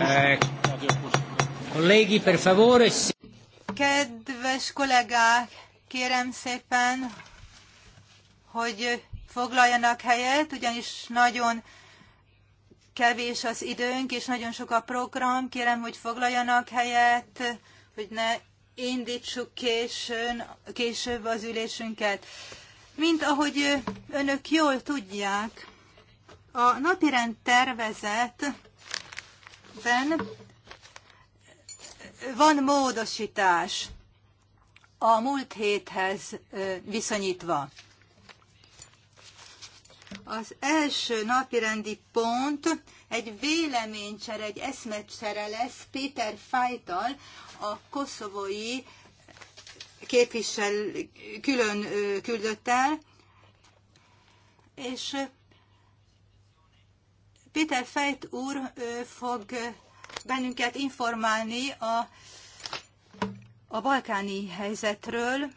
Eh, colleghi, per favore. Kedves kollégák, kérem szépen, hogy foglaljanak helyet, ugyanis nagyon kevés az időnk, és nagyon sok a program. Kérem, hogy foglaljanak helyet, hogy ne indítsuk későn, később az ülésünket. Mint ahogy önök jól tudják, a napirend tervezetben van módosítás a múlt héthez viszonyítva. Az első napirendi pont egy véleménycsere, egy eszmecsere lesz Péter Fájtal, a koszovói képvisel, külön küldött el, és Péter Fejt úr fog bennünket informálni a, a balkáni helyzetről.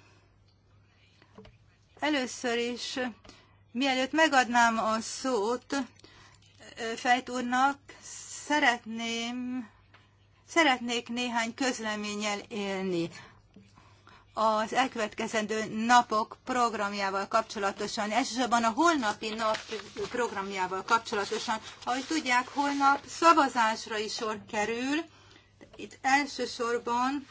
Először is, mielőtt megadnám a szót Fejt úrnak, szeretném, szeretnék néhány közleménnyel élni az elkövetkezendő napok programjával kapcsolatosan, elsősorban a holnapi nap programjával kapcsolatosan. Ahogy tudják, holnap szavazásra is sor kerül. Itt elsősorban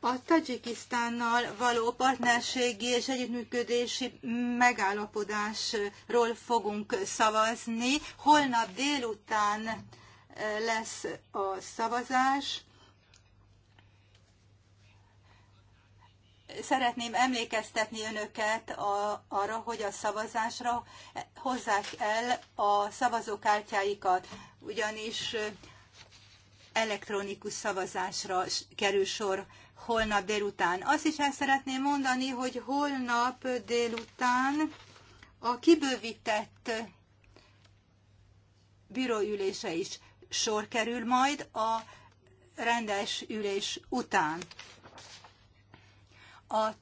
a Tajikisztánnal való partnerségi és együttműködési megállapodásról fogunk szavazni. Holnap délután eh, lesz a szavazás szeretném emlékeztetni önöket a, arra, hogy a szavazásra hozzák el a szavazókártyáikat, ugyanis elektronikus szavazásra kerül sor holnap délután. Azt is el szeretném mondani, hogy holnap délután a kibővített bíróülése is sor kerül majd a rendes ülés után a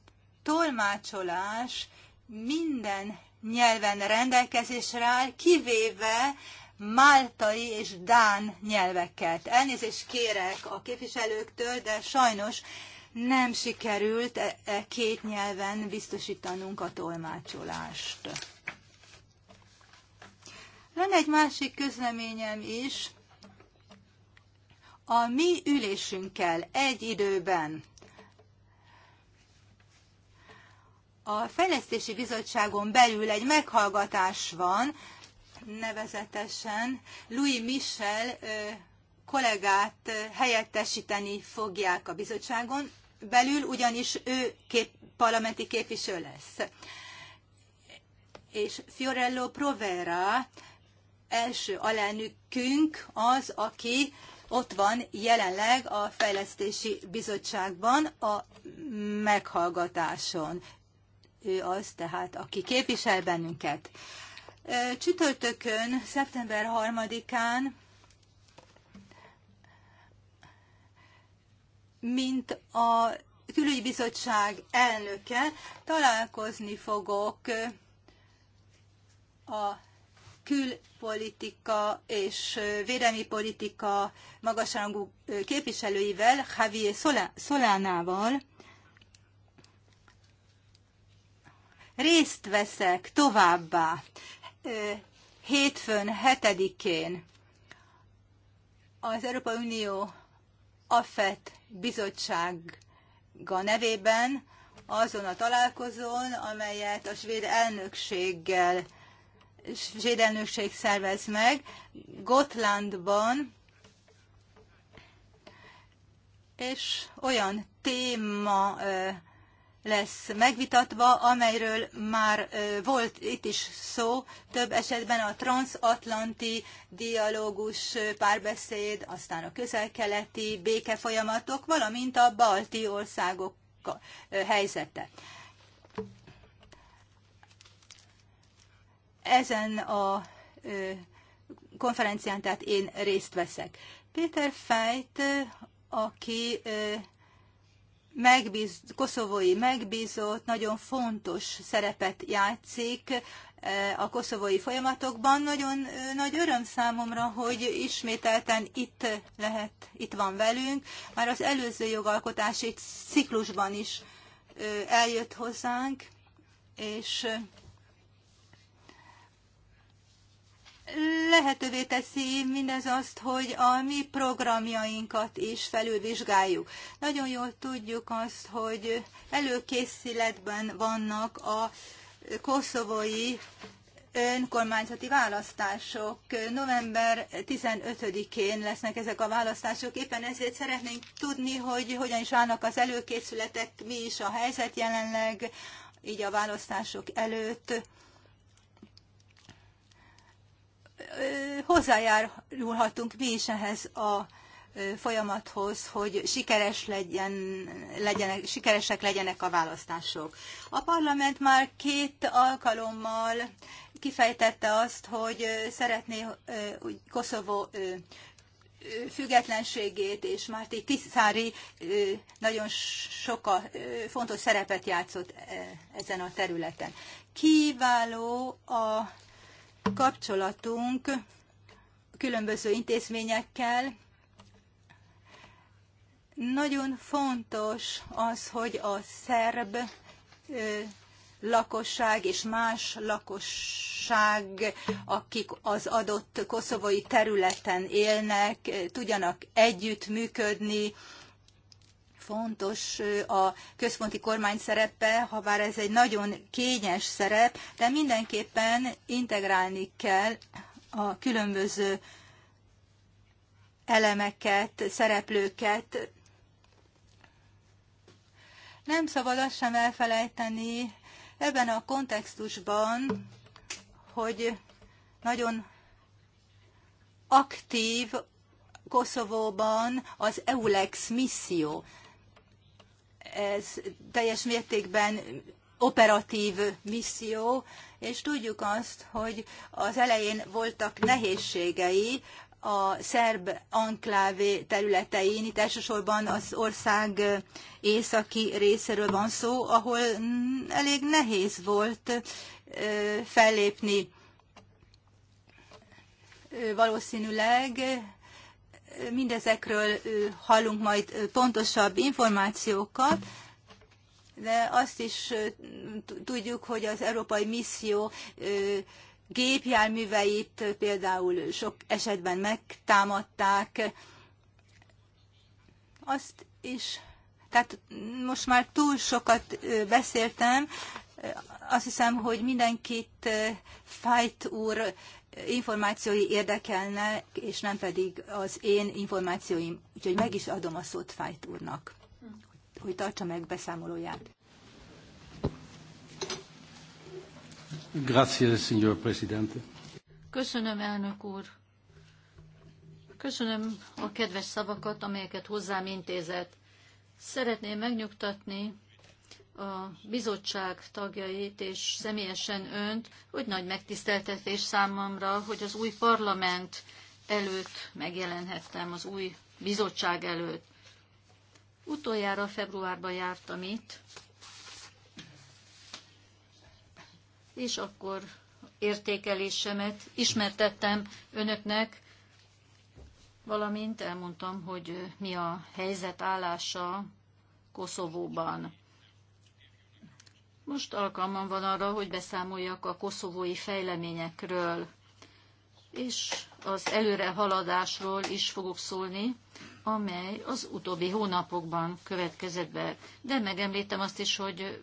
tolmácsolás minden nyelven rendelkezésre áll, kivéve máltai és dán nyelveket. Elnézést kérek a képviselőktől, de sajnos nem sikerült e, e két nyelven biztosítanunk a tolmácsolást. Lenne egy másik közleményem is. A mi ülésünkkel egy időben A Fejlesztési Bizottságon belül egy meghallgatás van, nevezetesen Louis Michel kollégát helyettesíteni fogják a bizottságon belül, ugyanis ő kép, parlamenti képviselő lesz. És Fiorello Provera első alelnökünk az, aki ott van jelenleg a Fejlesztési Bizottságban a meghallgatáson ő az tehát, aki képvisel bennünket. Csütörtökön, szeptember 3-án, mint a külügyi bizottság elnöke találkozni fogok a külpolitika és védelmi politika magasrangú képviselőivel, Javier Solánával, részt veszek továbbá hétfőn hetedikén az Európai Unió AFET bizottsága nevében azon a találkozón, amelyet a svéd elnökséggel svéd elnökség szervez meg Gotlandban, és olyan téma lesz megvitatva, amelyről már volt itt is szó, több esetben a transatlanti dialógus párbeszéd, aztán a közel-keleti békefolyamatok, valamint a balti országok helyzete. Ezen a konferencián, tehát én részt veszek. Péter Fejt, aki megbíz, koszovói megbízott nagyon fontos szerepet játszik e, a koszovói folyamatokban. Nagyon nagy öröm számomra, hogy ismételten itt lehet, itt van velünk. Már az előző jogalkotási ciklusban is eljött hozzánk, és lehetővé teszi mindez azt, hogy a mi programjainkat is felülvizsgáljuk. Nagyon jól tudjuk azt, hogy előkészületben vannak a koszovói önkormányzati választások. November 15-én lesznek ezek a választások. Éppen ezért szeretnénk tudni, hogy hogyan is állnak az előkészületek, mi is a helyzet jelenleg, így a választások előtt hozzájárulhatunk mi is ehhez a folyamathoz, hogy sikeres legyen, legyenek, sikeresek legyenek a választások. A parlament már két alkalommal kifejtette azt, hogy szeretné hogy Koszovó függetlenségét, és Márti Tiszári nagyon sok fontos szerepet játszott ezen a területen. Kiváló a kapcsolatunk különböző intézményekkel. Nagyon fontos az, hogy a szerb lakosság és más lakosság, akik az adott koszovói területen élnek, tudjanak együttműködni, működni, fontos a központi kormány szerepe, ha bár ez egy nagyon kényes szerep, de mindenképpen integrálni kell a különböző elemeket, szereplőket. Nem szabad azt sem elfelejteni ebben a kontextusban, hogy nagyon aktív Koszovóban az EULEX misszió ez teljes mértékben operatív misszió, és tudjuk azt, hogy az elején voltak nehézségei a szerb anklávé területein, itt elsősorban az ország északi részéről van szó, ahol mm, elég nehéz volt fellépni valószínűleg mindezekről hallunk majd pontosabb információkat, de azt is tudjuk, hogy az európai misszió gépjárműveit például sok esetben megtámadták. Azt is, tehát most már túl sokat beszéltem, azt hiszem, hogy mindenkit Fajt úr információi érdekelnek, és nem pedig az én információim. Úgyhogy meg is adom a szót Fájt úrnak, hogy tartsa meg beszámolóját. Grazie, signor Presidente. Köszönöm, elnök úr. Köszönöm a kedves szavakat, amelyeket hozzám intézett. Szeretném megnyugtatni a bizottság tagjait és személyesen önt, hogy nagy megtiszteltetés számomra, hogy az új parlament előtt megjelenhettem, az új bizottság előtt. Utoljára februárban jártam itt, és akkor értékelésemet ismertettem önöknek, valamint elmondtam, hogy mi a helyzet állása Koszovóban. Most alkalmam van arra, hogy beszámoljak a koszovói fejleményekről, és az előre haladásról is fogok szólni, amely az utóbbi hónapokban következett be. De megemlítem azt is, hogy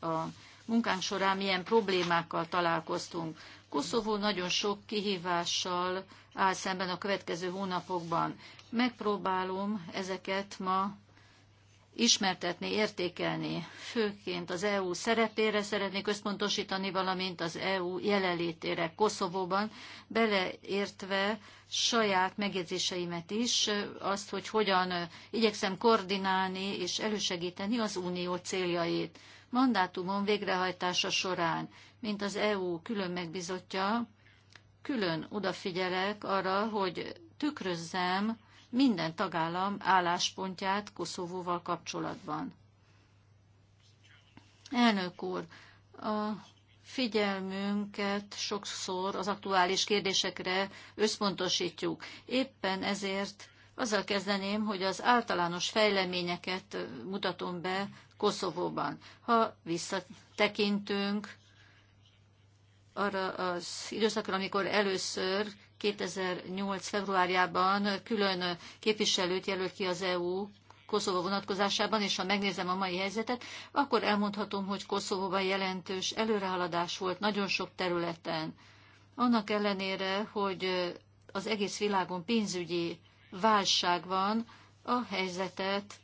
a munkánk során milyen problémákkal találkoztunk. Koszovó nagyon sok kihívással áll szemben a következő hónapokban. Megpróbálom ezeket ma ismertetni, értékelni. Főként az EU szerepére szeretnék összpontosítani, valamint az EU jelenlétére Koszovóban, beleértve saját megjegyzéseimet is, azt, hogy hogyan igyekszem koordinálni és elősegíteni az unió céljait. Mandátumon végrehajtása során, mint az EU külön megbizotja, külön odafigyelek arra, hogy tükrözzem minden tagállam álláspontját Koszovóval kapcsolatban. Elnök úr, a figyelmünket sokszor az aktuális kérdésekre összpontosítjuk. Éppen ezért azzal kezdeném, hogy az általános fejleményeket mutatom be Koszovóban. Ha visszatekintünk arra az időszakra, amikor először 2008. februárjában külön képviselőt jelölt ki az EU Koszovó vonatkozásában, és ha megnézem a mai helyzetet, akkor elmondhatom, hogy Koszovóban jelentős előrehaladás volt nagyon sok területen. Annak ellenére, hogy az egész világon pénzügyi válság van, a helyzetet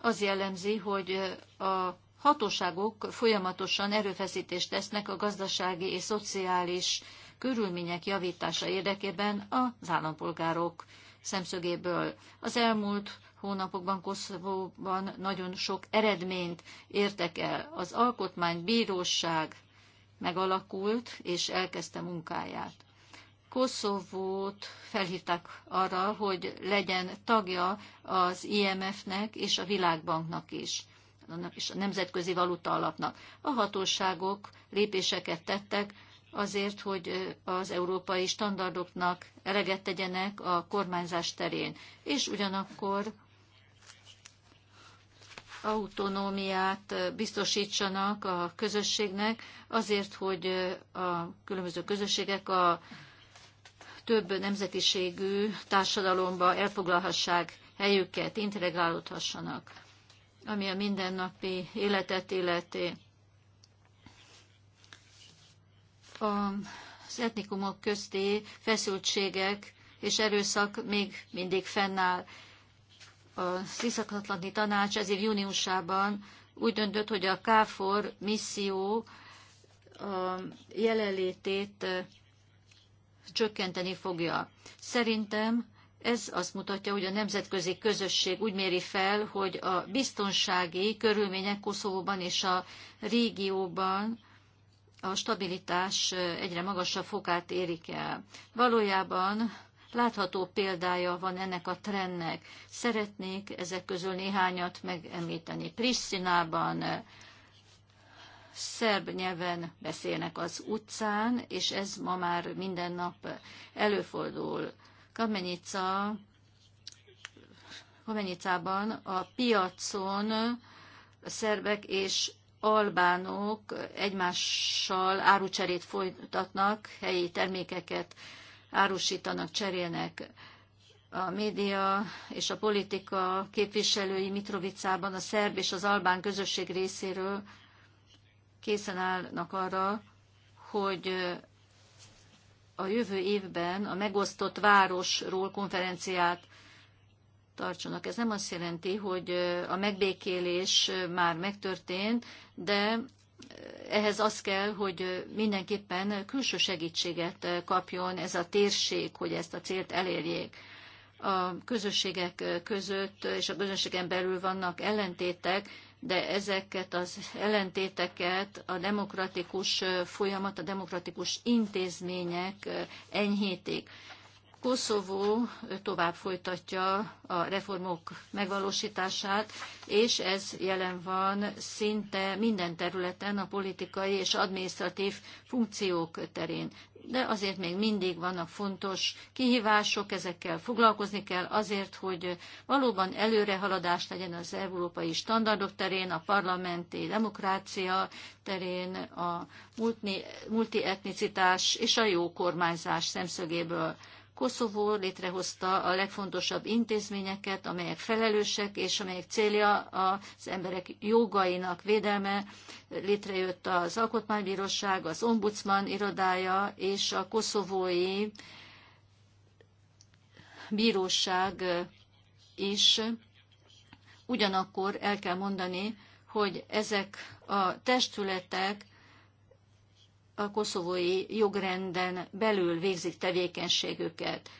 az jellemzi, hogy a hatóságok folyamatosan erőfeszítést tesznek a gazdasági és szociális körülmények javítása érdekében az állampolgárok szemszögéből. Az elmúlt hónapokban Koszovóban nagyon sok eredményt értek el. Az alkotmánybíróság megalakult és elkezdte munkáját. Koszovót felhívták arra, hogy legyen tagja az IMF-nek és a Világbanknak is és a Nemzetközi Valuta Alapnak. A hatóságok lépéseket tettek azért, hogy az európai standardoknak eleget tegyenek a kormányzás terén. És ugyanakkor autonómiát biztosítsanak a közösségnek azért, hogy a különböző közösségek a több nemzetiségű társadalomba elfoglalhassák helyüket, integrálódhassanak, ami a mindennapi életet illeti. az etnikumok közti feszültségek és erőszak még mindig fennáll. Az iszak Tanács ezért júniusában úgy döntött, hogy a KFOR misszió a jelenlétét csökkenteni fogja. Szerintem ez azt mutatja, hogy a nemzetközi közösség úgy méri fel, hogy a biztonsági körülmények Koszovóban és a régióban a stabilitás egyre magasabb fokát érik el. Valójában látható példája van ennek a trendnek. Szeretnék ezek közül néhányat megemlíteni. Pristinában eh, szerb nyelven beszélnek az utcán, és ez ma már minden nap előfordul. Kamenica, Kamenicában a piacon a szerbek és albánok egymással árucserét folytatnak, helyi termékeket árusítanak, cserélnek. A média és a politika képviselői Mitrovicában a szerb és az albán közösség részéről készen állnak arra, hogy a jövő évben a megosztott városról konferenciát tartsanak. Ez nem azt jelenti, hogy a megbékélés már megtörtént, de ehhez az kell, hogy mindenképpen külső segítséget kapjon ez a térség, hogy ezt a célt elérjék. A közösségek között és a közösségen belül vannak ellentétek, de ezeket az ellentéteket a demokratikus folyamat, a demokratikus intézmények enyhítik. Koszovó tovább folytatja a reformok megvalósítását, és ez jelen van szinte minden területen, a politikai és adminisztratív funkciók terén. De azért még mindig vannak fontos kihívások, ezekkel foglalkozni kell azért, hogy valóban előrehaladás legyen az európai standardok terén, a parlamenti demokrácia terén, a multietnicitás és a jó kormányzás szemszögéből Koszovó létrehozta a legfontosabb intézményeket, amelyek felelősek, és amelyek célja az emberek jogainak védelme. Létrejött az Alkotmánybíróság, az Ombudsman irodája és a koszovói bíróság is. Ugyanakkor el kell mondani, hogy ezek a testületek a koszovói jogrenden belül végzik tevékenységüket.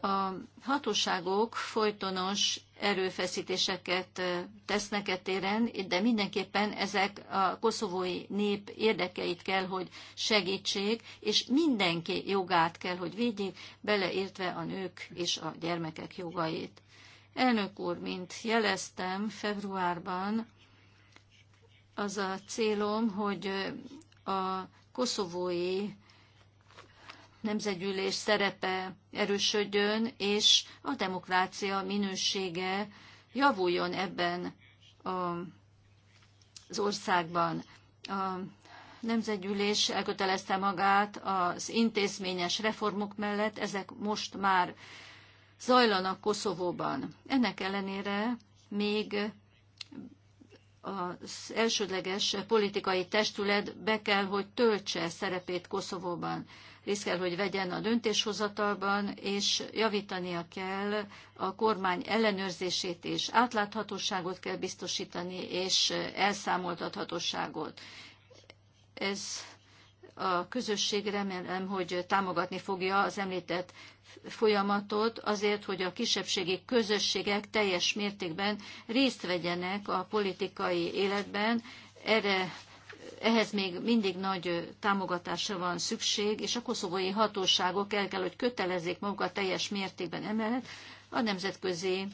A hatóságok folytonos erőfeszítéseket tesznek e téren, de mindenképpen ezek a koszovói nép érdekeit kell, hogy segítsék, és mindenki jogát kell, hogy védjék, beleértve a nők és a gyermekek jogait. Elnök úr, mint jeleztem februárban, az a célom, hogy a koszovói nemzetgyűlés szerepe erősödjön, és a demokrácia minősége javuljon ebben az országban. A nemzetgyűlés elkötelezte magát az intézményes reformok mellett, ezek most már zajlanak Koszovóban. Ennek ellenére még az elsődleges politikai testület be kell, hogy töltse szerepét Koszovóban. Részt kell, hogy vegyen a döntéshozatalban, és javítania kell a kormány ellenőrzését és átláthatóságot kell biztosítani, és elszámoltathatóságot. Ez a közösség remélem, hogy támogatni fogja az említett folyamatot azért, hogy a kisebbségi közösségek teljes mértékben részt vegyenek a politikai életben. Erre ehhez még mindig nagy támogatásra van szükség, és a koszovói hatóságok el kell, hogy kötelezzék magukat teljes mértékben emellett a nemzetközi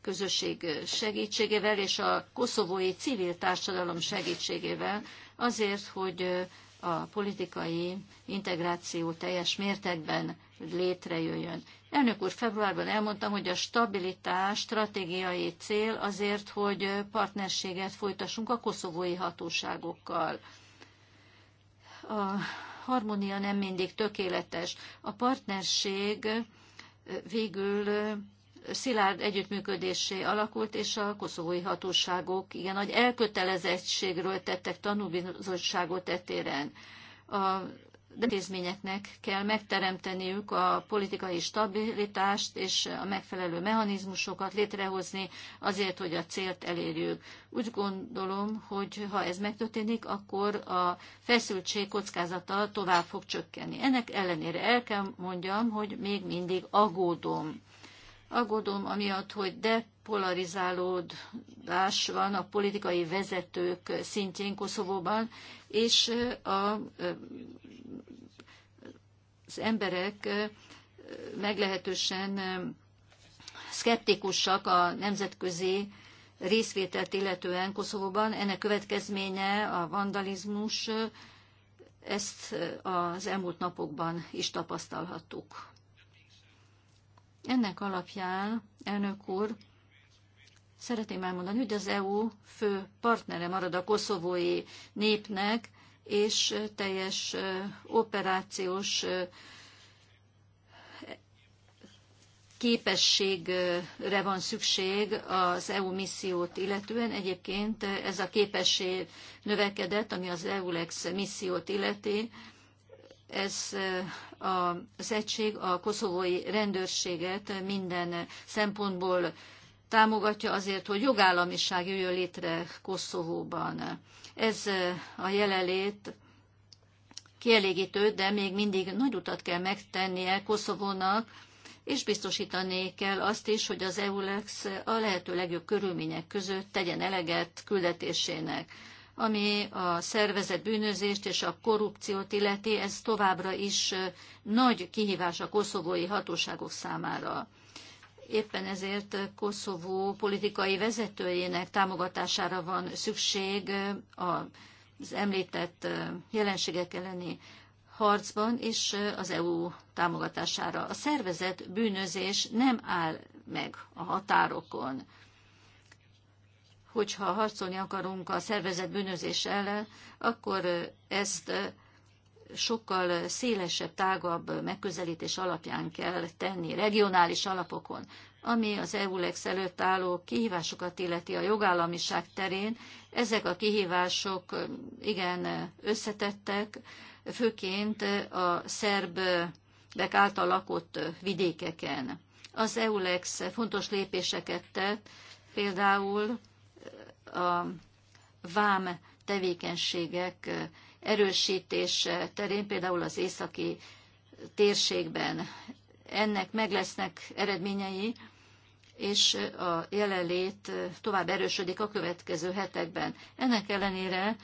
közösség segítségével és a koszovói civil társadalom segítségével azért, hogy a politikai integráció teljes mértékben létrejöjjön. Elnök úr, februárban elmondtam, hogy a stabilitás stratégiai cél azért, hogy partnerséget folytassunk a koszovói hatóságokkal. A harmónia nem mindig tökéletes. A partnerség végül szilárd együttműködésé alakult, és a koszovói hatóságok igen nagy elkötelezettségről tettek tanúbizottságot etéren. A intézményeknek kell megteremteniük a politikai stabilitást és a megfelelő mechanizmusokat létrehozni azért, hogy a célt elérjük. Úgy gondolom, hogy ha ez megtörténik, akkor a feszültség kockázata tovább fog csökkenni. Ennek ellenére el kell mondjam, hogy még mindig aggódom Aggódom amiatt, hogy depolarizálódás van a politikai vezetők szintjén Koszovóban, és a, az emberek meglehetősen szkeptikusak a nemzetközi részvételt illetően Koszovóban. Ennek következménye a vandalizmus, ezt az elmúlt napokban is tapasztalhattuk. Ennek alapján, elnök úr, szeretném elmondani, hogy az EU fő partnere marad a koszovói népnek, és teljes operációs képességre van szükség az EU missziót illetően. Egyébként ez a képesség növekedett, ami az EULEX missziót illeti ez az egység a koszovói rendőrséget minden szempontból támogatja azért, hogy jogállamiság jöjjön létre Koszovóban. Ez a jelenlét kielégítő, de még mindig nagy utat kell megtennie Koszovónak, és biztosítani kell azt is, hogy az EULEX a lehető legjobb körülmények között tegyen eleget küldetésének ami a szervezett bűnözést és a korrupciót illeti, ez továbbra is nagy kihívás a koszovói hatóságok számára. Éppen ezért Koszovó politikai vezetőjének támogatására van szükség az említett jelenségek elleni harcban és az EU támogatására. A szervezet bűnözés nem áll meg a határokon hogyha harcolni akarunk a szervezet bűnözés ellen, akkor ezt sokkal szélesebb, tágabb megközelítés alapján kell tenni, regionális alapokon, ami az EU előtt álló kihívásokat illeti a jogállamiság terén. Ezek a kihívások igen összetettek, főként a szerbek által lakott vidékeken. Az EULEX fontos lépéseket tett, például a vám tevékenységek erősítése terén, például az északi térségben. Ennek meg lesznek eredményei, és a jelenlét tovább erősödik a következő hetekben. Ennek ellenére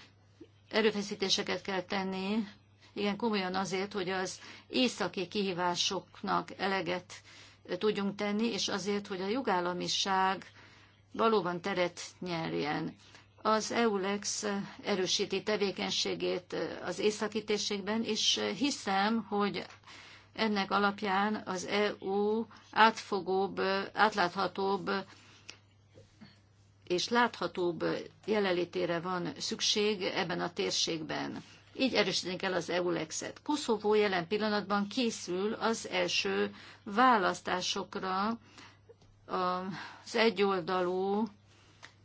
erőfeszítéseket kell tenni, igen komolyan azért, hogy az északi kihívásoknak eleget tudjunk tenni, és azért, hogy a jogállamiság valóban teret nyerjen. Az EULEX erősíti tevékenységét az északi térségben, és hiszem, hogy ennek alapján az EU átfogóbb, átláthatóbb és láthatóbb jelenlétére van szükség ebben a térségben. Így erősíteni kell az EULEX-et. Koszovó jelen pillanatban készül az első választásokra, az egyoldalú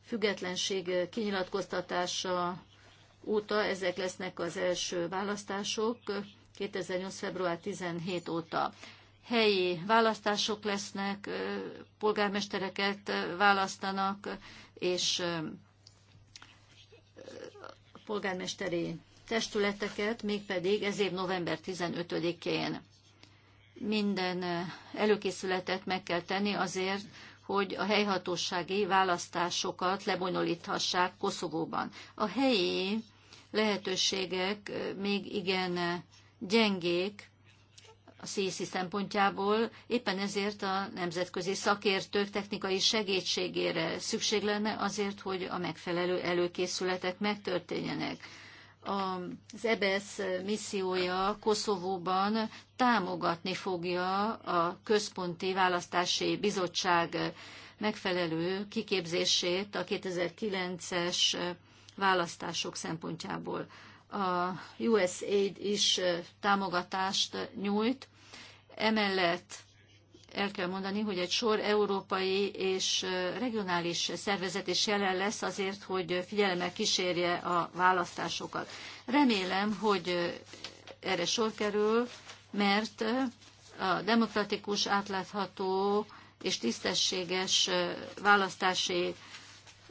függetlenség kinyilatkoztatása óta, ezek lesznek az első választások, 2008. február 17 óta. Helyi választások lesznek, polgármestereket választanak, és polgármesteri testületeket, mégpedig ez év november 15-én minden előkészületet meg kell tenni azért, hogy a helyhatósági választásokat lebonyolíthassák Koszovóban. A helyi lehetőségek még igen gyengék a CISZI szempontjából, éppen ezért a nemzetközi szakértők technikai segítségére szükség lenne azért, hogy a megfelelő előkészületek megtörténjenek az EBSZ e missziója Koszovóban támogatni fogja a Központi Választási Bizottság megfelelő kiképzését a 2009-es választások szempontjából. A USAID is támogatást nyújt. Emellett el kell mondani, hogy egy sor európai és regionális szervezet is jelen lesz azért, hogy figyelemmel kísérje a választásokat. Remélem, hogy erre sor kerül, mert a demokratikus, átlátható és tisztességes választási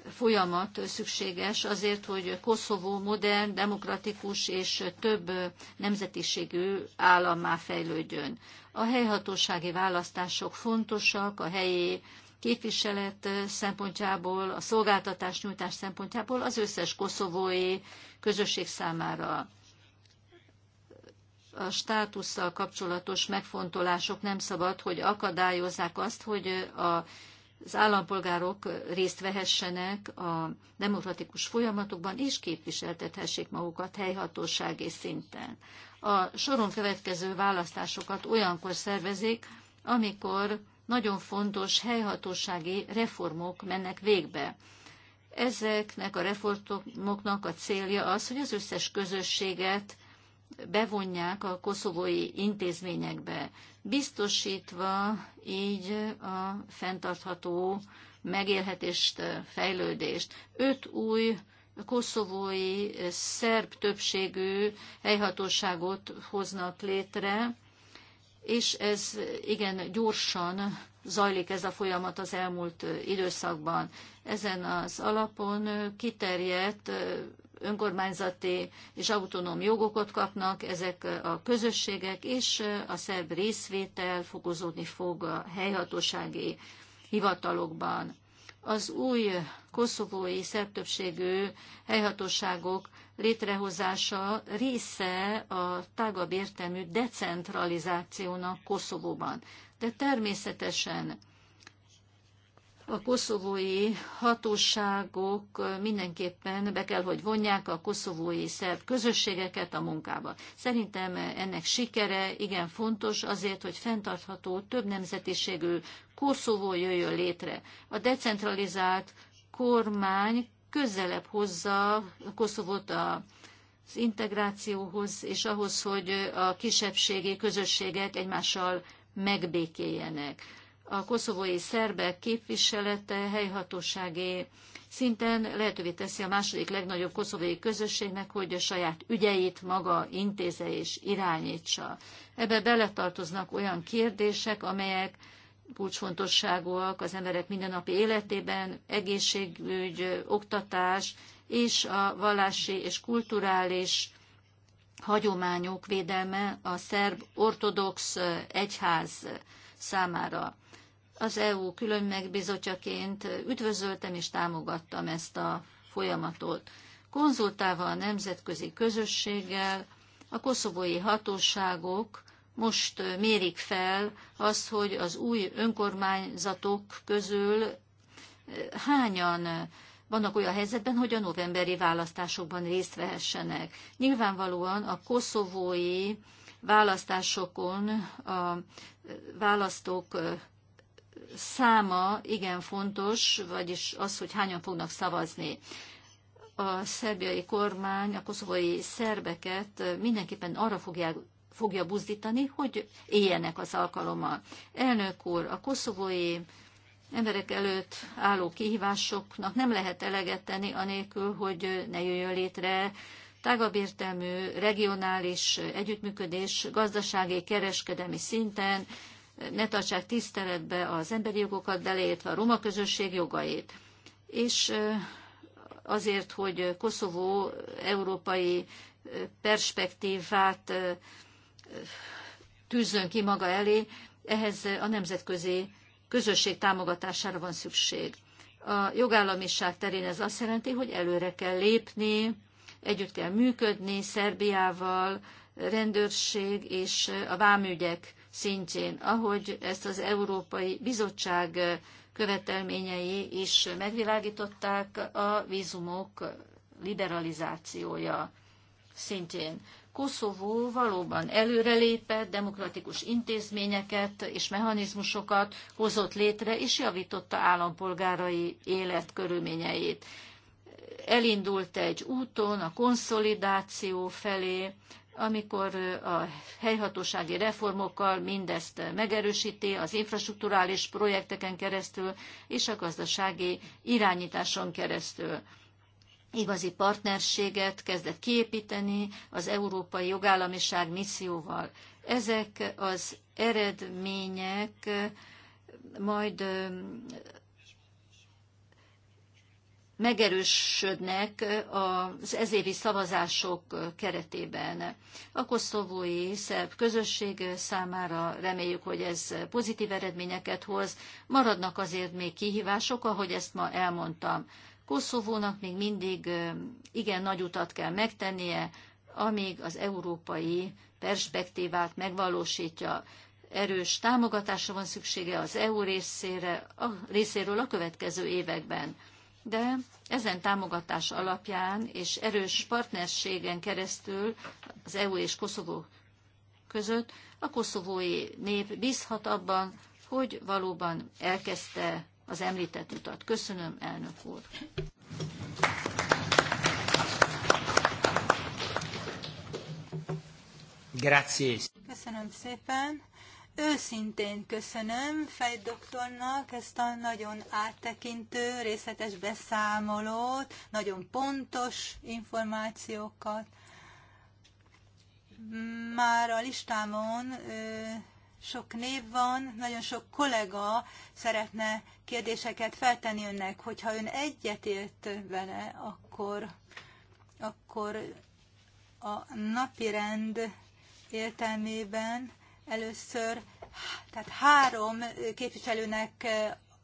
folyamat szükséges azért, hogy Koszovó modern, demokratikus és több nemzetiségű állammá fejlődjön. A helyhatósági választások fontosak, a helyi képviselet szempontjából, a szolgáltatás nyújtás szempontjából az összes koszovói közösség számára a státusszal kapcsolatos megfontolások nem szabad, hogy akadályozzák azt, hogy a az állampolgárok részt vehessenek a demokratikus folyamatokban, és képviseltethessék magukat helyhatósági szinten. A soron következő választásokat olyankor szervezik, amikor nagyon fontos helyhatósági reformok mennek végbe. Ezeknek a reformoknak a célja az, hogy az összes közösséget bevonják a koszovói intézményekbe, biztosítva így a fenntartható megélhetést, fejlődést. Öt új koszovói szerb többségű helyhatóságot hoznak létre, és ez igen gyorsan zajlik ez a folyamat az elmúlt időszakban. Ezen az alapon kiterjedt önkormányzati és autonóm jogokat kapnak ezek a közösségek, és a szerb részvétel fokozódni fog a helyhatósági hivatalokban. Az új koszovói szerb többségű helyhatóságok létrehozása része a tágabb értelmű decentralizációnak Koszovóban. De természetesen a koszovói hatóságok mindenképpen be kell, hogy vonják a koszovói szerb közösségeket a munkába. Szerintem ennek sikere igen fontos azért, hogy fenntartható több nemzetiségű Koszovó jöjjön létre. A decentralizált kormány közelebb hozza Koszovót a az integrációhoz, és ahhoz, hogy a kisebbségi közösségek egymással megbékéljenek a koszovói szerbek képviselete helyhatósági szinten lehetővé teszi a második legnagyobb koszovói közösségnek, hogy a saját ügyeit maga intéze és irányítsa. Ebbe beletartoznak olyan kérdések, amelyek kulcsfontosságúak az emberek mindennapi életében, egészségügy, oktatás és a vallási és kulturális hagyományok védelme a szerb ortodox egyház számára az EU külön megbizotjaként üdvözöltem és támogattam ezt a folyamatot. Konzultálva a nemzetközi közösséggel, a koszovói hatóságok most mérik fel azt, hogy az új önkormányzatok közül hányan vannak olyan helyzetben, hogy a novemberi választásokban részt vehessenek. Nyilvánvalóan a koszovói választásokon a választók száma igen fontos, vagyis az, hogy hányan fognak szavazni. A szerbiai kormány a koszovói szerbeket mindenképpen arra fogják fogja buzdítani, hogy éljenek az alkalommal. Elnök úr, a koszovói emberek előtt álló kihívásoknak nem lehet eleget tenni anélkül, hogy ne jöjjön létre tágabb értelmű regionális együttműködés gazdasági, kereskedelmi szinten, ne tartsák tiszteletbe az emberi jogokat, beleértve a roma közösség jogait. És azért, hogy Koszovó európai perspektívát tűzön ki maga elé, ehhez a nemzetközi közösség támogatására van szükség. A jogállamiság terén ez azt jelenti, hogy előre kell lépni, együtt kell működni Szerbiával, rendőrség és a vámügyek szintjén, ahogy ezt az Európai Bizottság követelményei is megvilágították a vízumok liberalizációja szintjén. Koszovó valóban előrelépett, demokratikus intézményeket és mechanizmusokat hozott létre, és javította állampolgárai életkörülményeit. Elindult egy úton a konszolidáció felé, amikor a helyhatósági reformokkal mindezt megerősíti az infrastruktúrális projekteken keresztül és a gazdasági irányításon keresztül. Igazi partnerséget kezdett kiépíteni az Európai Jogállamiság misszióval. Ezek az eredmények majd megerősödnek az ezévi szavazások keretében. A koszovói szerb közösség számára reméljük, hogy ez pozitív eredményeket hoz. Maradnak azért még kihívások, ahogy ezt ma elmondtam. Koszovónak még mindig igen nagy utat kell megtennie, amíg az európai perspektívát megvalósítja. Erős támogatásra van szüksége az EU részére, a részéről a következő években de ezen támogatás alapján és erős partnerségen keresztül az EU és Koszovó között a koszovói nép bízhat abban, hogy valóban elkezdte az említett utat. Köszönöm, elnök úr! Köszönöm szépen. Őszintén köszönöm Fej doktornak ezt a nagyon áttekintő, részletes beszámolót, nagyon pontos információkat. Már a listámon sok név van, nagyon sok kollega szeretne kérdéseket feltenni önnek. Hogyha ön egyetért vele, akkor, akkor a napi rend értelmében Először, tehát három képviselőnek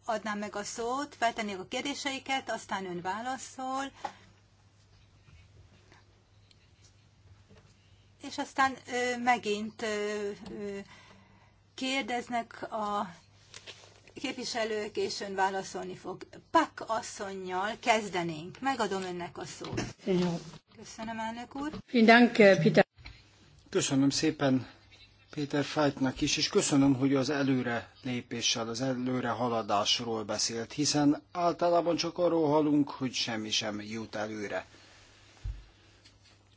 adnám meg a szót, feltennék a kérdéseiket, aztán ön válaszol, és aztán ö, megint ö, ö, kérdeznek a képviselők, és ön válaszolni fog. Pak asszonynal kezdenénk. Megadom önnek a szót. Köszönöm, elnök úr. Köszönöm szépen, Péter Fájtnak is, és köszönöm, hogy az előre lépéssel, az előre haladásról beszélt, hiszen általában csak arról halunk, hogy semmi sem jut előre.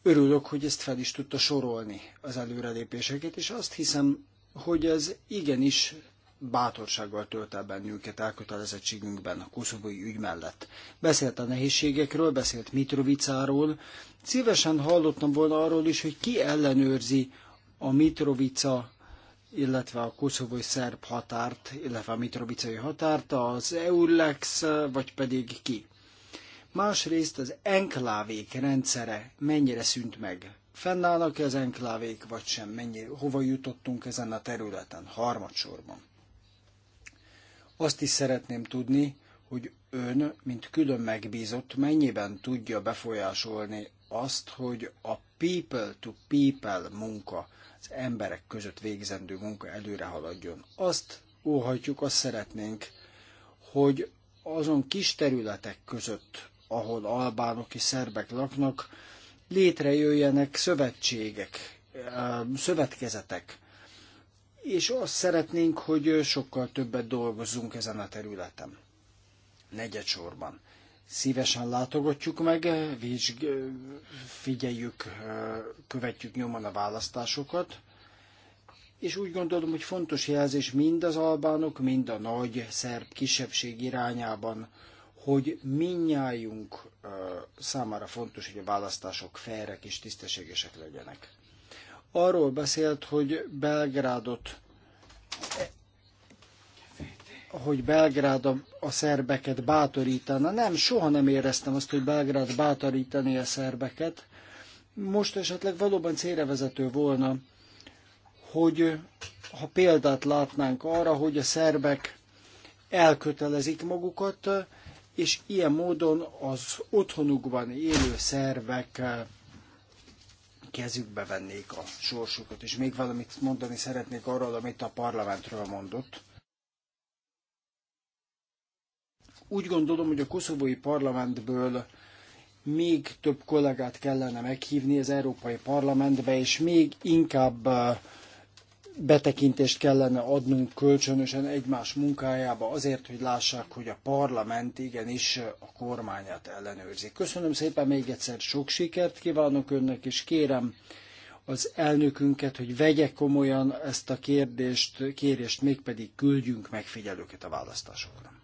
Örülök, hogy ezt fel is tudta sorolni az előrelépéseket, és azt hiszem, hogy ez igenis bátorsággal tölt el bennünket elkötelezettségünkben a koszovói ügy mellett. Beszélt a nehézségekről, beszélt Mitrovicáról. Szívesen hallottam volna arról is, hogy ki ellenőrzi a Mitrovica, illetve a koszovói szerb határt, illetve a mitrovicai határt, az EULEX, vagy pedig ki. Másrészt az enklávék rendszere mennyire szűnt meg? Fennállnak-e az enklávék, vagy sem? Mennyi, hova jutottunk ezen a területen? Harmadsorban. Azt is szeretném tudni, hogy ön, mint külön megbízott, mennyiben tudja befolyásolni azt, hogy a people-to-people -people munka az emberek között végzendő munka előre haladjon. Azt óhajtjuk, azt szeretnénk, hogy azon kis területek között, ahol albánok és szerbek laknak, létrejöjjenek szövetségek, szövetkezetek. És azt szeretnénk, hogy sokkal többet dolgozzunk ezen a területen. Negyedsorban Szívesen látogatjuk meg, vizsg, figyeljük, követjük nyomon a választásokat, és úgy gondolom, hogy fontos jelzés mind az albánok, mind a nagy szerb kisebbség irányában, hogy minnyájunk számára fontos, hogy a választások fejrek és tisztességesek legyenek. Arról beszélt, hogy Belgrádot hogy Belgrád a, a szerbeket bátorítana. Nem, soha nem éreztem azt, hogy Belgrád bátorítani a szerbeket. Most esetleg valóban célrevezető volna, hogy ha példát látnánk arra, hogy a szerbek elkötelezik magukat, és ilyen módon az otthonukban élő szervek eh, kezükbe vennék a sorsukat. És még valamit mondani szeretnék arról, amit a parlamentről mondott. Úgy gondolom, hogy a koszovói parlamentből még több kollégát kellene meghívni az Európai Parlamentbe, és még inkább uh, betekintést kellene adnunk kölcsönösen egymás munkájába azért, hogy lássák, hogy a parlament igenis a kormányát ellenőrzi. Köszönöm szépen még egyszer, sok sikert kívánok önnek, és kérem az elnökünket, hogy vegye komolyan ezt a kérdést, kérést, mégpedig küldjünk megfigyelőket a választásokra.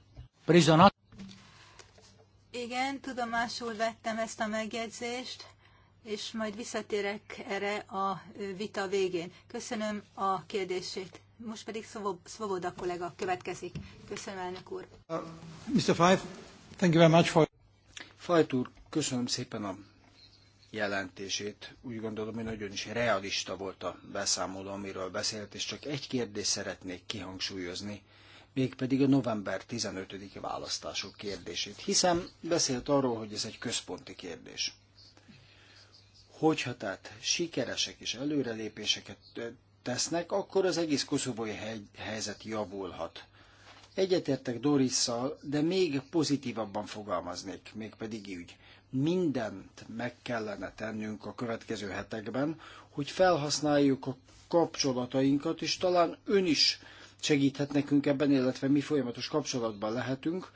Igen, tudomásul vettem ezt a megjegyzést, és majd visszatérek erre a vita végén. Köszönöm a kérdését. Most pedig Svoboda kollega következik. Köszönöm, elnök úr. Uh, Mr. Fajt, thank you very much for... Fajt úr, köszönöm szépen a jelentését. Úgy gondolom, hogy nagyon is realista volt a beszámoló, amiről beszélt, és csak egy kérdést szeretnék kihangsúlyozni, mégpedig a november 15-i választások kérdését, hiszen beszélt arról, hogy ez egy központi kérdés. Hogyha tehát sikeresek és előrelépéseket tesznek, akkor az egész koszovói helyzet javulhat. Egyetértek Dorisszal, de még pozitívabban fogalmaznék, mégpedig így. Mindent meg kellene tennünk a következő hetekben, hogy felhasználjuk a kapcsolatainkat, és talán ön is segíthet nekünk ebben, illetve mi folyamatos kapcsolatban lehetünk.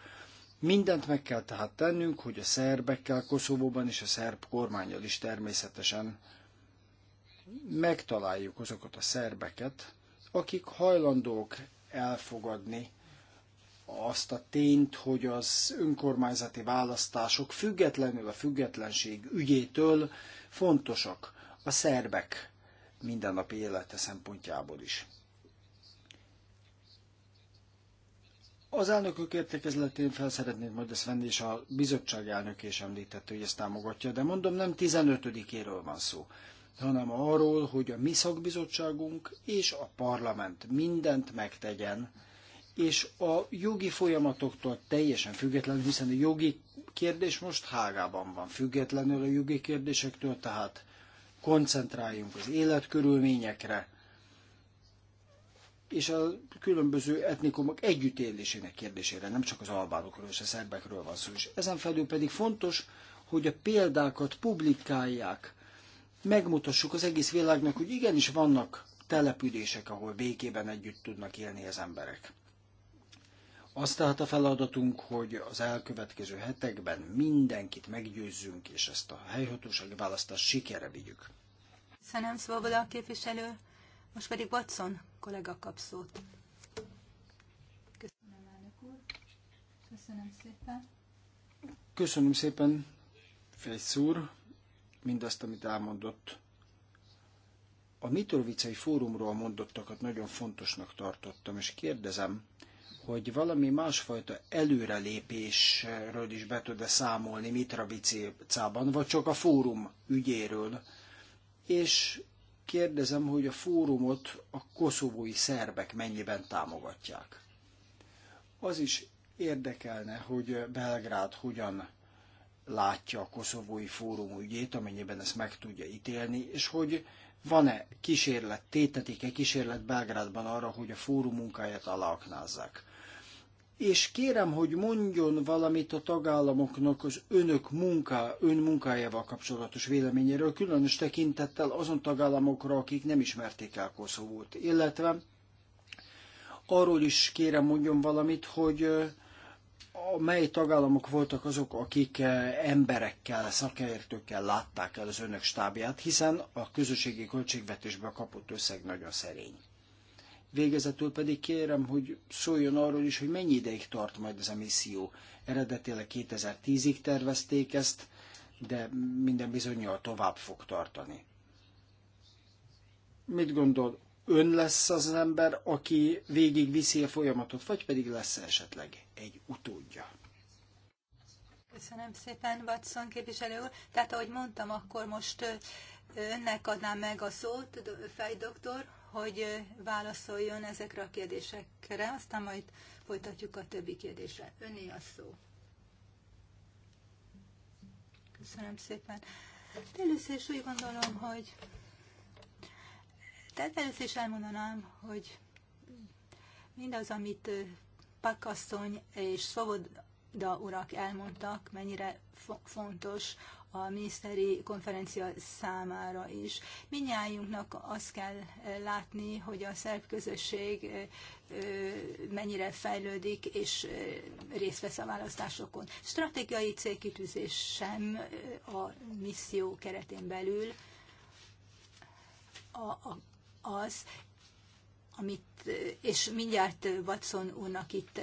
Mindent meg kell tehát tennünk, hogy a szerbekkel, Koszovóban és a szerb kormányjal is természetesen megtaláljuk azokat a szerbeket, akik hajlandók elfogadni azt a tényt, hogy az önkormányzati választások függetlenül a függetlenség ügyétől fontosak a szerbek mindennapi élete szempontjából is. Az elnökök értekezletén fel majd ezt venni, és a bizottság elnöke is említette, hogy ezt támogatja, de mondom, nem 15-éről van szó, hanem arról, hogy a mi szakbizottságunk és a parlament mindent megtegyen, és a jogi folyamatoktól teljesen függetlenül, hiszen a jogi kérdés most hágában van, függetlenül a jogi kérdésektől, tehát koncentráljunk az életkörülményekre, és a különböző etnikumok együttélésének kérdésére, nem csak az albánokról és a szerbekről van szó. És ezen felül pedig fontos, hogy a példákat publikálják, megmutassuk az egész világnak, hogy igenis vannak települések, ahol békében együtt tudnak élni az emberek. Az tehát a feladatunk, hogy az elkövetkező hetekben mindenkit meggyőzzünk, és ezt a helyhatósági választást sikere vigyük. Köszönöm, Szvoboda képviselő. Most pedig Watson kollega kap szót. Köszönöm, elnök úr. Köszönöm szépen. Köszönöm szépen, Fejsz úr, mindazt, amit elmondott. A Mitrovicei fórumról mondottakat nagyon fontosnak tartottam, és kérdezem, hogy valami másfajta előrelépésről is be tud-e számolni Mitrovicában, vagy csak a fórum ügyéről. És kérdezem, hogy a fórumot a koszovói szerbek mennyiben támogatják. Az is érdekelne, hogy Belgrád hogyan látja a koszovói fórum ügyét, amennyiben ezt meg tudja ítélni, és hogy van-e kísérlet, tétetik-e kísérlet Belgrádban arra, hogy a fórum munkáját aláaknázzák és kérem, hogy mondjon valamit a tagállamoknak az önök munká, ön munkájával kapcsolatos véleményéről, különös tekintettel azon tagállamokra, akik nem ismerték el Koszovót. Illetve arról is kérem mondjon valamit, hogy a mely tagállamok voltak azok, akik emberekkel, szakértőkkel látták el az önök stábját, hiszen a közösségi költségvetésből kapott összeg nagyon szerény. Végezetül pedig kérem, hogy szóljon arról is, hogy mennyi ideig tart majd ez a misszió. Eredetileg 2010-ig tervezték ezt, de minden bizonyal tovább fog tartani. Mit gondol, ön lesz az ember, aki viszi a folyamatot, vagy pedig lesz esetleg egy utódja? Köszönöm szépen, Watson képviselő úr. Tehát, ahogy mondtam, akkor most önnek adnám meg a szót, Fej doktor hogy válaszoljon ezekre a kérdésekre, aztán majd folytatjuk a többi kérdésre. Öné a szó. Köszönöm szépen. Először is úgy gondolom, hogy tehát először is elmondanám, hogy mindaz, amit Pakasszony és Szoboda urak elmondtak, mennyire fontos a miniszteri konferencia számára is. Minnyájunknak azt kell eh, látni, hogy a szerb közösség eh, eh, mennyire fejlődik, és részt vesz a választásokon. Stratégiai célkitűzés sem a misszió keretén belül a, a, az, amit, és mindjárt Watson úrnak itt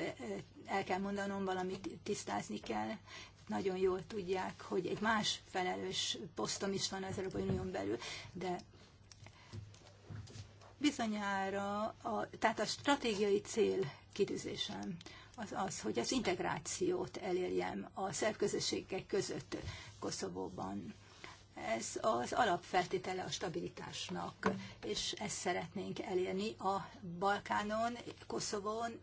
el kell mondanom, valamit tisztázni kell nagyon jól tudják, hogy egy más felelős posztom is van az Európai Unión belül, de bizonyára, a, tehát a stratégiai cél kitűzésem az az, hogy az integrációt elérjem a szervközösségek között Koszovóban. Ez az alapfeltétele a stabilitásnak, és ezt szeretnénk elérni a Balkánon, Koszovon,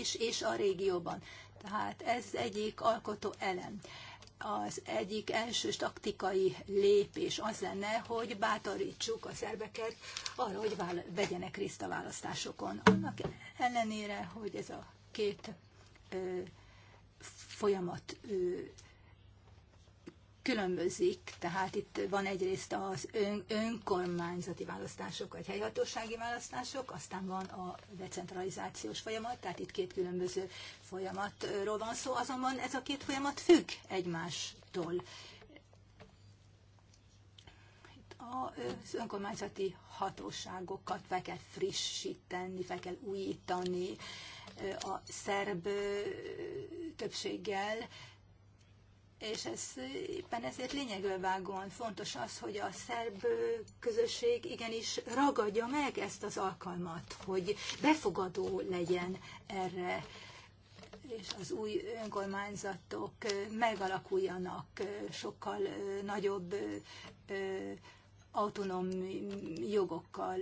is, és a régióban. Tehát ez egyik alkotó elem. Az egyik első taktikai lépés az lenne, hogy bátorítsuk a szerbeket arra, hogy vegyenek részt a választásokon. Annak ellenére, hogy ez a két ö, folyamat ö, különbözik, tehát itt van egyrészt az ön, önkormányzati választások, vagy helyhatósági választások, aztán van a decentralizációs folyamat, tehát itt két különböző folyamatról van szó, azonban ez a két folyamat függ egymástól. Az önkormányzati hatóságokat fel kell frissíteni, fel kell újítani a szerb többséggel, és ez éppen ezért lényegre vágóan fontos az, hogy a szerb közösség igenis ragadja meg ezt az alkalmat, hogy befogadó legyen erre, és az új önkormányzatok megalakuljanak sokkal nagyobb autonóm jogokkal.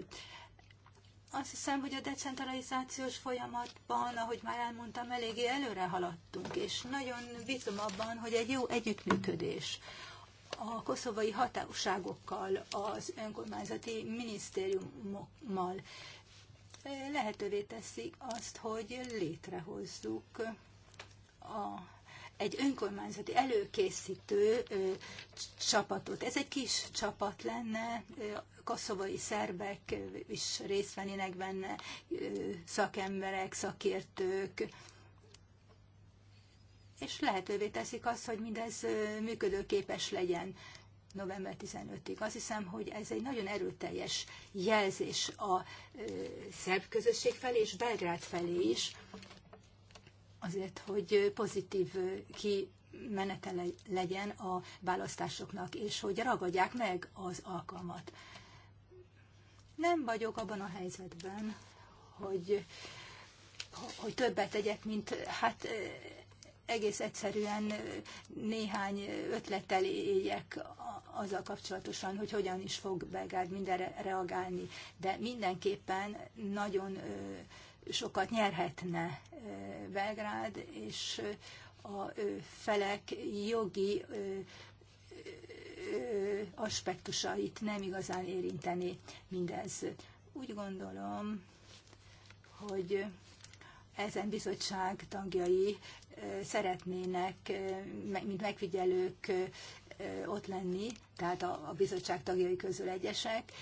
Azt hiszem, hogy a decentralizációs folyamatban, ahogy már elmondtam, eléggé előre haladtunk, és nagyon bízom abban, hogy egy jó együttműködés a koszovai hatóságokkal, az önkormányzati minisztériummal lehetővé teszi azt, hogy létrehozzuk a egy önkormányzati előkészítő csapatot. Ez egy kis csapat lenne, koszovai szerbek is részt vennének benne, szakemberek, szakértők, és lehetővé teszik azt, hogy mindez működőképes legyen november 15-ig. Azt hiszem, hogy ez egy nagyon erőteljes jelzés a szerb közösség felé és Belgrád felé is, azért, hogy pozitív kimenetele legyen a választásoknak, és hogy ragadják meg az alkalmat. Nem vagyok abban a helyzetben, hogy, hogy többet tegyek, mint hát eh, egész egyszerűen néhány ötlettel éljek azzal kapcsolatosan, hogy hogyan is fog Belgárd mindenre reagálni. De mindenképpen nagyon eh, sokat nyerhetne eh, Belgrád, és eh, a felek jogi aspektusait nem igazán érinteni mindez. Úgy gondolom, hogy ezen bizottság tagjai eh, szeretnének, mint megfigyelők ott lenni, tehát a bizottság tagjai közül egyesek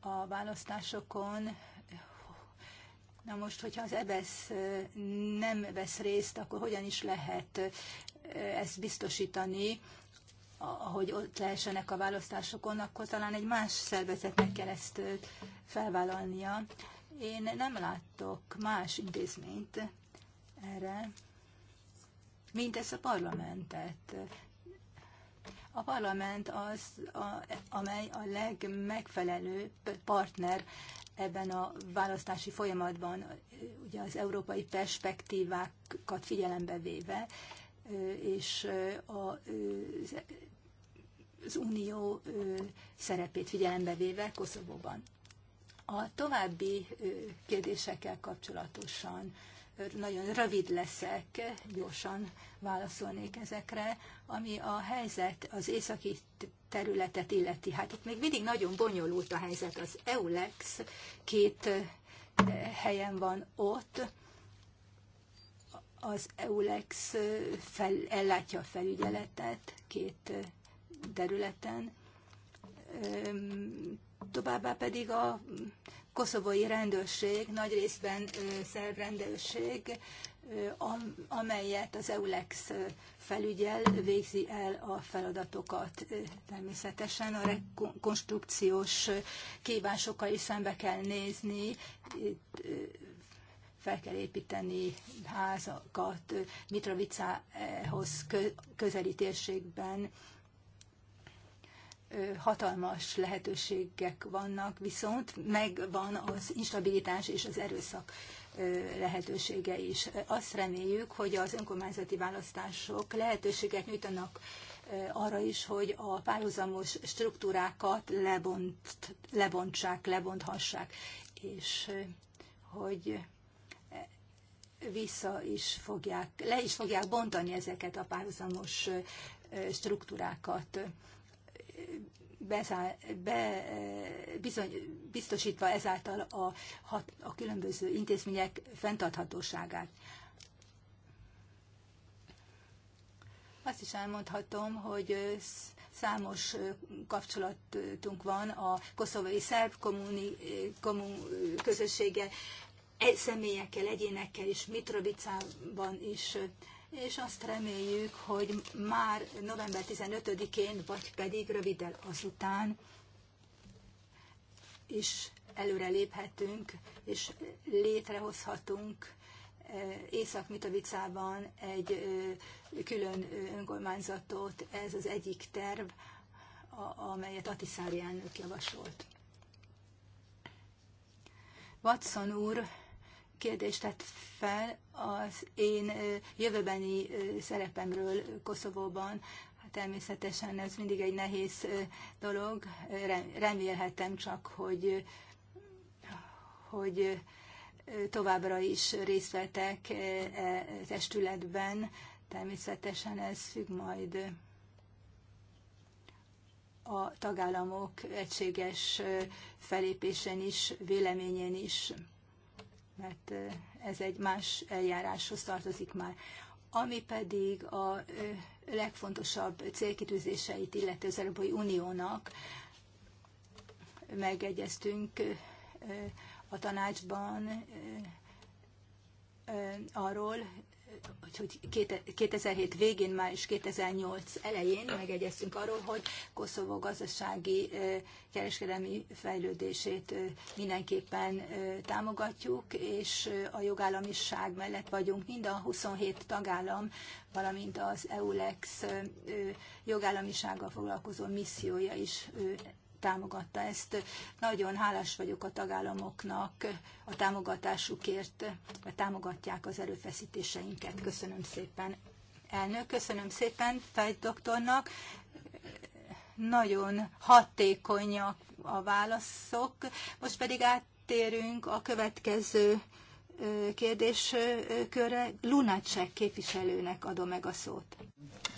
a választásokon Na most, hogyha az EBSZ e nem vesz részt, akkor hogyan is lehet ezt biztosítani, ahogy ott lehessenek a választásokon, akkor talán egy más szervezetnek kell ezt felvállalnia. Én nem látok más intézményt erre, mint ezt a parlamentet. A parlament az, a, amely a legmegfelelőbb partner ebben a választási folyamatban, ugye az európai perspektívákat figyelembe véve, és az unió szerepét figyelembe véve Koszovóban. A további kérdésekkel kapcsolatosan nagyon rövid leszek, gyorsan válaszolnék ezekre, ami a helyzet az északi területet illeti. Hát itt még mindig nagyon bonyolult a helyzet. Az EULEX két eh, helyen van ott, az EULEX eh, fel, ellátja a felügyeletet két eh, területen, továbbá pedig a koszovói rendőrség, nagy részben szerb rendőrség, amelyet az EULEX felügyel, végzi el a feladatokat. Természetesen a rekonstrukciós kívásokkal is szembe kell nézni, fel kell építeni házakat Mitrovicához közelítérségben hatalmas lehetőségek vannak, viszont megvan az instabilitás és az erőszak lehetősége is. Azt reméljük, hogy az önkormányzati választások lehetőséget nyújtanak arra is, hogy a párhuzamos struktúrákat lebont, lebontsák, lebonthassák, és hogy vissza is fogják, le is fogják bontani ezeket a párhuzamos struktúrákat bezá, be, eh, bizony, biztosítva ezáltal a, hat, a különböző intézmények fenntarthatóságát. Azt is elmondhatom, hogy eh, számos eh, kapcsolatunk van a koszovai szerb kommuni, kommun, közösséggel, személyekkel, egyénekkel és Mitrovicában is és azt reméljük, hogy már november 15-én, vagy pedig röviddel azután is előre léphetünk, és létrehozhatunk e, Észak-Mitovicában egy e, külön e, önkormányzatot. Ez az egyik terv, amelyet Atiszári elnök javasolt. Watson úr kérdést tett fel az én jövőbeni szerepemről Koszovóban. Hát természetesen ez mindig egy nehéz dolog. Remélhetem csak, hogy, hogy továbbra is részt vettek e testületben. Természetesen ez függ majd a tagállamok egységes felépésen is, véleményén is mert ez egy más eljáráshoz tartozik már. Ami pedig a legfontosabb célkitűzéseit illetve az Európai Uniónak, megegyeztünk a tanácsban arról, hogy 2007 végén, már is 2008 elején megegyeztünk arról, hogy Koszovó gazdasági kereskedelmi fejlődését mindenképpen támogatjuk, és a jogállamiság mellett vagyunk mind a 27 tagállam, valamint az EULEX jogállamisággal foglalkozó missziója is támogatta ezt. Nagyon hálás vagyok a tagállamoknak a támogatásukért, mert támogatják az erőfeszítéseinket. Köszönöm szépen. Elnök, köszönöm szépen Fejt doktornak. Nagyon hatékonyak a válaszok. Most pedig áttérünk a következő kérdéskörre. Lunacek képviselőnek adom meg a szót.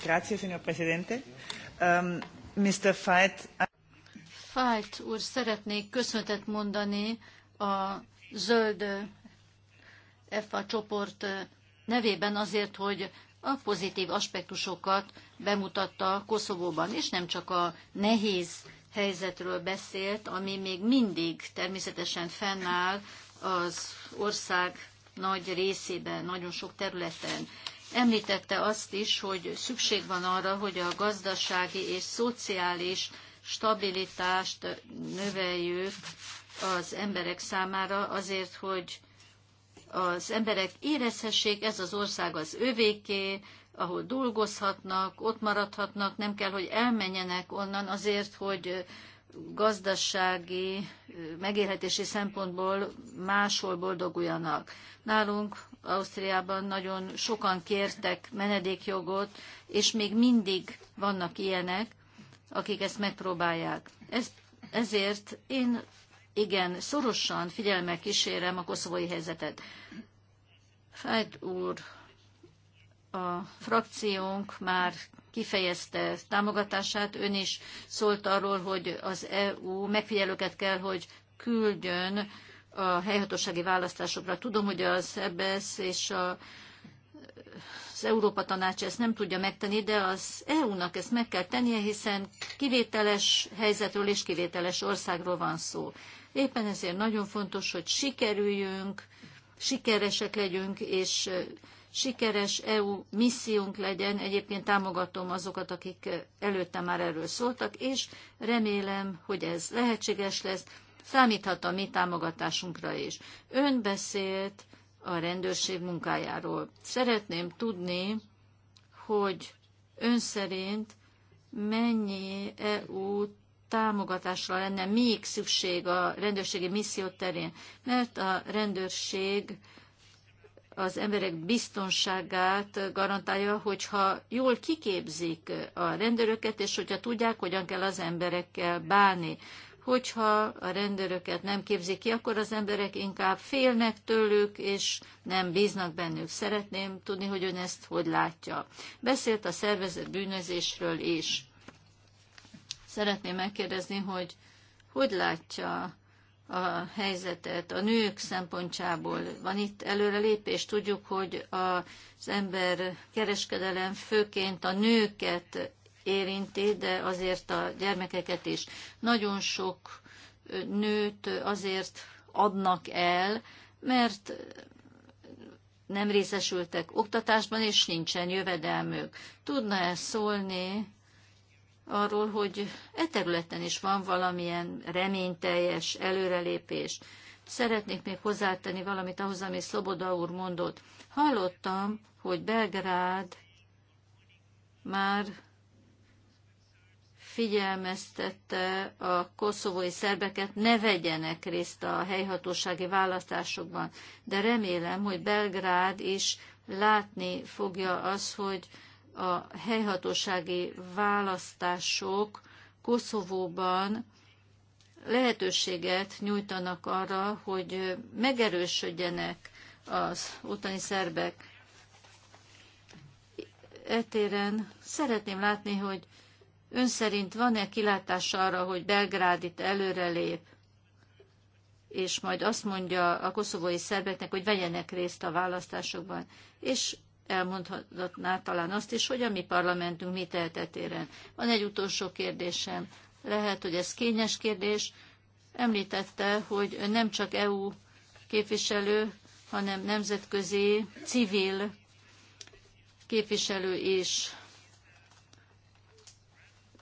Grazie, signor Presidente. Um, Mr. Fight... Fájt úr, szeretnék köszöntet mondani a zöld EFA csoport nevében azért, hogy a pozitív aspektusokat bemutatta Koszovóban, és nem csak a nehéz helyzetről beszélt, ami még mindig természetesen fennáll az ország nagy részében, nagyon sok területen. Említette azt is, hogy szükség van arra, hogy a gazdasági és szociális stabilitást növeljük az emberek számára azért, hogy az emberek érezhessék, ez az ország az övéké, ahol dolgozhatnak, ott maradhatnak, nem kell, hogy elmenjenek onnan azért, hogy gazdasági, megélhetési szempontból máshol boldoguljanak. Nálunk Ausztriában nagyon sokan kértek menedékjogot, és még mindig vannak ilyenek, akik ezt megpróbálják. Ez, ezért én igen, szorosan figyelemmel kísérem a koszovói helyzetet. Fájt úr, a frakciónk már kifejezte támogatását, ön is szólt arról, hogy az EU megfigyelőket kell, hogy küldjön a helyhatósági választásokra. Tudom, hogy az EBSZ e és a az Európa Tanács ezt nem tudja megtenni, de az EU-nak ezt meg kell tennie, hiszen kivételes helyzetről és kivételes országról van szó. Éppen ezért nagyon fontos, hogy sikerüljünk, sikeresek legyünk, és sikeres EU missziónk legyen. Egyébként támogatom azokat, akik előtte már erről szóltak, és remélem, hogy ez lehetséges lesz. Számíthat a mi támogatásunkra is. Ön beszélt a rendőrség munkájáról. Szeretném tudni, hogy ön szerint mennyi EU támogatásra lenne még szükség a rendőrségi misszió terén, mert a rendőrség az emberek biztonságát garantálja, hogyha jól kiképzik a rendőröket, és hogyha tudják, hogyan kell az emberekkel bánni hogyha a rendőröket nem képzik ki, akkor az emberek inkább félnek tőlük, és nem bíznak bennük. Szeretném tudni, hogy ön ezt hogy látja. Beszélt a szervezet bűnözésről is. Szeretném megkérdezni, hogy hogy látja a helyzetet a nők szempontjából. Van itt előrelépés, tudjuk, hogy az ember kereskedelem főként a nőket érinti, de azért a gyermekeket is. Nagyon sok nőt azért adnak el, mert nem részesültek oktatásban, és nincsen jövedelmük. Tudna-e szólni arról, hogy e területen is van valamilyen reményteljes előrelépés? Szeretnék még hozzátenni valamit ahhoz, amit Szoboda úr mondott. Hallottam, hogy Belgrád már figyelmeztette a koszovói szerbeket, ne vegyenek részt a helyhatósági választásokban. De remélem, hogy Belgrád is látni fogja az, hogy a helyhatósági választások Koszovóban lehetőséget nyújtanak arra, hogy megerősödjenek az ottani szerbek. Etéren szeretném látni, hogy Ön szerint van-e kilátás arra, hogy Belgrád itt előrelép, és majd azt mondja a koszovói szerbeknek, hogy vegyenek részt a választásokban, és elmondhatná talán azt is, hogy a mi parlamentünk mi tehetetéren. Van egy utolsó kérdésem. Lehet, hogy ez kényes kérdés. Említette, hogy ön nem csak EU képviselő, hanem nemzetközi civil képviselő is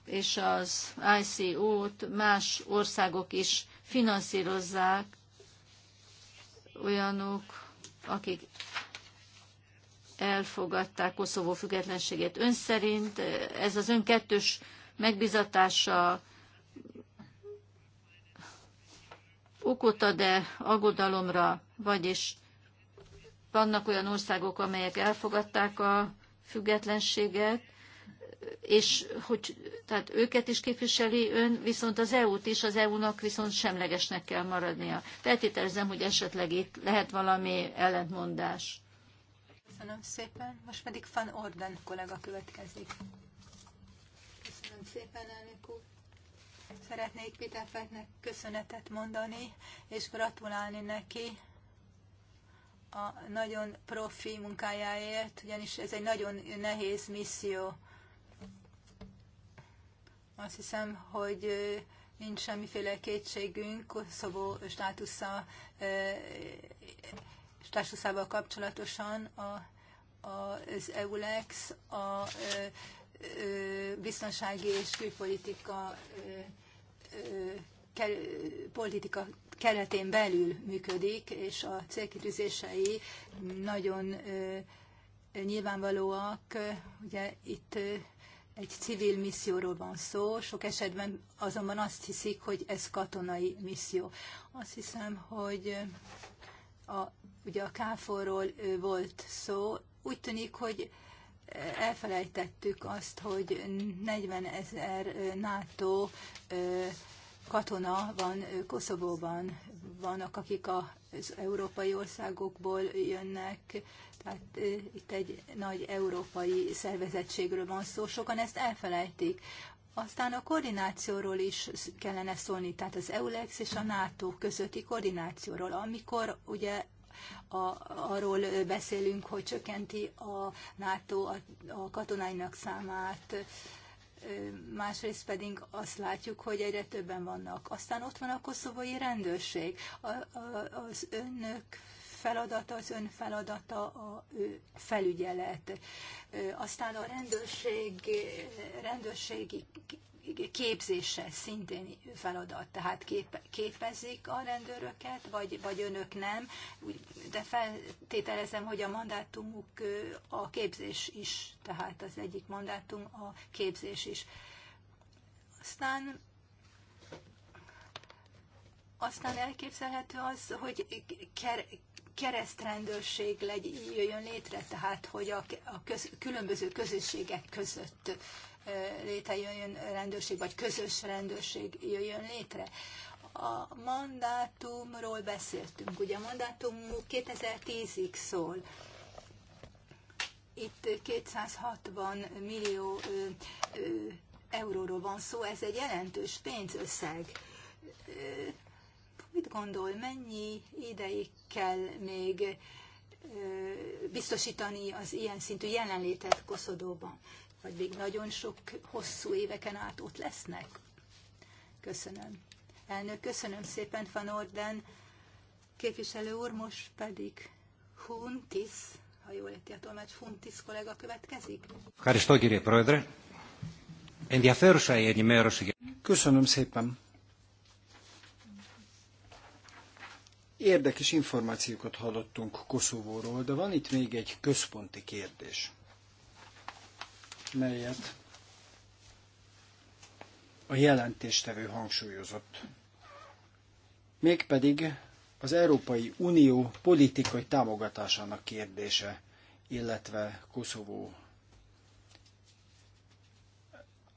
és az ICO-t más országok is finanszírozzák, olyanok, akik elfogadták Koszovó függetlenségét. Ön szerint ez az ön kettős megbizatása okot ad-e aggodalomra, vagyis vannak olyan országok, amelyek elfogadták a függetlenséget, és hogy tehát őket is képviseli ön, viszont az EU-t is, az EU-nak viszont semlegesnek kell maradnia. Feltételezem, hogy esetleg itt lehet valami ellentmondás. Köszönöm szépen. Most pedig Van Orden kollega következik. Köszönöm szépen, elnök úr. Szeretnék Fettnek köszönetet mondani, és gratulálni neki a nagyon profi munkájáért, ugyanis ez egy nagyon nehéz misszió azt hiszem, hogy nincs semmiféle kétségünk Koszovó státusza, státuszával kapcsolatosan a, az EULEX a biztonsági és külpolitika politika keretén belül működik, és a célkitűzései nagyon nyilvánvalóak. Ugye itt egy civil misszióról van szó, sok esetben azonban azt hiszik, hogy ez katonai misszió. Azt hiszem, hogy a, ugye a KFOR-ról volt szó, úgy tűnik, hogy elfelejtettük azt, hogy 40 ezer NATO katona van Koszovóban vannak, akik az európai országokból jönnek, tehát itt egy nagy európai szervezettségről van szó, sokan ezt elfelejtik. Aztán a koordinációról is kellene szólni, tehát az EULEX és a NATO közötti koordinációról, amikor ugye a, arról beszélünk, hogy csökkenti a NATO a, a katonáinak számát, másrészt pedig azt látjuk, hogy egyre többen vannak. Aztán ott van a koszovói rendőrség. A, a, az önök feladata, az ön feladata a felügyelet. Aztán a rendőrség, rendőrségi képzése szintén feladat. Tehát kép, képezik a rendőröket, vagy, vagy önök nem, de feltételezem, hogy a mandátumuk a képzés is, tehát az egyik mandátum a képzés is. Aztán aztán elképzelhető az, hogy ker, keresztrendőrség legy, jöjjön létre, tehát hogy a, a köz, különböző közösségek között létrejöjjön rendőrség, vagy közös rendőrség jöjjön létre. A mandátumról beszéltünk. Ugye a mandátum 2010-ig szól. Itt 260 millió ö, ö, euróról van szó, ez egy jelentős pénzösszeg. Ö, mit gondol, mennyi ideig kell még ö, biztosítani az ilyen szintű jelenlétet Koszodóban? vagy még nagyon sok hosszú éveken át ott lesznek. Köszönöm. Elnök, köszönöm szépen, Van Orden. Képviselő úr, most pedig Huntis, ha jól érti a tolmács, Huntis kollega következik. E köszönöm szépen. Érdekes információkat hallottunk Koszovóról, de van itt még egy központi kérdés melyet a jelentéstevő hangsúlyozott. Mégpedig az Európai Unió politikai támogatásának kérdése, illetve Koszovó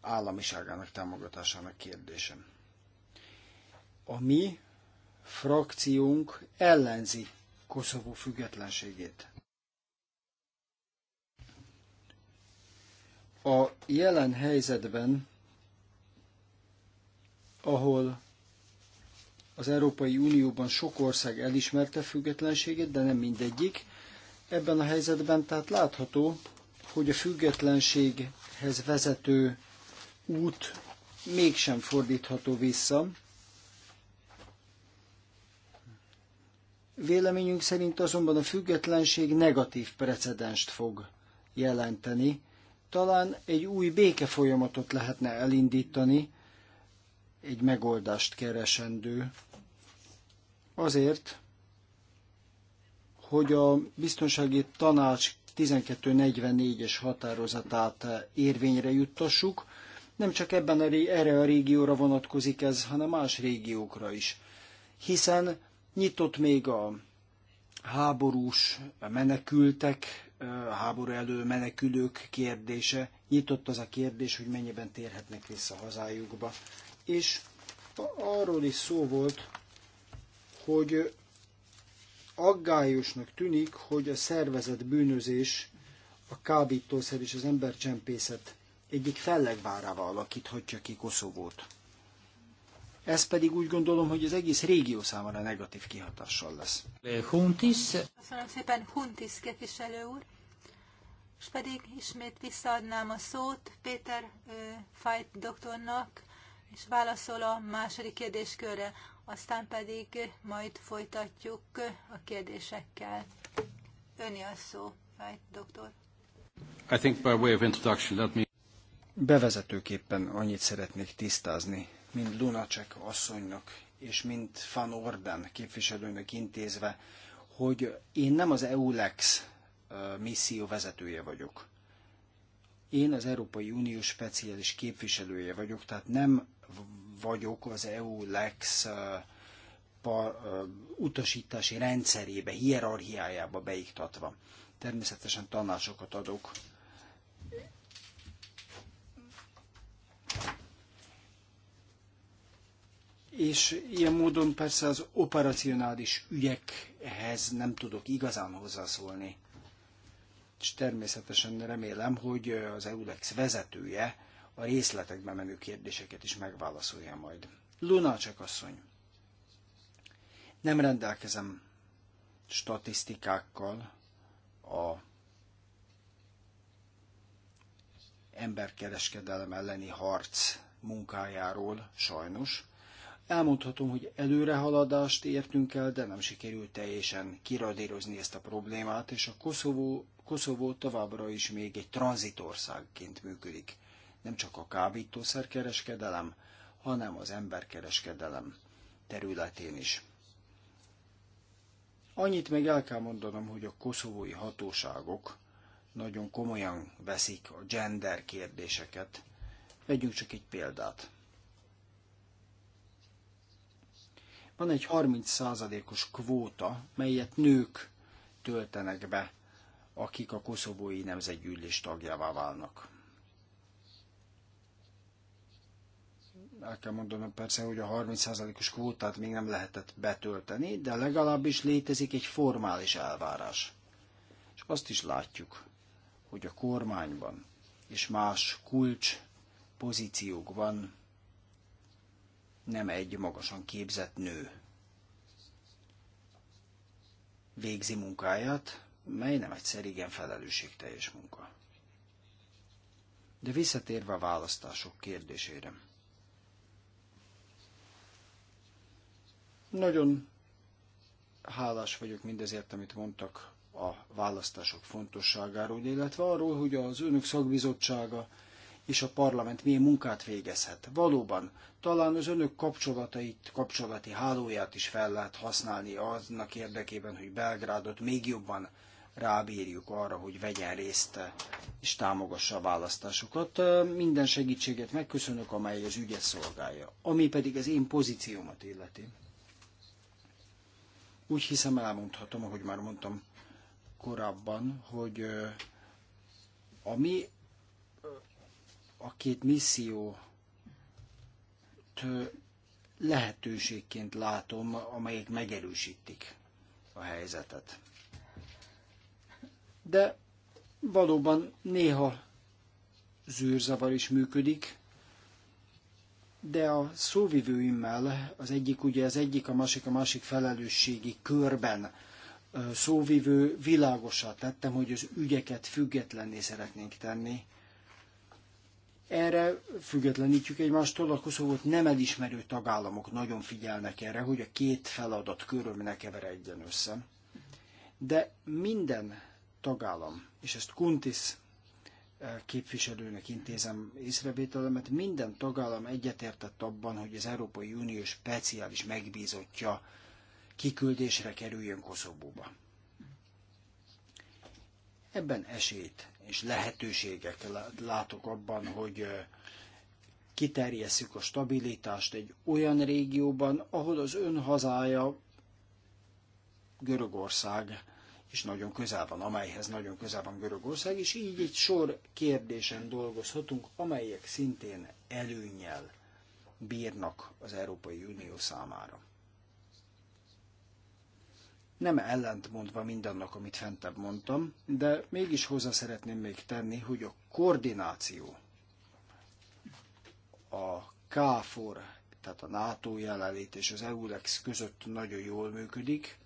államiságának támogatásának kérdése. A mi frakciónk ellenzi Koszovó függetlenségét. A jelen helyzetben, ahol az Európai Unióban sok ország elismerte függetlenségét, de nem mindegyik, ebben a helyzetben tehát látható, hogy a függetlenséghez vezető út mégsem fordítható vissza. Véleményünk szerint azonban a függetlenség negatív precedenst fog jelenteni, talán egy új béke folyamatot lehetne elindítani, egy megoldást keresendő. Azért, hogy a biztonsági tanács 1244-es határozatát érvényre juttassuk. Nem csak ebben a, erre a régióra vonatkozik ez, hanem más régiókra is. Hiszen nyitott még a háborús, a menekültek háború elő menekülők kérdése. Nyitott az a kérdés, hogy mennyiben térhetnek vissza hazájukba. És arról is szó volt, hogy aggályosnak tűnik, hogy a szervezet bűnözés, a kábítószer és az embercsempészet egyik fellegvárával alakíthatja ki Koszovót. Ez pedig úgy gondolom, hogy az egész régió számára negatív kihatással lesz. Huntis. Köszönöm szépen, Huntis képviselő úr. És pedig ismét visszaadnám a szót Péter Fajt doktornak, és válaszol a második kérdéskörre, aztán pedig majd folytatjuk a kérdésekkel. Öni a szó, Fajt doktor. I think by way of introduction, let me... Bevezetőképpen annyit szeretnék tisztázni, mind Lunacek asszonynak és mint Van Orden képviselőnek intézve, hogy én nem az EULEX misszió vezetője vagyok. Én az Európai Unió speciális képviselője vagyok, tehát nem vagyok az EULEX utasítási rendszerébe, hierarchiájába beiktatva. Természetesen tanácsokat adok és ilyen módon persze az operacionális ügyekhez nem tudok igazán hozzászólni. És természetesen remélem, hogy az EULEX vezetője a részletekbe menő kérdéseket is megválaszolja majd. csak asszony, nem rendelkezem statisztikákkal a emberkereskedelem elleni harc munkájáról, sajnos, Elmondhatom, hogy előrehaladást értünk el, de nem sikerült teljesen kiradírozni ezt a problémát, és a Koszovó, Koszovó továbbra is még egy tranzitországként működik. Nem csak a kábítószerkereskedelem, hanem az emberkereskedelem területén is. Annyit meg el kell mondanom, hogy a koszovói hatóságok nagyon komolyan veszik a gender kérdéseket. Vegyünk csak egy példát. Van egy 30%-os kvóta, melyet nők töltenek be, akik a koszovói nemzetgyűlés tagjává válnak. el kell mondanom persze, hogy a 30%-os kvótát még nem lehetett betölteni, de legalábbis létezik egy formális elvárás. És azt is látjuk, hogy a kormányban és más kulcs pozíciókban nem egy magasan képzett nő végzi munkáját, mely nem egyszer igen felelősségteljes munka. De visszatérve a választások kérdésére. Nagyon hálás vagyok mindezért, amit mondtak a választások fontosságáról, illetve arról, hogy az önök szakbizottsága és a parlament milyen munkát végezhet. Valóban, talán az önök kapcsolatait, kapcsolati hálóját is fel lehet használni aznak érdekében, hogy Belgrádot még jobban rábírjuk arra, hogy vegyen részt és támogassa a választásokat. Minden segítséget megköszönök, amely az ügyet szolgálja. Ami pedig az én pozíciómat illeti. Úgy hiszem elmondhatom, ahogy már mondtam korábban, hogy a mi a két misszió lehetőségként látom, amelyek megerősítik a helyzetet. De valóban néha zűrzavar is működik, de a szóvivőimmel az egyik, ugye az egyik, a másik, a másik felelősségi körben szóvivő világosat tettem, hogy az ügyeket függetlenné szeretnénk tenni, erre függetlenítjük egymástól, a Koszovót nem elismerő tagállamok nagyon figyelnek erre, hogy a két feladat köröm ne keveredjen össze. De minden tagállam, és ezt Kuntis eh, képviselőnek intézem észrevételemet, minden tagállam egyetértett abban, hogy az Európai Unió speciális megbízottja kiküldésre kerüljön Koszovóba. Ebben esélyt és lehetőségek látok abban, hogy kiterjesszük a stabilitást egy olyan régióban, ahol az ön hazája Görögország, és nagyon közel van, amelyhez nagyon közel van Görögország, és így egy sor kérdésen dolgozhatunk, amelyek szintén előnyel bírnak az Európai Unió számára nem ellentmondva mindannak, amit fentebb mondtam, de mégis hozzá szeretném még tenni, hogy a koordináció a KFOR, tehát a NATO jelenlét és az EULEX között nagyon jól működik.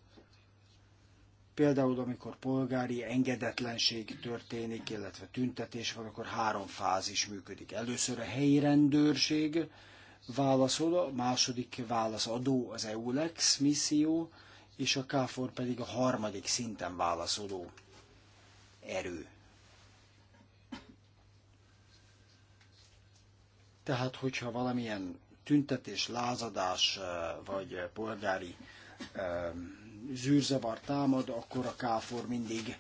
Például, amikor polgári engedetlenség történik, illetve tüntetés van, akkor három fázis működik. Először a helyi rendőrség válaszol, a második adó az EULEX misszió, és a káfor pedig a harmadik szinten válaszoló erő. Tehát, hogyha valamilyen tüntetés, lázadás vagy polgári zűrzavar támad, akkor a káfor mindig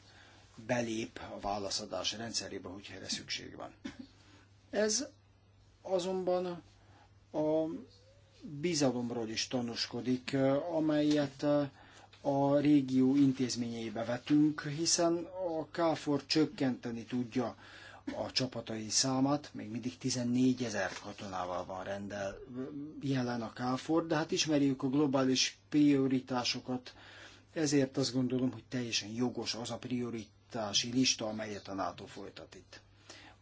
belép a válaszadás rendszerébe, hogyha erre szükség van. Ez azonban a bizalomról is tanúskodik, amelyet a régió intézményeibe vetünk, hiszen a KFOR csökkenteni tudja a csapatai számát, még mindig 14 ezer katonával van rendel jelen a KFOR, de hát ismerjük a globális prioritásokat, ezért azt gondolom, hogy teljesen jogos az a prioritási lista, amelyet a NATO folytat itt.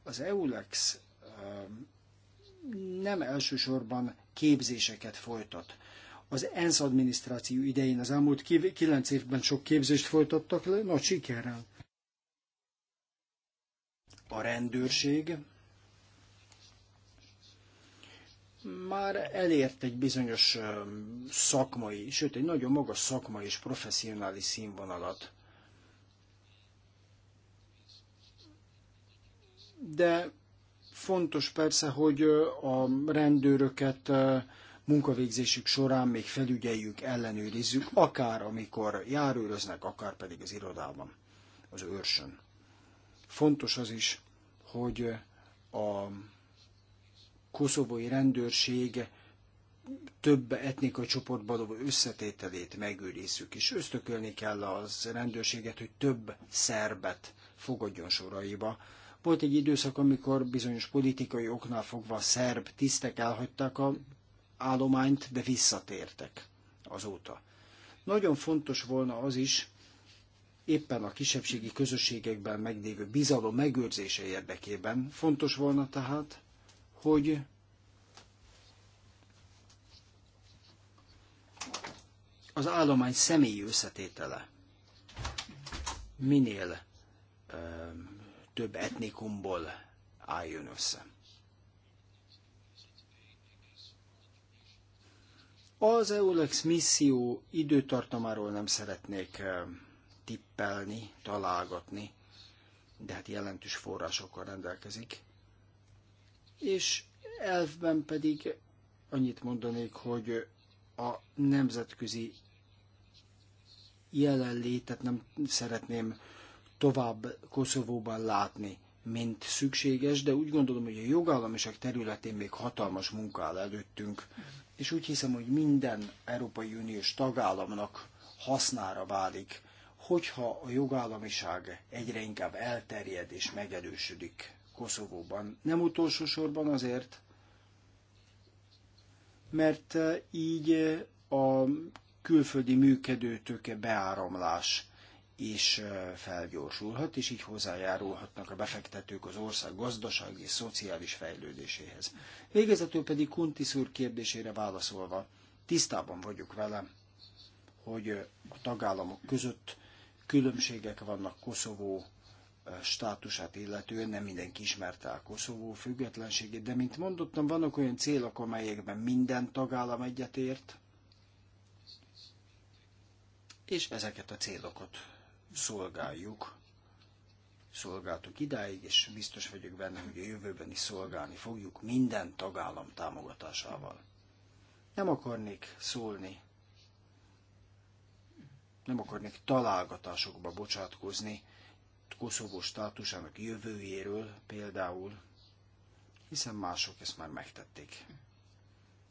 Az EULEX nem elsősorban képzéseket folytat az ENSZ adminisztráció idején az elmúlt kilenc évben sok képzést folytattak le, nagy sikerrel. A rendőrség már elért egy bizonyos szakmai, sőt egy nagyon magas szakmai és professzionális színvonalat. De fontos persze, hogy a rendőröket munkavégzésük során még felügyeljük, ellenőrizzük, akár amikor járőröznek, akár pedig az irodában, az őrsön. Fontos az is, hogy a koszovói rendőrség több etnikai csoportba való összetételét megőrizzük, és ösztökölni kell az rendőrséget, hogy több szerbet fogadjon soraiba. Volt egy időszak, amikor bizonyos politikai oknál fogva a szerb tisztek elhagyták a állományt, de visszatértek azóta. Nagyon fontos volna az is, éppen a kisebbségi közösségekben meglévő bizalom megőrzése érdekében fontos volna tehát, hogy az állomány személyi összetétele minél ö, több etnikumból álljon össze. Az EULEX misszió időtartamáról nem szeretnék eh, tippelni, találgatni, de hát jelentős forrásokkal rendelkezik. És elfben pedig annyit mondanék, hogy a nemzetközi jelenlétet nem szeretném tovább Koszovóban látni, mint szükséges, de úgy gondolom, hogy a jogállamiság területén még hatalmas munka áll előttünk és úgy hiszem, hogy minden Európai Uniós tagállamnak hasznára válik, hogyha a jogállamiság egyre inkább elterjed és megerősödik Koszovóban. Nem utolsó sorban azért, mert eh, így eh, a külföldi működőtöke beáramlás is felgyorsulhat, és így hozzájárulhatnak a befektetők az ország gazdasági és szociális fejlődéséhez. Végezetül pedig Kunti szúr kérdésére válaszolva, tisztában vagyok vele, hogy a tagállamok között különbségek vannak Koszovó státusát illetően, nem mindenki ismerte a Koszovó függetlenségét, de mint mondottam, vannak olyan célok, amelyekben minden tagállam egyetért, és ezeket a célokat szolgáljuk, szolgáltuk idáig, és biztos vagyok benne, hogy a jövőben is szolgálni fogjuk minden tagállam támogatásával. Nem akarnék szólni, nem akarnék találgatásokba bocsátkozni Koszovó státusának jövőjéről például, hiszen mások ezt már megtették.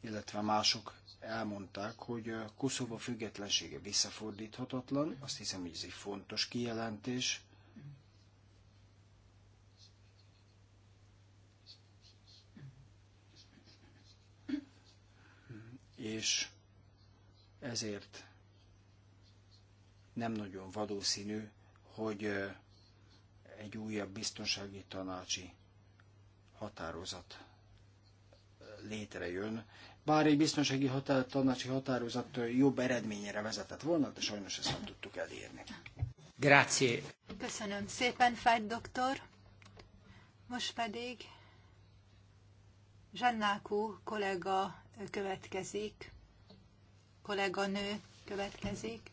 Illetve mások elmondták, hogy Koszova függetlensége visszafordíthatatlan, azt hiszem, hogy ez egy fontos kijelentés. És ezért nem nagyon valószínű, hogy egy újabb biztonsági tanácsi határozat létrejön, bár egy biztonsági határ, tanácsi határozat jobb eredményre vezetett volna, de sajnos ezt nem tudtuk elérni. Grazie. Köszönöm szépen, Fájt doktor. Most pedig Zsannákú kollega következik, kollega nő következik.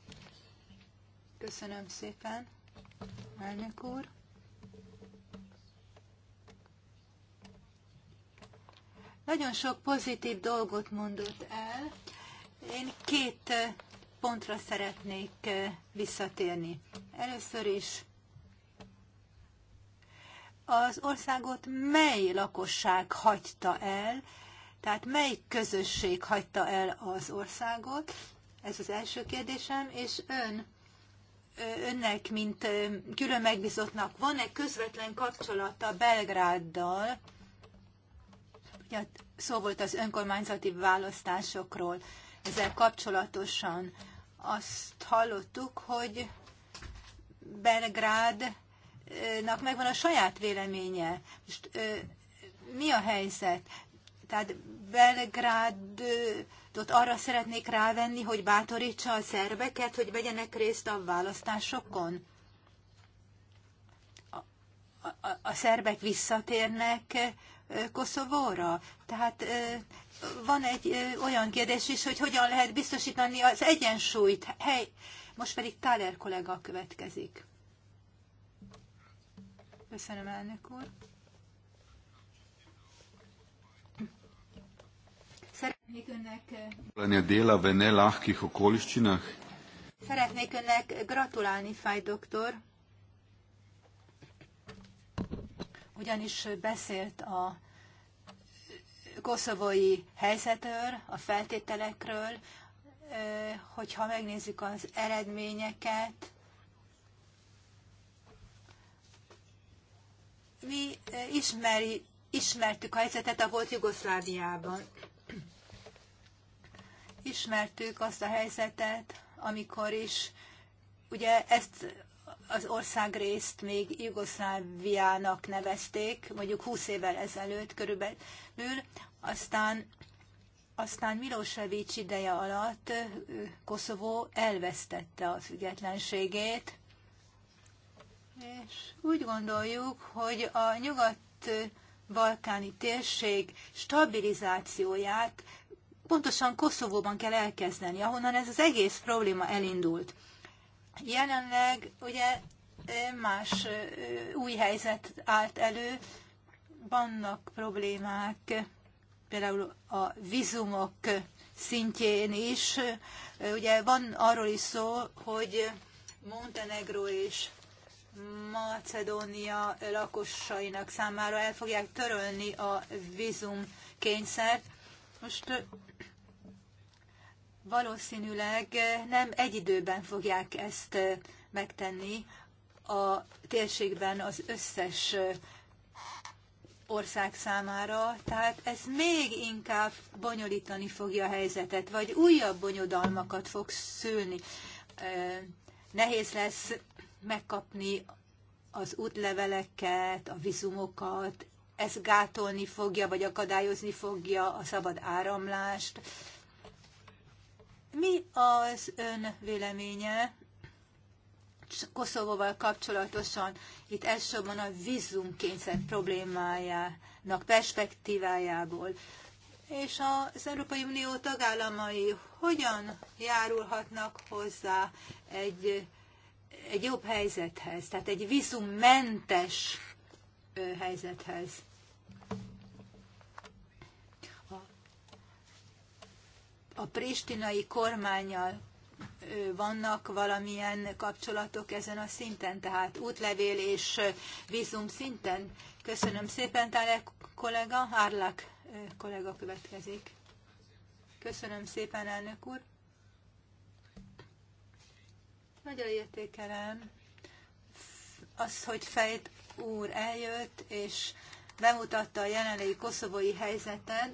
Köszönöm szépen, elnök úr. Nagyon sok pozitív dolgot mondott el. Én két pontra szeretnék eh, visszatérni. Először is az országot mely lakosság hagyta el, tehát mely közösség hagyta el az országot? Ez az első kérdésem, és ön, önnek, mint külön megbízottnak, van-e közvetlen kapcsolata Belgráddal? Ugye szó volt az önkormányzati választásokról. Ezzel kapcsolatosan azt hallottuk, hogy Belgrádnak megvan a saját véleménye. Most mi a helyzet? Tehát Belgrádot arra szeretnék rávenni, hogy bátorítsa a szerbeket, hogy vegyenek részt a választásokon? A, a, a szerbek visszatérnek Koszovóra. Tehát van egy olyan kérdés is, hogy hogyan lehet biztosítani az egyensúlyt. Hely, most pedig Táler kollega következik. Köszönöm, elnök úr. Szeretnék önnek... Szeretnék önnek gratulálni, Fáj doktor. ugyanis beszélt a koszovói helyzetről, a feltételekről, hogyha megnézzük az eredményeket, mi ismeri, ismertük a helyzetet a volt Jugoszláviában. Ismertük azt a helyzetet, amikor is, ugye ezt az ország részt még Jugoszláviának nevezték, mondjuk 20 évvel ezelőtt körülbelül, aztán, aztán Milosevic ideje alatt Koszovó elvesztette a függetlenségét, és úgy gondoljuk, hogy a nyugat-balkáni térség stabilizációját pontosan Koszovóban kell elkezdeni, ahonnan ez az egész probléma elindult. Jelenleg ugye más új helyzet állt elő, vannak problémák, például a vizumok szintjén is. Ugye van arról is szó, hogy Montenegro és Macedónia lakosainak számára el fogják törölni a vízum kényszert. Most valószínűleg eh, nem egy időben fogják ezt eh, megtenni a térségben az összes eh, ország számára, tehát ez még inkább bonyolítani fogja a helyzetet, vagy újabb bonyodalmakat fog szülni. Nehéz lesz megkapni az útleveleket, a vizumokat, ez gátolni fogja, vagy akadályozni fogja a szabad áramlást. Mi az ön véleménye Koszovóval kapcsolatosan itt elsősorban a vízumkényszer problémájának perspektívájából, és az Európai Unió tagállamai hogyan járulhatnak hozzá egy, egy jobb helyzethez, tehát egy vízummentes helyzethez. a pristinai kormányjal vannak valamilyen kapcsolatok ezen a szinten, tehát útlevél és vízum szinten. Köszönöm szépen, Tálek kollega. Árlák kollega következik. Köszönöm szépen, elnök úr. Nagyon értékelem az, hogy Fejt úr eljött, és bemutatta a jelenlegi koszovói helyzetet,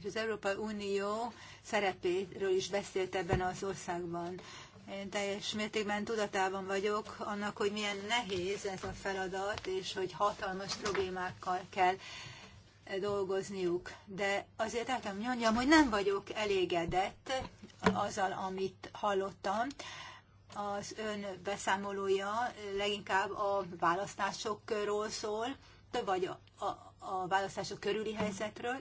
és az Európai Unió szerepéről is beszélt ebben az országban. Én teljes mértékben tudatában vagyok annak, hogy milyen nehéz ez a feladat, és hogy hatalmas problémákkal kell dolgozniuk. De azért el kell mondjam, hogy nem vagyok elégedett azzal, amit hallottam. Az ön beszámolója leginkább a választásokról szól, több vagy a, a, a választások körüli helyzetről,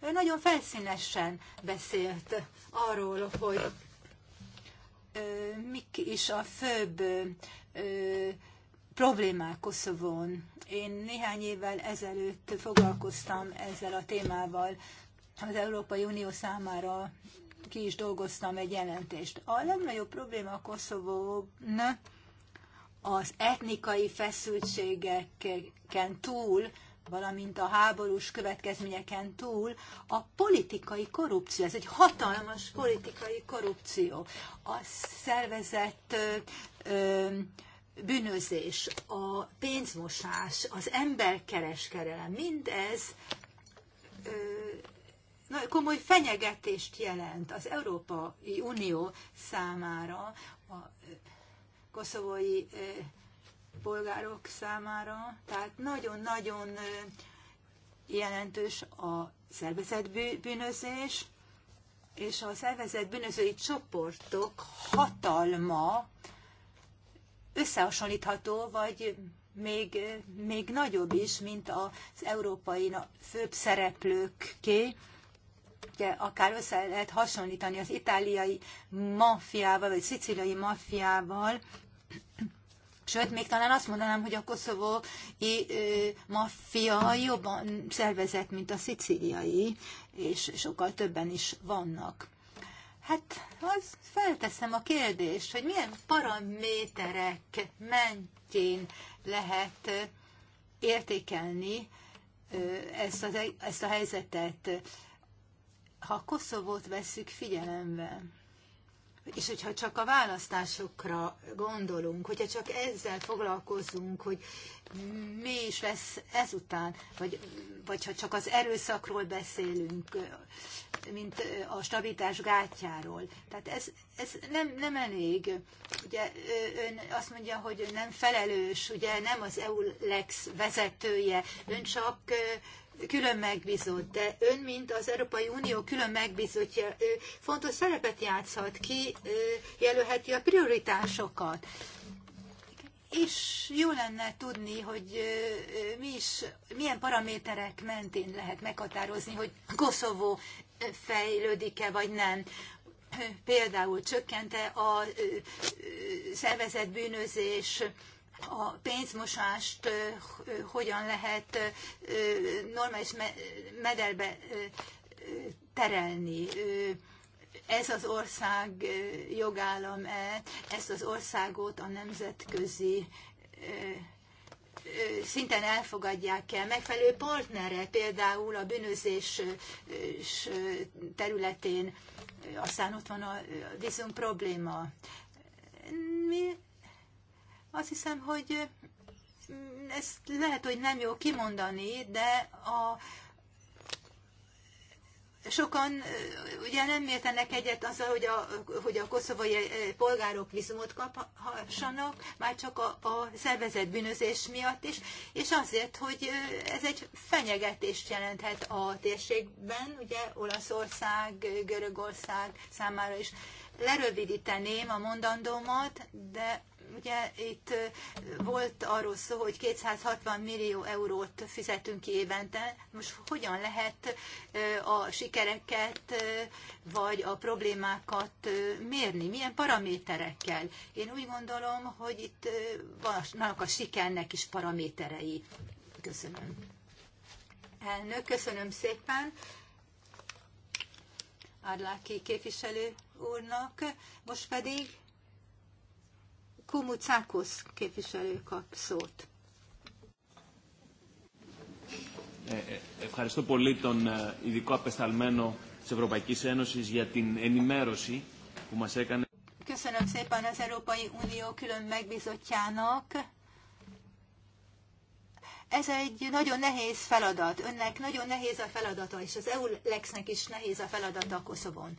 nagyon felszínesen beszélt arról, hogy mik is a főbb problémák Koszovón. Én néhány évvel ezelőtt foglalkoztam ezzel a témával. Az Európai Unió számára ki is dolgoztam egy jelentést. A legnagyobb probléma Koszovón az etnikai feszültségeken túl valamint a háborús következményeken túl a politikai korrupció. Ez egy hatalmas politikai korrupció. A szervezett ö, bűnözés, a pénzmosás, az emberkereskedelem, mindez ö, nagy komoly fenyegetést jelent az Európai Unió számára, a koszovói polgárok számára, tehát nagyon-nagyon jelentős a szervezett bűnözés, és a szervezett bűnözői csoportok hatalma összehasonlítható, vagy még, még nagyobb is, mint az európai főbb szereplőké. Ugye, akár össze lehet hasonlítani az itáliai maffiával, vagy szicíliai maffiával, Sőt, még talán azt mondanám, hogy a koszovói maffia jobban szervezett, mint a szicíliai, és sokkal többen is vannak. Hát az felteszem a kérdést, hogy milyen paraméterek mentjén lehet értékelni ezt, a, e-, ezt a helyzetet, ha Koszovót vesszük figyelembe. És hogyha csak a választásokra gondolunk, hogyha csak ezzel foglalkozunk, hogy mi is lesz ezután, vagy, vagy ha csak az erőszakról beszélünk, mint a stabilitás gátjáról. Tehát ez, ez nem, nem elég. Ugye ön azt mondja, hogy ön nem felelős, ugye nem az EULEX vezetője, ön csak külön megbízott, de ön, mint az Európai Unió külön megbízottja, fontos szerepet játszhat ki, jelölheti a prioritásokat. És jó lenne tudni, hogy mi is, milyen paraméterek mentén lehet meghatározni, hogy Koszovó fejlődik-e vagy nem. Például csökkente a szervezett bűnözés, a pénzmosást hogyan lehet normális mederbe terelni. Ez az ország jogállam-e, ezt az országot a nemzetközi szinten elfogadják el. Megfelelő partnere például a bűnözés területén, aztán ott van a vízum probléma. Mi azt hiszem, hogy mm, ezt lehet, hogy nem jó kimondani, de a, sokan ugye nem értenek egyet azzal, hogy a, hogy a koszovai polgárok vízumot kaphassanak, már csak a, a szervezet bűnözés miatt is, és azért, hogy ez egy fenyegetést jelenthet a térségben, ugye Olaszország, Görögország számára is. Lerövidíteném a mondandómat, de Ugye itt volt arról szó, hogy 260 millió eurót fizetünk ki évente. Most hogyan lehet a sikereket vagy a problémákat mérni? Milyen paraméterekkel? Én úgy gondolom, hogy itt vannak a sikernek is paraméterei. Köszönöm. Elnök, köszönöm szépen. Árláki képviselő úrnak. Most pedig Kumucákusz képviselő kap szót. Ευχαριστώ πολύ τον ειδικό απεσταλμένο της Ευρωπαϊκής Ένωσης για την ενημέρωση που μας έκανε. Köszönöm szépen az Európai Unió külön Ez egy nagyon nehéz feladat. Önnek nagyon nehéz a feladata, és az EU-lexnek is nehéz a feladata a Koszovon.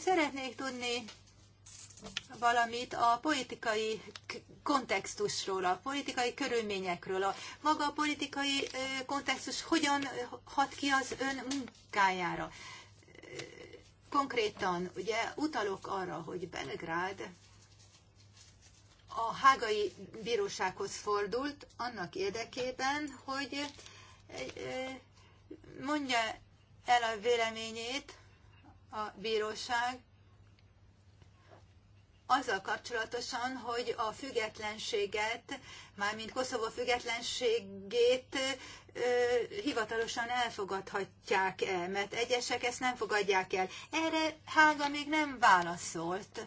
Szeretnék tudni valamit a politikai kontextusról, a politikai körülményekről. A maga a politikai kontextus hogyan hat ki az ön munkájára? Konkrétan ugye utalok arra, hogy Belgrád a hágai bírósághoz fordult annak érdekében, hogy mondja el a véleményét a bíróság azzal kapcsolatosan, hogy a függetlenséget, mármint Koszovó függetlenségét ö, hivatalosan elfogadhatják-e, mert egyesek ezt nem fogadják el. Erre Hága még nem válaszolt.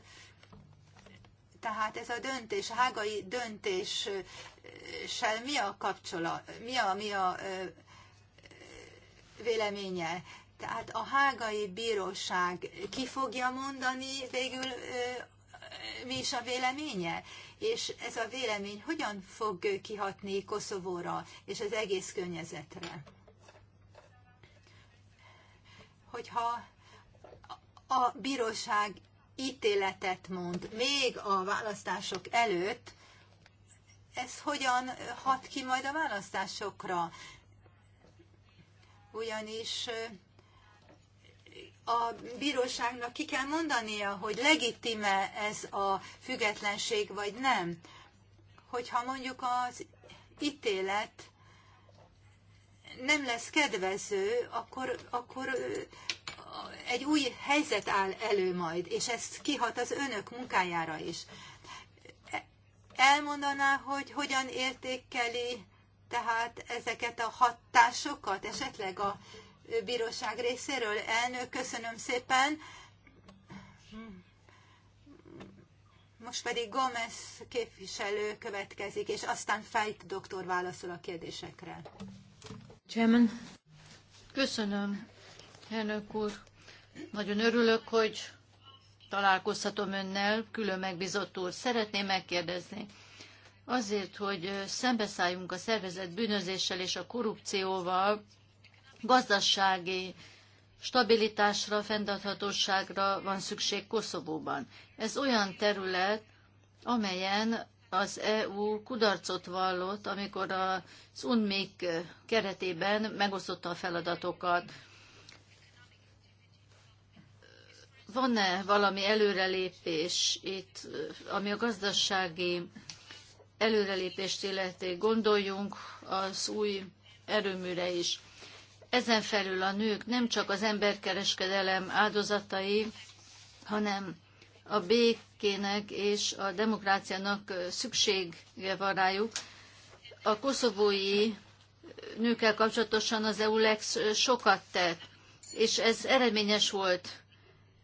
Tehát ez a döntés, a hágai döntéssel mi a kapcsolat, mi a, mi a ö, véleménye? Tehát a hágai bíróság ki fogja mondani végül mi is a véleménye, és ez a vélemény hogyan fog kihatni Koszovóra és az egész környezetre. Hogyha a bíróság ítéletet mond még a választások előtt, ez hogyan hat ki majd a választásokra? Ugyanis a bíróságnak ki kell mondania, hogy legitime ez a függetlenség, vagy nem. Hogyha mondjuk az ítélet nem lesz kedvező, akkor, akkor egy új helyzet áll elő majd, és ez kihat az önök munkájára is. Elmondaná, hogy hogyan értékeli tehát ezeket a hatásokat, esetleg a bíróság részéről. Elnök, köszönöm szépen. Most pedig Gomez képviselő következik, és aztán Fejt doktor válaszol a kérdésekre. Chairman. Köszönöm, elnök úr. Nagyon örülök, hogy találkozhatom önnel, külön megbízott úr. Szeretném megkérdezni, azért, hogy szembeszálljunk a szervezet bűnözéssel és a korrupcióval, gazdasági stabilitásra, fenntarthatóságra van szükség Koszovóban. Ez olyan terület, amelyen az EU kudarcot vallott, amikor az UNMIK keretében megosztotta a feladatokat. Van-e valami előrelépés itt, ami a gazdasági előrelépést illeti? Gondoljunk az új erőműre is. Ezen felül a nők nem csak az emberkereskedelem áldozatai, hanem a békének és a demokráciának szüksége van rájuk. A koszovói nőkkel kapcsolatosan az EULEX sokat tett, és ez eredményes volt.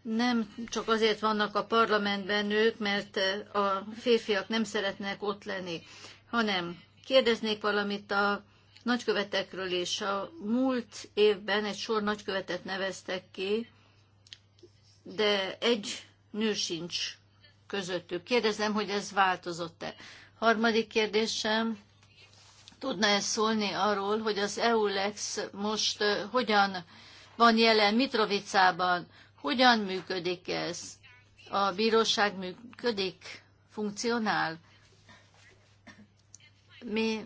Nem csak azért vannak a parlamentben nők, mert a férfiak nem szeretnek ott lenni, hanem kérdeznék valamit a nagykövetekről, és a múlt évben egy sor nagykövetet neveztek ki, de egy nő sincs közöttük. Kérdezem, hogy ez változott-e. Harmadik kérdésem, tudna-e szólni arról, hogy az EULEX most hogyan van jelen Mitrovicában, hogyan működik ez? A bíróság működik, funkcionál? Mi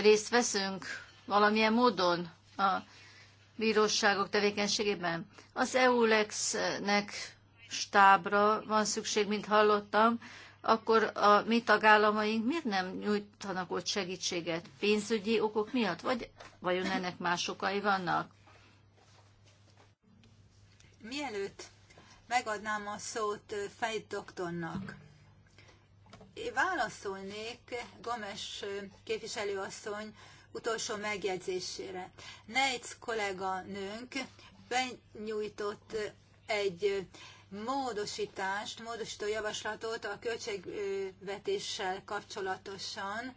részt veszünk valamilyen módon a bíróságok tevékenységében. Az EULEX-nek stábra van szükség, mint hallottam, akkor a mi tagállamaink miért nem nyújtanak ott segítséget? Pénzügyi okok miatt? Vagy vajon ennek más okai vannak? Mielőtt megadnám a szót Fejt doktornak, válaszolnék Gomes képviselőasszony utolsó megjegyzésére. Neitz kollega nőnk benyújtott egy módosítást, módosító javaslatot a költségvetéssel kapcsolatosan,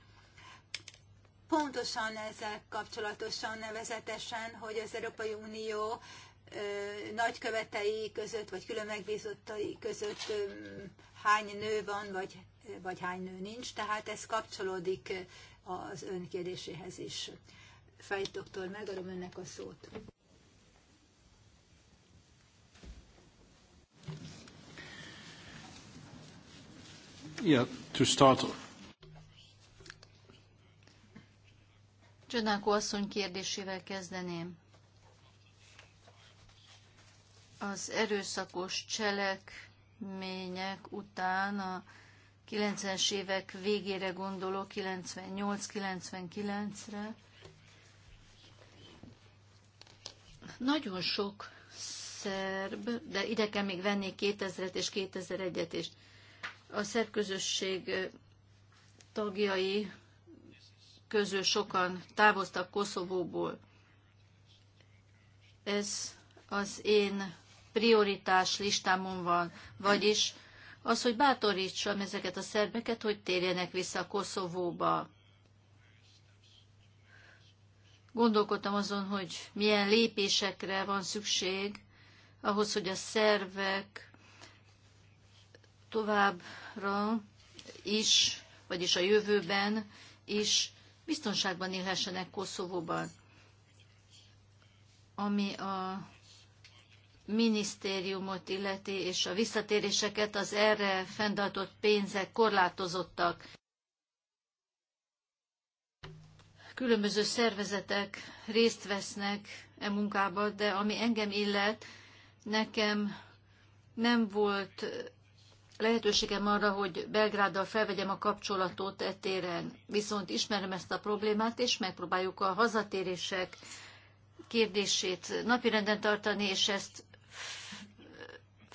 pontosan ezzel kapcsolatosan nevezetesen, hogy az Európai Unió nagykövetei között, vagy külön megbízottai között hány nő van, vagy vagy hány nő nincs, tehát ez kapcsolódik eh, az ön kérdéséhez is. Fejt doktor, megadom önnek a szót. Yeah, to start. Csodálko asszony kérdésével kezdeném. Az erőszakos cselekmények után a 90-es évek végére gondolok, 98-99-re. Nagyon sok szerb, de ide kell még venni 2000-et és 2001-et is. A szerb közösség tagjai közül sokan távoztak Koszovóból. Ez az én prioritás listámon van, vagyis az, hogy bátorítsam ezeket a szerbeket, hogy térjenek vissza Koszovóba. Gondolkodtam azon, hogy milyen lépésekre van szükség ahhoz, hogy a szervek továbbra is, vagyis a jövőben is biztonságban élhessenek Koszovóban. Ami a minisztériumot illeti, és a visszatéréseket az erre fenntartott pénzek korlátozottak. Különböző szervezetek részt vesznek e munkába, de ami engem illet, nekem nem volt lehetőségem arra, hogy Belgráddal felvegyem a kapcsolatot e téren. Viszont ismerem ezt a problémát, és megpróbáljuk a hazatérések kérdését napirenden tartani, és ezt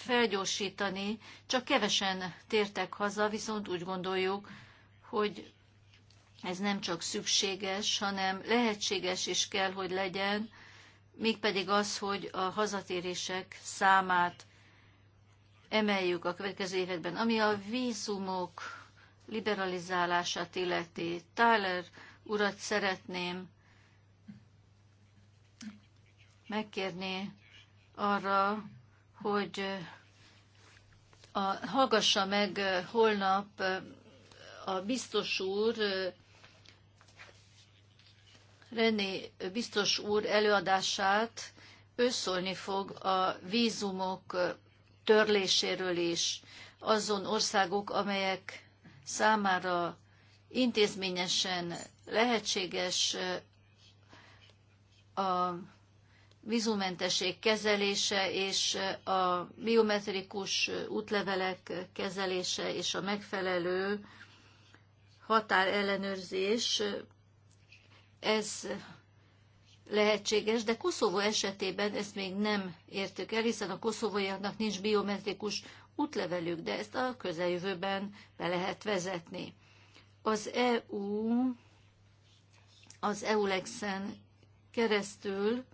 felgyorsítani, csak kevesen tértek haza, viszont úgy gondoljuk, hogy ez nem csak szükséges, hanem lehetséges is kell, hogy legyen, mégpedig az, hogy a hazatérések számát emeljük a következő években. Ami a vízumok liberalizálását illeti, Tyler urat szeretném megkérni arra, hogy a, hallgassa meg holnap a biztos úr, René biztos úr előadását, ő szólni fog a vízumok törléséről is, azon országok, amelyek számára intézményesen lehetséges a vízumentesség kezelése és a biometrikus útlevelek kezelése és a megfelelő határellenőrzés, ez lehetséges, de Koszovó esetében ezt még nem értük el, hiszen a koszovóiaknak nincs biometrikus útlevelük, de ezt a közeljövőben be lehet vezetni. Az EU az EULEX-en keresztül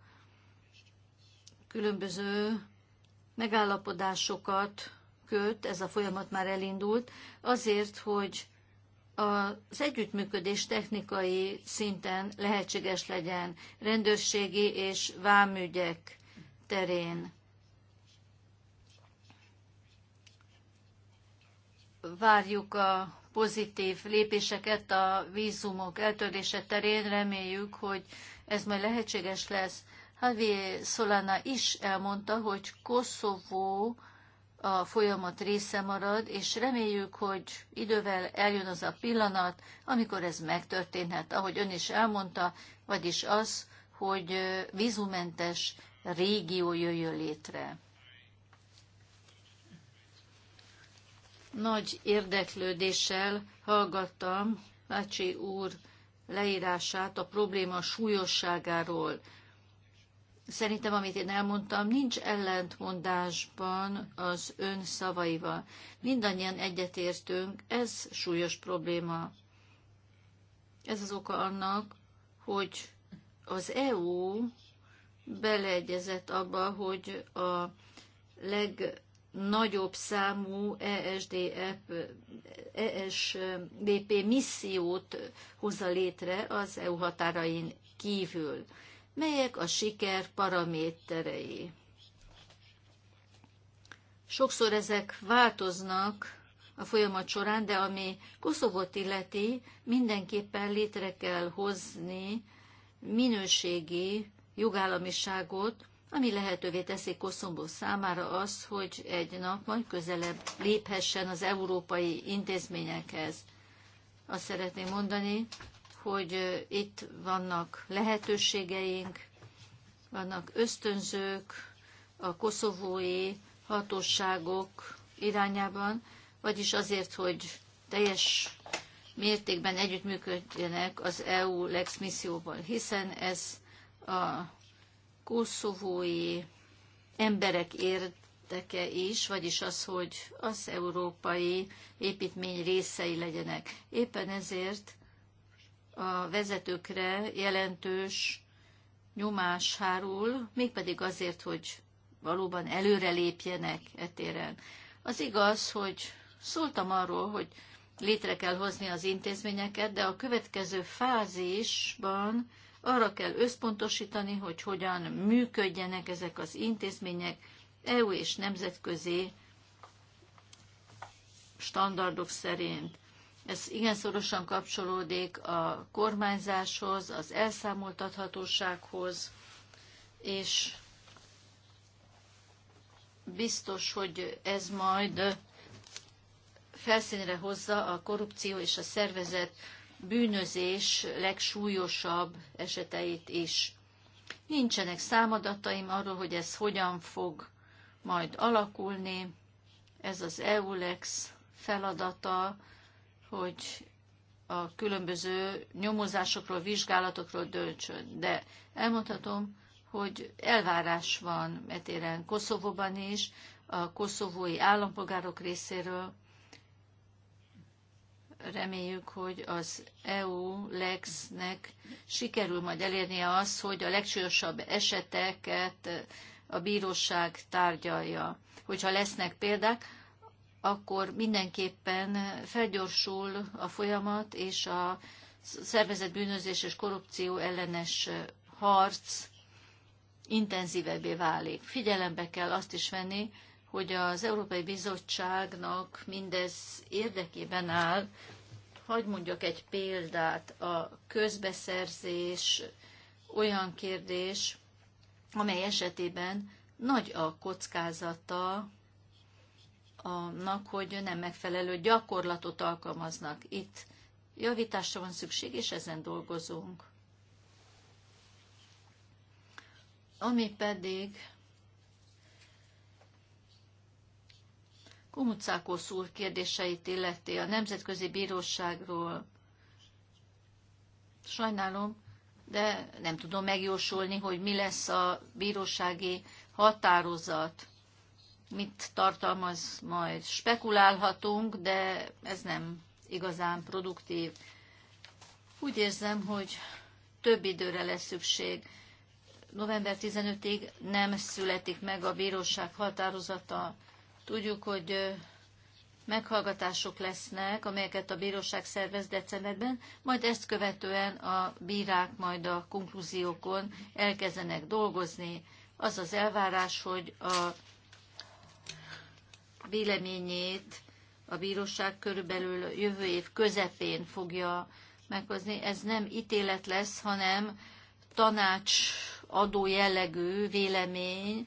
különböző megállapodásokat köt, ez a folyamat már elindult, azért, hogy az együttműködés technikai szinten lehetséges legyen rendőrségi és vámügyek terén. Várjuk a pozitív lépéseket a vízumok eltörése terén, reméljük, hogy ez majd lehetséges lesz. Javier Solana is elmondta, hogy Koszovó a folyamat része marad, és reméljük, hogy idővel eljön az a pillanat, amikor ez megtörténhet, ahogy ön is elmondta, vagyis az, hogy vízumentes régió jöjjön létre. Nagy érdeklődéssel hallgattam Bácsi úr leírását a probléma súlyosságáról, Szerintem, amit én elmondtam, nincs ellentmondásban az ön szavaival. Mindannyian egyetértünk, ez súlyos probléma. Ez az oka annak, hogy az EU beleegyezett abba, hogy a legnagyobb számú ESDF, ESDP missziót hozza létre az EU határain kívül melyek a siker paraméterei. Sokszor ezek változnak a folyamat során, de ami Koszovot illeti, mindenképpen létre kell hozni minőségi jogállamiságot, ami lehetővé teszi Koszombó számára az, hogy egy nap majd közelebb léphessen az európai intézményekhez. Azt szeretném mondani, hogy itt vannak lehetőségeink, vannak ösztönzők a koszovói hatóságok irányában, vagyis azért, hogy teljes mértékben együttműködjenek az EU Lex misszióval, hiszen ez a koszovói emberek érdeke is, vagyis az, hogy az európai építmény részei legyenek. Éppen ezért a vezetőkre jelentős nyomás hárul, mégpedig azért, hogy valóban előrelépjenek etéren. Az igaz, hogy szóltam arról, hogy létre kell hozni az intézményeket, de a következő fázisban arra kell összpontosítani, hogy hogyan működjenek ezek az intézmények EU és nemzetközi standardok szerint. Ez igen szorosan kapcsolódik a kormányzáshoz, az elszámoltathatósághoz, és biztos, hogy ez majd felszínre hozza a korrupció és a szervezet bűnözés legsúlyosabb eseteit is. Nincsenek számadataim arról, hogy ez hogyan fog majd alakulni. Ez az EULEX feladata, hogy a különböző nyomozásokról, vizsgálatokról döntsön. De elmondhatom, hogy elvárás van etéren Koszovóban is, a koszovói állampolgárok részéről. Reméljük, hogy az eu legsznek sikerül majd elérnie az, hogy a legsúlyosabb eseteket a bíróság tárgyalja. Hogyha lesznek példák, akkor mindenképpen felgyorsul a folyamat, és a szervezett bűnözés és korrupció ellenes harc intenzívebbé válik. Figyelembe kell azt is venni, hogy az Európai Bizottságnak mindez érdekében áll. Hagy mondjak egy példát, a közbeszerzés olyan kérdés, amely esetében nagy a kockázata annak, hogy nem megfelelő gyakorlatot alkalmaznak. Itt javításra van szükség, és ezen dolgozunk. Ami pedig Kumucákó úr kérdéseit illeti a Nemzetközi Bíróságról. Sajnálom, de nem tudom megjósolni, hogy mi lesz a bírósági határozat mit tartalmaz, majd spekulálhatunk, de ez nem igazán produktív. Úgy érzem, hogy több időre lesz szükség. November 15-ig nem születik meg a bíróság határozata. Tudjuk, hogy meghallgatások lesznek, amelyeket a bíróság szervez decemberben, majd ezt követően a bírák majd a konklúziókon elkezdenek dolgozni. Az az elvárás, hogy a véleményét a bíróság körülbelül jövő év közepén fogja meghozni. Ez nem ítélet lesz, hanem tanácsadó jellegű vélemény,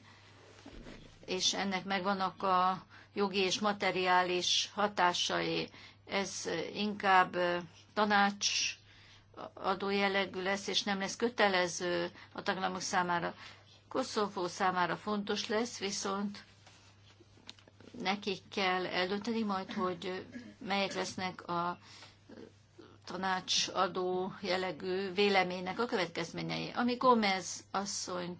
és ennek megvannak a jogi és materiális hatásai. Ez inkább tanács adó jellegű lesz, és nem lesz kötelező a tagállamok számára. Koszovó számára fontos lesz, viszont nekik kell eldönteni majd, hogy melyek lesznek a tanácsadó jellegű véleménynek a következményei. Ami Gomez asszony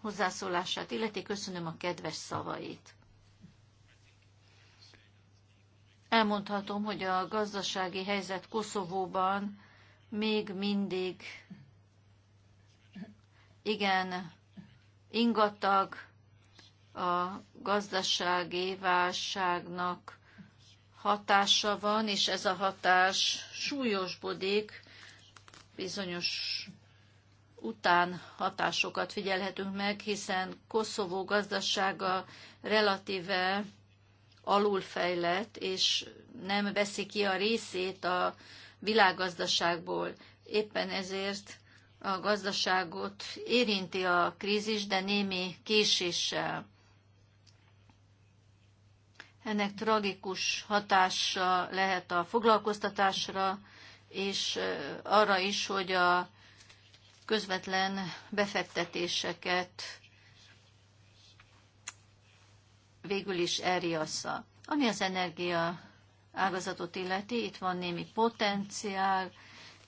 hozzászólását illeti, köszönöm a kedves szavait. Elmondhatom, hogy a gazdasági helyzet Koszovóban még mindig igen ingatag, a gazdasági válságnak hatása van, és ez a hatás súlyosbodik, bizonyos után hatásokat figyelhetünk meg, hiszen Koszovó gazdasága relatíve alulfejlett, és nem veszi ki a részét a világgazdaságból. Éppen ezért a gazdaságot érinti a krízis, de némi késéssel. Ennek tragikus hatása lehet a foglalkoztatásra, és arra is, hogy a közvetlen befektetéseket végül is elriassza. Ami az energia ágazatot illeti, itt van némi potenciál,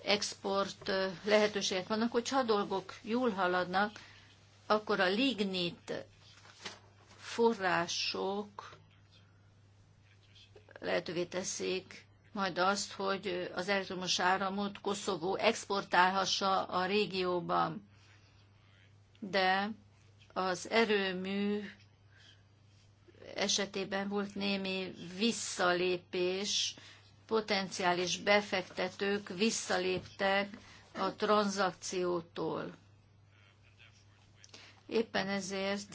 export lehetőségek vannak, hogyha a dolgok jól haladnak, akkor a lignit források lehetővé teszik majd azt, hogy az elektromos áramot Koszovó exportálhassa a régióban. De az erőmű esetében volt némi visszalépés, potenciális befektetők visszaléptek a tranzakciótól. Éppen ezért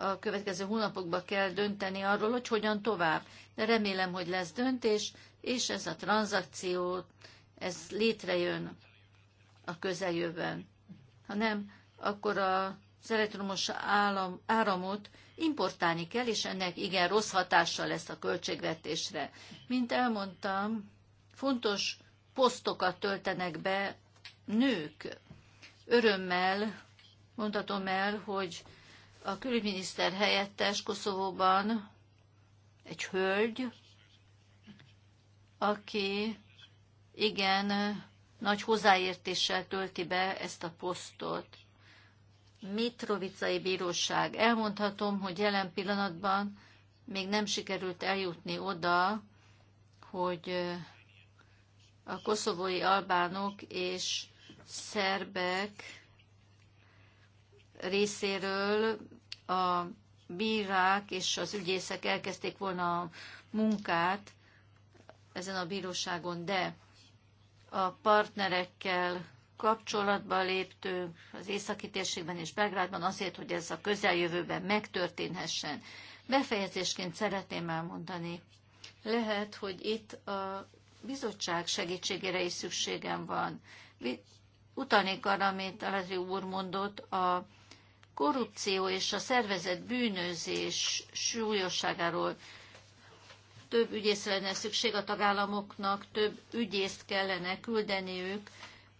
a következő hónapokban kell dönteni arról, hogy hogyan tovább. De remélem, hogy lesz döntés, és ez a tranzakció, ez létrejön a közeljövőben. Ha nem, akkor az elektromos állam, áramot importálni kell, és ennek igen rossz hatással lesz a költségvetésre. Mint elmondtam, fontos posztokat töltenek be nők. Örömmel mondhatom el, hogy a külügyminiszter helyettes Koszovóban egy hölgy, aki igen nagy hozzáértéssel tölti be ezt a posztot. Mitrovicai Bíróság. Elmondhatom, hogy jelen pillanatban még nem sikerült eljutni oda, hogy a koszovói albánok és szerbek részéről a bírák és az ügyészek elkezdték volna a munkát ezen a bíróságon, de a partnerekkel kapcsolatba léptünk az északi térségben és Belgrádban azért, hogy ez a közeljövőben megtörténhessen. Befejezésként szeretném elmondani, lehet, hogy itt a bizottság segítségére is szükségem van. Utalnék arra, amit Alazri úr mondott a korrupció és a szervezett bűnözés súlyosságáról több ügyészre lenne szükség a tagállamoknak, több ügyészt kellene küldeniük,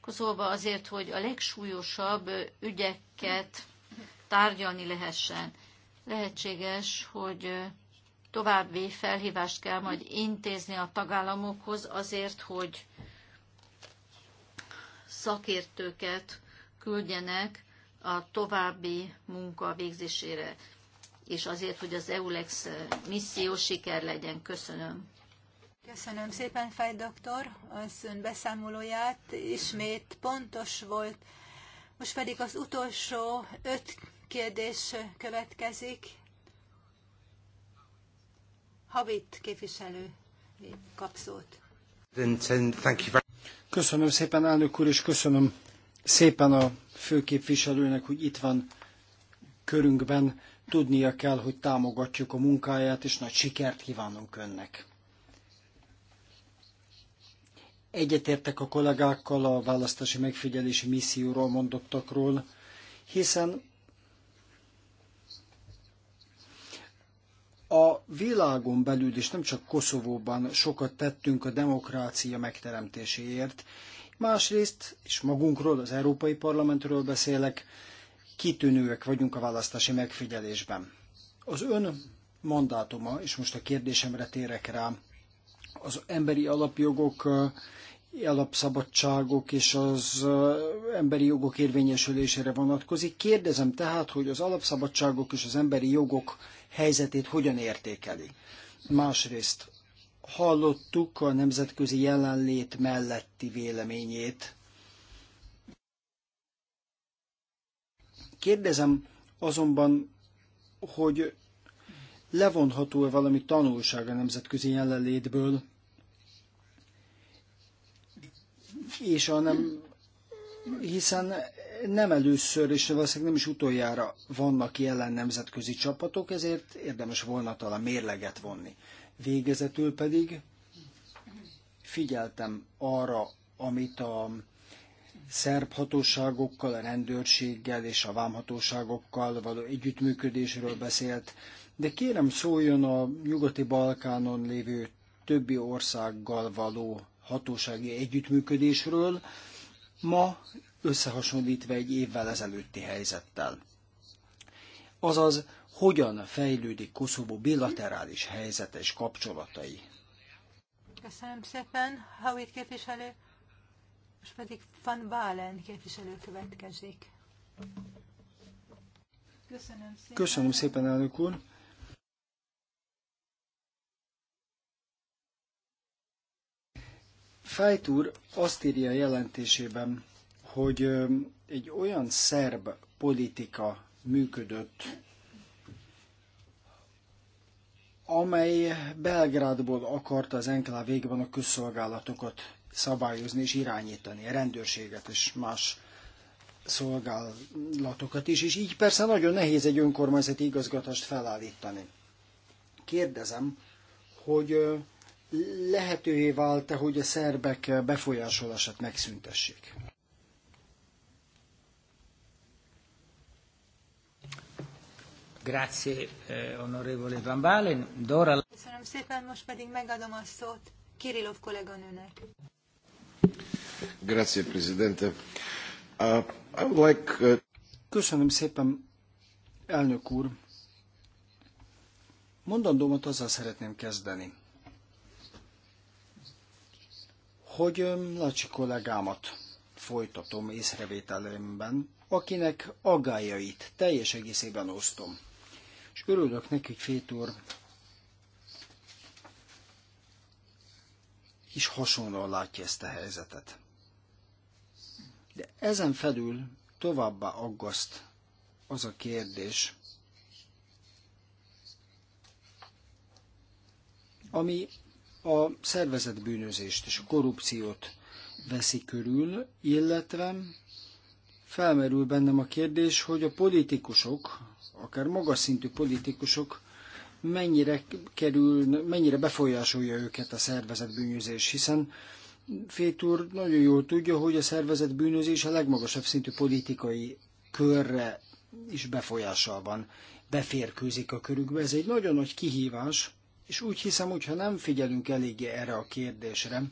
Koszolba szóval azért, hogy a legsúlyosabb ügyeket tárgyalni lehessen. Lehetséges, hogy további felhívást kell majd intézni a tagállamokhoz azért, hogy szakértőket küldjenek a további munka végzésére, és azért, hogy az EULEX misszió siker legyen. Köszönöm. Köszönöm szépen, Fej doktor, az ön beszámolóját. Ismét pontos volt. Most pedig az utolsó öt kérdés következik. Havit képviselő kap szót. Köszönöm szépen, elnök úr, és köszönöm szépen a főképviselőnek, hogy itt van körünkben, tudnia kell, hogy támogatjuk a munkáját, és nagy sikert kívánunk önnek. Egyetértek a kollégákkal a választási megfigyelési misszióról mondottakról, hiszen a világon belül, és nem csak Koszovóban sokat tettünk a demokrácia megteremtéséért, Másrészt, és magunkról, az Európai Parlamentről beszélek, kitűnőek vagyunk a választási megfigyelésben. Az ön mandátuma, és most a kérdésemre térek rá, az emberi alapjogok, eh, alapszabadságok és az eh, emberi jogok érvényesülésére vonatkozik. Kérdezem tehát, hogy az alapszabadságok és az emberi jogok helyzetét hogyan értékeli. Másrészt hallottuk a nemzetközi jelenlét melletti véleményét. Kérdezem azonban, hogy levonható-e valami tanulság a nemzetközi jelenlétből, és a nem, hiszen nem először, és valószínűleg nem is utoljára vannak jelen nemzetközi csapatok, ezért érdemes volna talán mérleget vonni. Végezetül pedig figyeltem arra, amit a szerb hatóságokkal, a rendőrséggel és a vámhatóságokkal való együttműködésről beszélt, de kérem szóljon a nyugati Balkánon lévő többi országgal való hatósági együttműködésről, ma összehasonlítva egy évvel ezelőtti helyzettel. Azaz hogyan fejlődik Koszovó bilaterális helyzete és kapcsolatai. Köszönöm szépen, Hawit képviselő. Most pedig Van Balen képviselő következik. Köszönöm szépen, Köszönöm szépen elnök úr. Fájt úr azt írja a jelentésében, hogy egy olyan szerb politika működött amely Belgrádból akarta az végben a közszolgálatokat szabályozni és irányítani, a rendőrséget és más szolgálatokat is, és így persze nagyon nehéz egy önkormányzati igazgatást felállítani. Kérdezem, hogy lehetővé vált-e, hogy a szerbek befolyásolását megszüntessék? Grazie, eh, onorevole Van Balen. Dora... Köszönöm szépen, most pedig megadom a szót Kirillov kolléganőnek. Grazie, Presidente. Uh, I would like, uh... Köszönöm szépen, elnök úr. Mondandómat azzal szeretném kezdeni, hogy um, Lacsi kollégámat folytatom észrevételemben, akinek agájait teljes egészében osztom és örülök neki, hogy Fétor is hasonlóan látja ezt a helyzetet. De ezen felül továbbá aggaszt az a kérdés, ami a szervezetbűnözést bűnözést és a korrupciót veszi körül, illetve felmerül bennem a kérdés, hogy a politikusok, akár magas szintű politikusok, mennyire kerül, mennyire befolyásolja őket a szervezet bűnözés, hiszen Fétúr nagyon jól tudja, hogy a szervezet bűnözés a legmagasabb szintű politikai körre is befolyással van, beférkőzik a körükbe. Ez egy nagyon nagy kihívás, és úgy hiszem, hogyha nem figyelünk eléggé erre a kérdésre,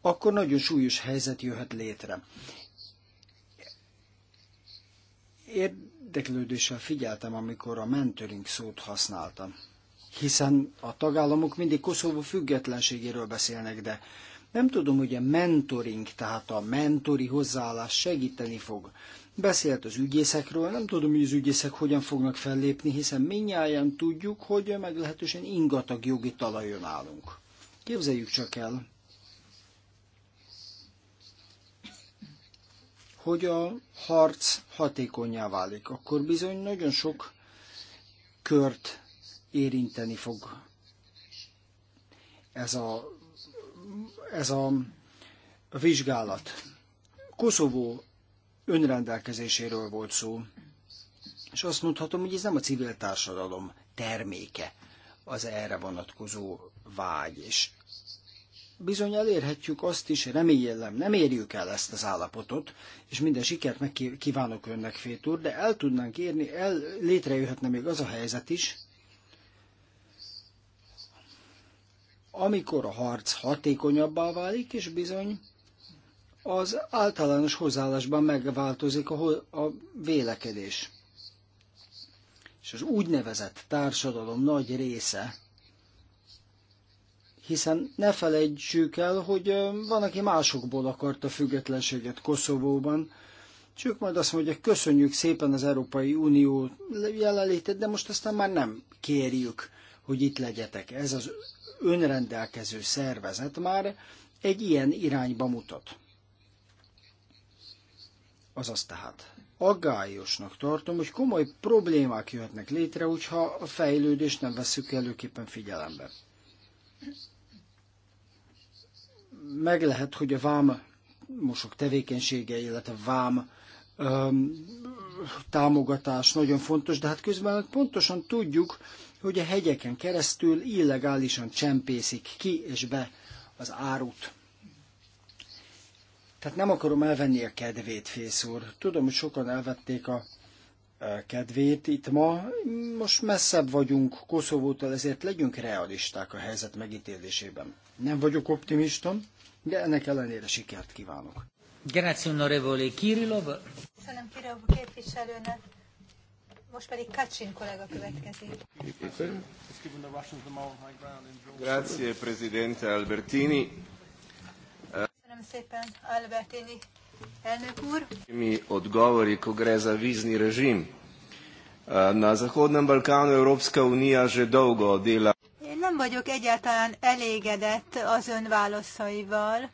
akkor nagyon súlyos helyzet jöhet létre. Érdeklődéssel figyeltem, amikor a mentoring szót használtam. Hiszen a tagállamok mindig Koszovó függetlenségéről beszélnek, de nem tudom, hogy a mentoring, tehát a mentori hozzáállás segíteni fog. Beszélt az ügyészekről, nem tudom, hogy az ügyészek hogyan fognak fellépni, hiszen minnyáján tudjuk, hogy meglehetősen ingatag jogi talajon állunk. Képzeljük csak el, hogy a harc hatékonyá válik, akkor bizony nagyon sok kört érinteni fog ez a, ez a vizsgálat. Koszovó önrendelkezéséről volt szó, és azt mondhatom, hogy ez nem a civil társadalom terméke az erre vonatkozó vágy, és bizony elérhetjük azt is, remélem, nem érjük el ezt az állapotot, és minden sikert meg kívánok önnek, Fétúr, de el tudnánk érni, el, létrejöhetne még az a helyzet is, amikor a harc hatékonyabbá válik, és bizony az általános hozzáállásban megváltozik a, a vélekedés. És az úgynevezett társadalom nagy része hiszen ne felejtsük el, hogy van, aki másokból akarta függetlenséget Koszovóban, és ők majd azt mondják, köszönjük szépen az Európai Unió jelenlétét, de most aztán már nem kérjük, hogy itt legyetek. Ez az önrendelkező szervezet már egy ilyen irányba mutat. Azaz tehát aggályosnak tartom, hogy komoly problémák jöhetnek létre, hogyha a fejlődést nem veszük előképpen figyelembe. meg lehet, hogy a vám mosok tevékenysége, illetve vám támogatás nagyon fontos, de hát közben pontosan tudjuk, hogy a hegyeken keresztül illegálisan csempészik ki és be az árut. Tehát nem akarom elvenni a kedvét, fészúr. Tudom, hogy sokan elvették a e, kedvét itt ma. Most messzebb vagyunk Koszovótól, ezért legyünk realisták a helyzet megítélésében. Nem vagyok optimista, de ennek ellenére sikert kívánok. Grazie, onorevole Kirillov. Köszönöm Kirillov képviselőnek. Most pedig Kacsin kollega következik. Grazie, Presidente Albertini. Köszönöm szépen, Albertini elnök úr. Mi odgovori, ko gre za vizni režim. Na Zahodnem Balkanu Evropska unija že dolgo dela vagyok egyáltalán elégedett az ön válaszaival.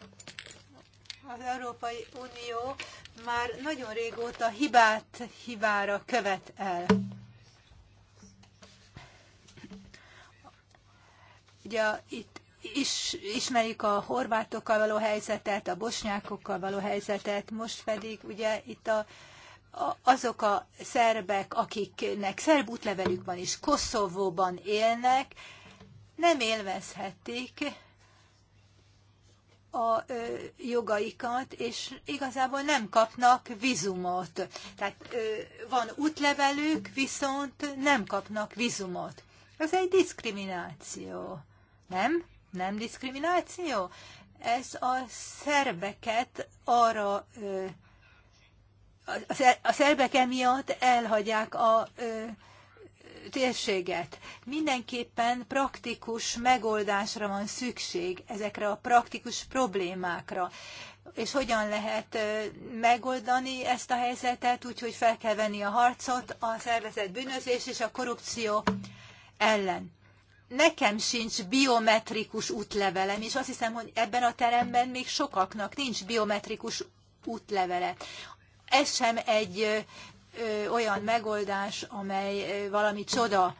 Az Európai Unió már nagyon régóta hibát hibára követ el. Ugye itt is, ismerjük a horvátokkal való helyzetet, a bosnyákokkal való helyzetet, most pedig ugye itt a, a, azok a szerbek, akiknek szerb útlevelük van, és Koszovóban élnek, nem élvezhetik a ö, jogaikat, és igazából nem kapnak vizumot. Tehát ö, van útlevelük, viszont nem kapnak vizumot. Ez egy diszkrimináció. Nem? Nem diszkrimináció? Ez a szerbeket arra ö, a, a, a szerbek emiatt elhagyják a ö, térséget. Mindenképpen praktikus megoldásra van szükség ezekre a praktikus problémákra. És hogyan lehet megoldani ezt a helyzetet, úgyhogy fel kell venni a harcot a szervezet bűnözés és a korrupció ellen nekem sincs biometrikus útlevelem, és azt hiszem, hogy ebben a teremben még sokaknak nincs biometrikus útlevele. Ez sem egy olyan megoldás, amely valami csoda,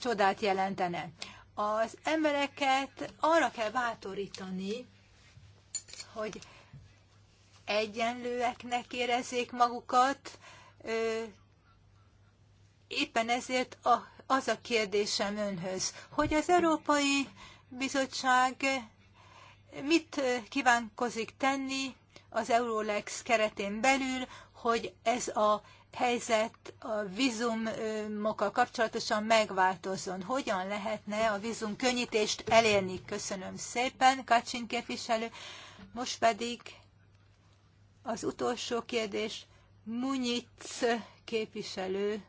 csodát jelentene. Az embereket arra kell bátorítani, hogy egyenlőeknek érezzék magukat. Éppen ezért az a kérdésem önhöz, hogy az Európai Bizottság mit kívánkozik tenni az Eurolex keretén belül hogy ez a helyzet a vízumokkal kapcsolatosan megváltozzon. Hogyan lehetne a vízum könnyítést elérni? Köszönöm szépen, Kacsin képviselő. Most pedig az utolsó kérdés. Munyic képviselő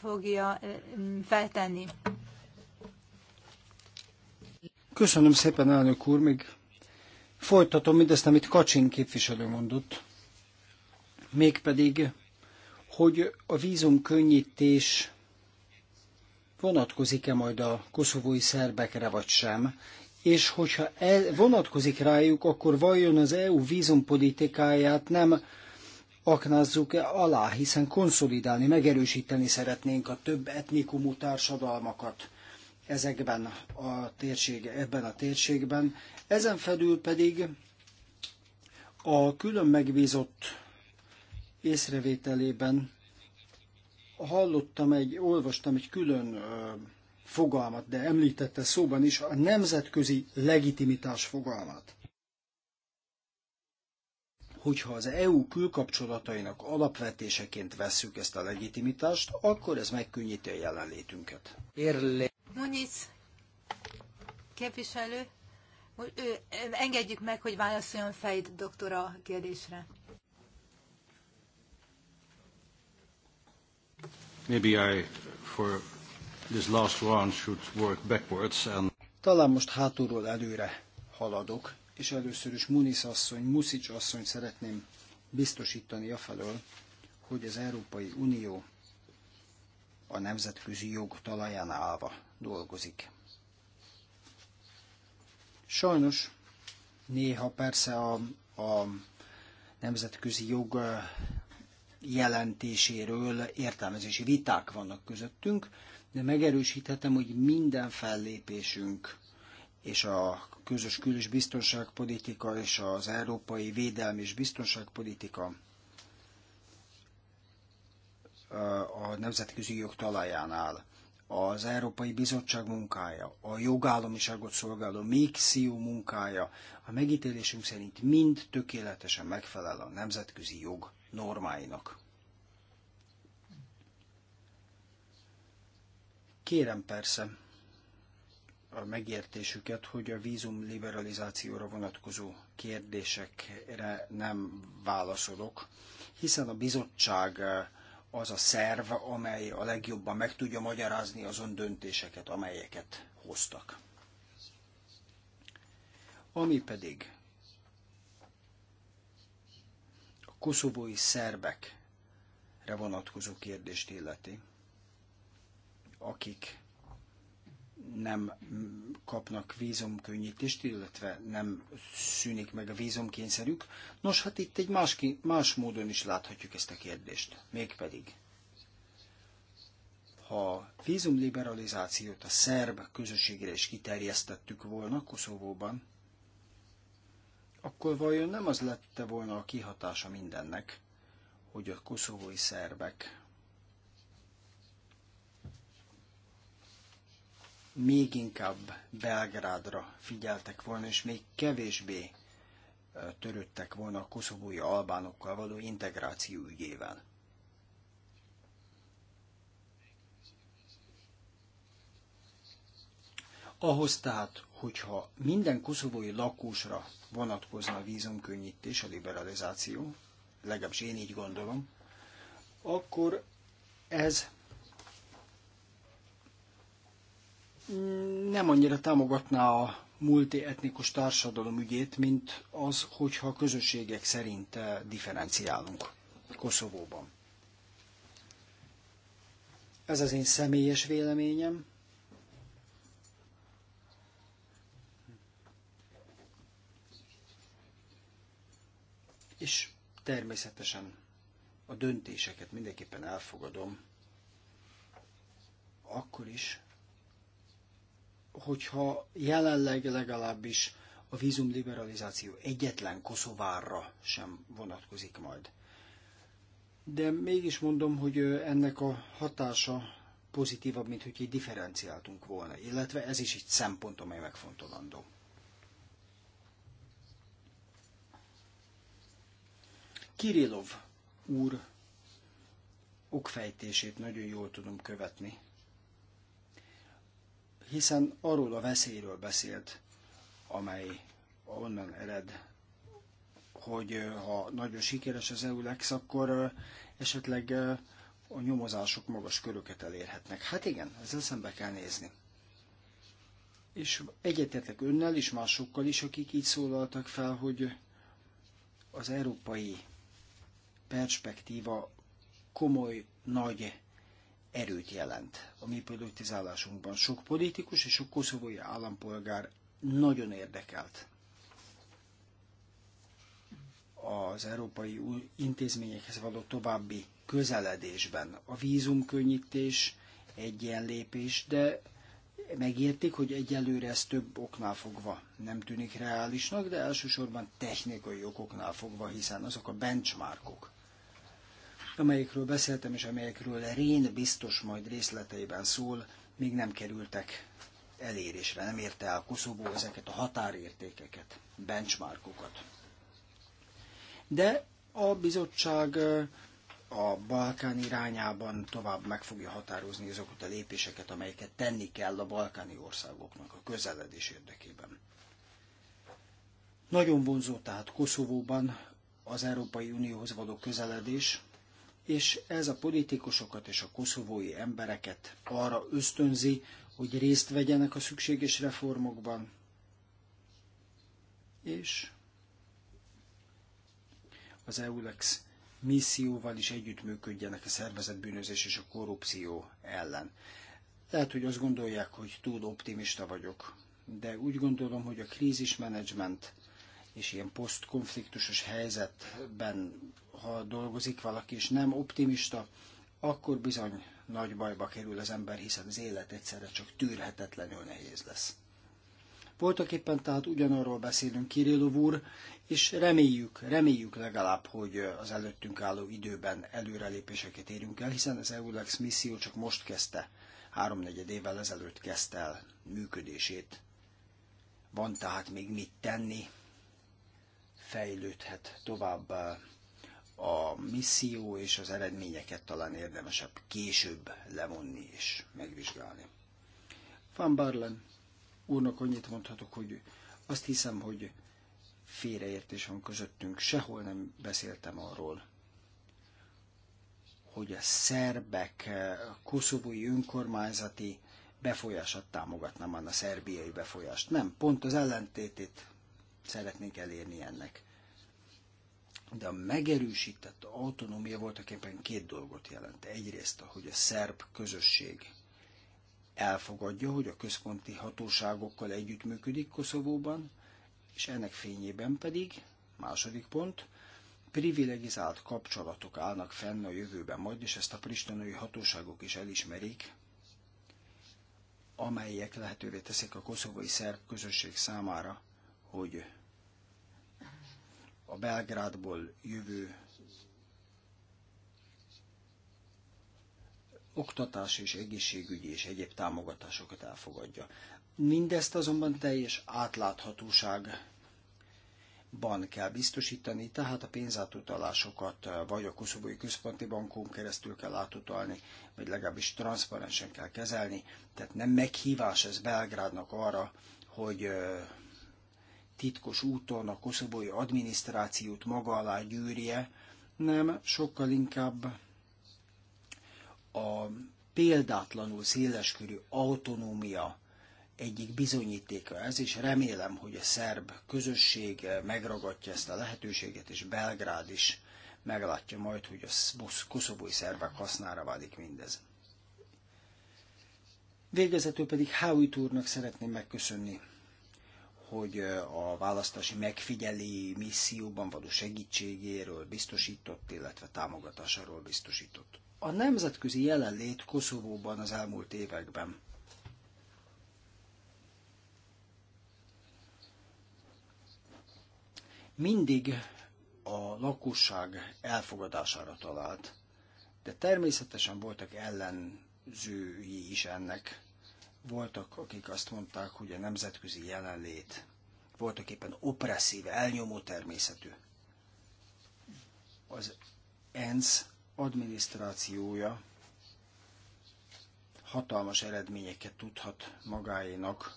fogja mm, feltenni. Köszönöm szépen, elnök úr. Még folytatom mindezt, amit Kacsin képviselő mondott mégpedig, hogy a vízumkönnyítés vonatkozik-e majd a koszovói szerbekre vagy sem, és hogyha el, vonatkozik rájuk, akkor vajon az EU vízumpolitikáját nem aknázzuk-e alá, hiszen konszolidálni, megerősíteni szeretnénk a több etnikumú társadalmakat ezekben a térség, ebben a térségben. Ezen felül pedig a külön megbízott észrevételében hallottam egy, olvastam egy külön ö, fogalmat, de említette szóban is a nemzetközi legitimitás fogalmat. Hogyha az EU külkapcsolatainak alapvetéseként vesszük ezt a legitimitást, akkor ez megkönnyíti a jelenlétünket. Érle. Muniz, képviselő, engedjük meg, hogy válaszoljon Fejt doktora kérdésre. Maybe I, for this last one, should work backwards and... Talán most hátulról előre haladok, és először is Muniz asszony, Muszics asszony szeretném biztosítani felől, hogy az Európai Unió a nemzetközi jog talaján állva dolgozik. Sajnos néha persze a, a nemzetközi jog jelentéséről értelmezési viták vannak közöttünk, de megerősíthetem, hogy minden fellépésünk és a közös kül- és biztonságpolitika és az európai védelmi és biztonságpolitika a nemzetközi jog talaján áll. Az Európai Bizottság munkája, a jogállamiságot szolgáló mixzió munkája a megítélésünk szerint mind tökéletesen megfelel a nemzetközi jog normáinak. Kérem persze a megértésüket, hogy a vízum liberalizációra vonatkozó kérdésekre nem válaszolok, hiszen a bizottság az a szerv, amely a legjobban meg tudja magyarázni azon döntéseket, amelyeket hoztak. Ami pedig koszobói szerbekre vonatkozó kérdést illeti, akik nem kapnak vízumkönnyítést, illetve nem szűnik meg a vízumkényszerük. Nos, hát itt egy más, más módon is láthatjuk ezt a kérdést. Mégpedig, ha vízumliberalizációt a szerb közösségre is kiterjesztettük volna Koszovóban, akkor vajon nem az lette volna a kihatása mindennek, hogy a koszovói szerbek még inkább Belgrádra figyeltek volna, és még kevésbé törődtek volna a koszovói albánokkal való integráció ügyével. Ahhoz tehát, hogyha minden koszovói lakósra vonatkozna a vízumkönnyítés, a liberalizáció, legalábbis én így gondolom, akkor ez nem annyira támogatná a multietnikus társadalom ügyét, mint az, hogyha a közösségek szerint eh, differenciálunk Koszovóban. Ez az én személyes véleményem. és természetesen a döntéseket mindenképpen elfogadom, akkor is, hogyha jelenleg legalábbis a vízumliberalizáció egyetlen Koszovárra sem vonatkozik majd. De mégis mondom, hogy ennek a hatása pozitívabb, mint hogy így differenciáltunk volna, illetve ez is egy szempont, amely megfontolandó. Kirillov úr okfejtését nagyon jól tudom követni, hiszen arról a veszélyről beszélt, amely onnan ered, hogy ha nagyon sikeres az EULEX, akkor esetleg a nyomozások magas köröket elérhetnek. Hát igen, ezzel szembe kell nézni. És egyetértek önnel és másokkal is, akik így szólaltak fel, hogy az európai perspektíva komoly, nagy erőt jelent a mi politizálásunkban. Sok politikus és sok koszovói állampolgár nagyon érdekelt az európai intézményekhez való további közeledésben. A vízumkönnyítés egy ilyen lépés, de megértik, hogy egyelőre ez több oknál fogva nem tűnik reálisnak, de elsősorban technikai okoknál fogva, hiszen azok a benchmarkok, -ok, amelyekről beszéltem, és amelyekről Rén biztos majd részleteiben szól, még nem kerültek elérésre, nem érte el Koszovó ezeket a határértékeket, benchmarkokat. De a bizottság a Balkán irányában tovább meg fogja határozni azokat a lépéseket, amelyeket tenni kell a balkáni országoknak a közeledés érdekében. Nagyon vonzó tehát Koszovóban az Európai Unióhoz való közeledés, és ez a politikusokat és a koszovói embereket arra ösztönzi, hogy részt vegyenek a szükséges reformokban, és az EULEX misszióval is együttműködjenek a szervezett bűnözés és a korrupció ellen. Lehet, hogy azt gondolják, hogy túl optimista vagyok, de úgy gondolom, hogy a krízismenedzsment és ilyen posztkonfliktusos helyzetben, ha dolgozik valaki, és nem optimista, akkor bizony nagy bajba kerül az ember, hiszen az élet egyszerre csak tűrhetetlenül nehéz lesz. Voltak éppen tehát ugyanarról beszélünk Kirillov úr, és reméljük, reméljük legalább, hogy az előttünk álló időben előrelépéseket érünk el, hiszen az EULEX misszió csak most kezdte, háromnegyed évvel ezelőtt kezdte el működését. Van tehát még mit tenni, fejlődhet tovább a misszió, és az eredményeket talán érdemesebb később levonni és megvizsgálni. Van Barlen úrnak annyit mondhatok, hogy azt hiszem, hogy félreértés van közöttünk, sehol nem beszéltem arról, hogy a szerbek koszovói önkormányzati befolyását támogatnám, a szerbiai befolyást. Nem, pont az ellentétét szeretnénk elérni ennek. De a megerősített autonómia voltak éppen két dolgot jelent. Egyrészt, hogy a szerb közösség elfogadja, hogy a központi hatóságokkal együttműködik Koszovóban, és ennek fényében pedig, második pont, privilegizált kapcsolatok állnak fenn a jövőben majd, és ezt a pristanai hatóságok is elismerik, amelyek lehetővé teszik a koszovai szerb közösség számára, hogy a Belgrádból jövő oktatás és egészségügyi és egyéb támogatásokat elfogadja. Mindezt azonban teljes átláthatóságban kell biztosítani, tehát a pénzátutalásokat eh, vagy a Koszovói Központi Bankon keresztül kell átutalni, vagy legalábbis transzparensen kell kezelni. Tehát nem meghívás ez Belgrádnak arra, hogy eh, titkos úton a koszobói adminisztrációt maga alá gyűrje, nem, sokkal inkább a példátlanul széleskörű autonómia egyik bizonyítéka ez, és remélem, hogy a szerb közösség megragadja ezt a lehetőséget, és Belgrád is meglátja majd, hogy a koszobói szervek hasznára válik mindez. Végezetül pedig Howitt úrnak szeretném megköszönni hogy a választási megfigyelő misszióban való segítségéről biztosított, illetve támogatásáról biztosított. A nemzetközi jelenlét Koszovóban az elmúlt években mindig a lakosság elfogadására talált, de természetesen voltak ellenzői is ennek voltak, akik azt mondták, hogy a nemzetközi jelenlét voltak éppen opresszív, elnyomó természetű. Az ENSZ adminisztrációja hatalmas eredményeket tudhat magáénak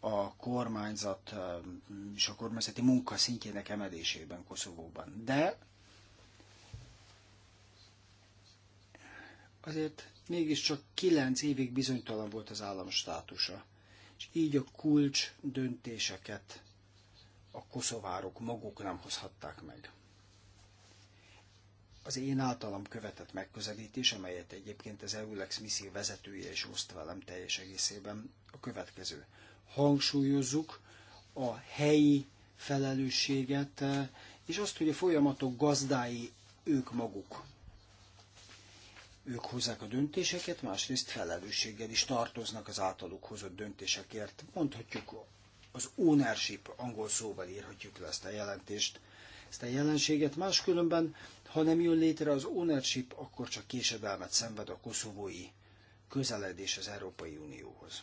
a kormányzat um, és a kormányzati munka szintjének emelésében Koszovóban. De azért mégiscsak kilenc évig bizonytalan volt az állam státusa. És így a kulcs döntéseket a koszovárok maguk nem hozhatták meg. Az én általam követett megközelítés, amelyet egyébként az EULEX misszió vezetője is oszt velem teljes egészében, a következő. Hangsúlyozzuk a helyi felelősséget, eh, és azt, hogy a folyamatok gazdái ők maguk ők hozzák a döntéseket, másrészt felelősséggel is tartoznak az általuk hozott döntésekért. Mondhatjuk, az ownership angol szóval írhatjuk le ezt a jelentést, ezt a jelenséget. Máskülönben, ha nem jön létre az ownership, akkor csak késedelmet szenved a koszovói közeledés az Európai Unióhoz.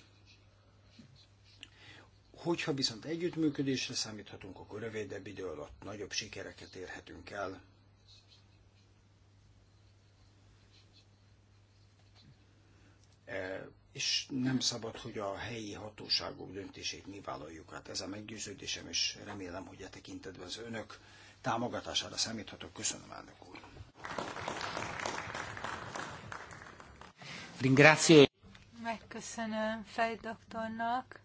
Hogyha viszont együttműködésre számíthatunk, akkor rövidebb idő alatt nagyobb sikereket érhetünk el, E, és nem szabad, hogy a helyi hatóságok döntését mi vállaljuk át. Ez a meggyőződésem, és remélem, hogy a e tekintetben az önök támogatására számíthatok. Köszönöm, elnök úr. Megköszönöm Fej doktornak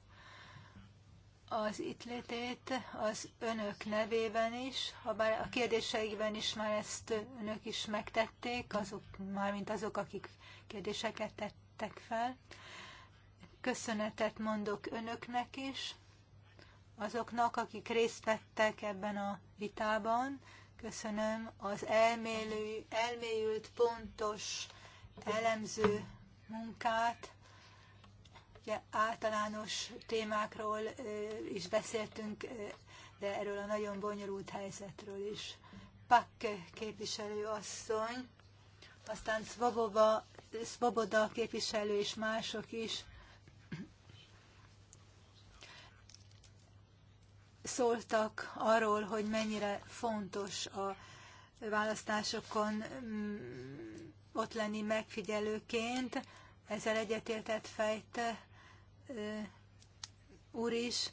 az itt létét az önök nevében is, ha bár a kérdéseikben is már ezt önök is megtették, azok, mármint azok, akik kérdéseket tettek jöttek fel. Köszönetet mondok önöknek is, azoknak, akik részt vettek ebben a vitában. Köszönöm az elmélő, elmélyült, pontos, elemző munkát. Ugye általános témákról is beszéltünk, de erről a nagyon bonyolult helyzetről is. Pak képviselő asszony, aztán Szvabova Svoboda képviselő és mások is szóltak arról, hogy mennyire fontos a választásokon mm, ott lenni megfigyelőként. Ezzel egyetértett fejte úr is.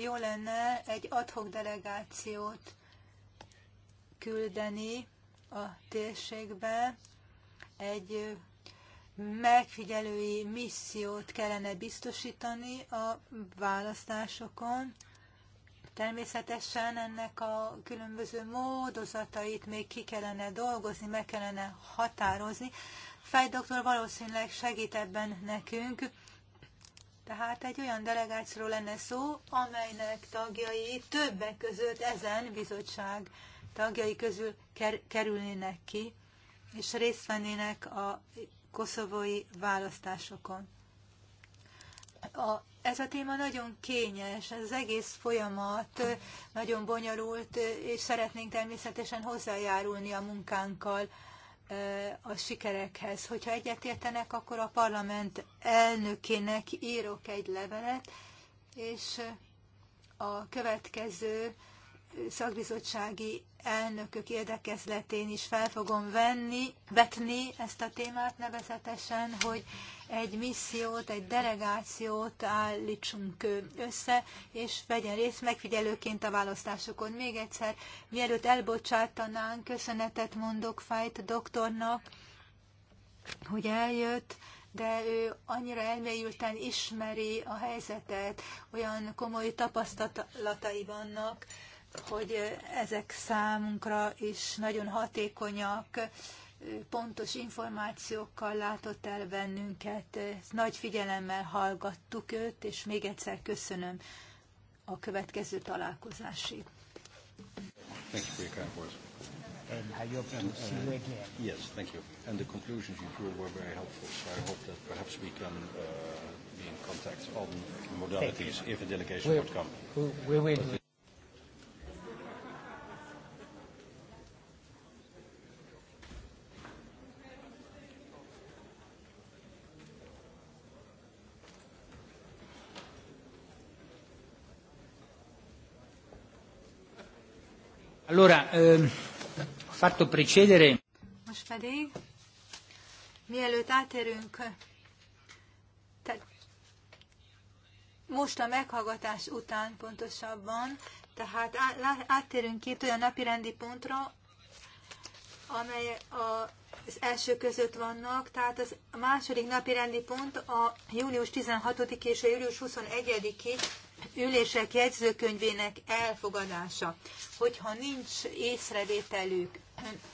Jó lenne egy adhok delegációt küldeni a térségbe, egy megfigyelői missziót kellene biztosítani a választásokon. Természetesen ennek a különböző módozatait még ki kellene dolgozni, meg kellene határozni. doktor valószínűleg segít ebben nekünk. Tehát egy olyan delegációról lenne szó, amelynek tagjai többek között ezen bizottság tagjai közül kerülnének ki és részt vennének a koszovói választásokon. A, ez a téma nagyon kényes, ez az egész folyamat nagyon bonyolult, és szeretnénk természetesen hozzájárulni a munkánkkal eh, a sikerekhez. Hogyha egyetértenek, akkor a parlament elnökének írok egy levelet, és a következő szakbizottsági elnökök érdekezletén is fel fogom venni, vetni ezt a témát nevezetesen, hogy egy missziót, egy delegációt állítsunk össze, és vegyen részt megfigyelőként a választásokon. Még egyszer, mielőtt elbocsátanánk, köszönetet mondok Fajt doktornak, hogy eljött, de ő annyira elmélyülten ismeri a helyzetet, olyan komoly tapasztalatai vannak, hogy ezek számunkra is nagyon hatékonyak, pontos információkkal látott el bennünket, nagy figyelemmel hallgattuk őt, és még egyszer köszönöm a következő találkozásig. Thank you for your kind words. And I hope to see you uh, again. Yes, thank you. And the conclusions you drew were very helpful, so I hope that perhaps we can uh, be in contact on modalities if a delegation would come. we will. Allora, eh, fatto precedere... Most pedig, mielőtt átérünk, tehát most a meghallgatás után pontosabban, tehát áttérünk két olyan napirendi pontra, amely a az első között vannak, tehát az második napi rendi pont a július 16 és a július 21-i ülések jegyzőkönyvének elfogadása. Hogyha nincs észrevételük,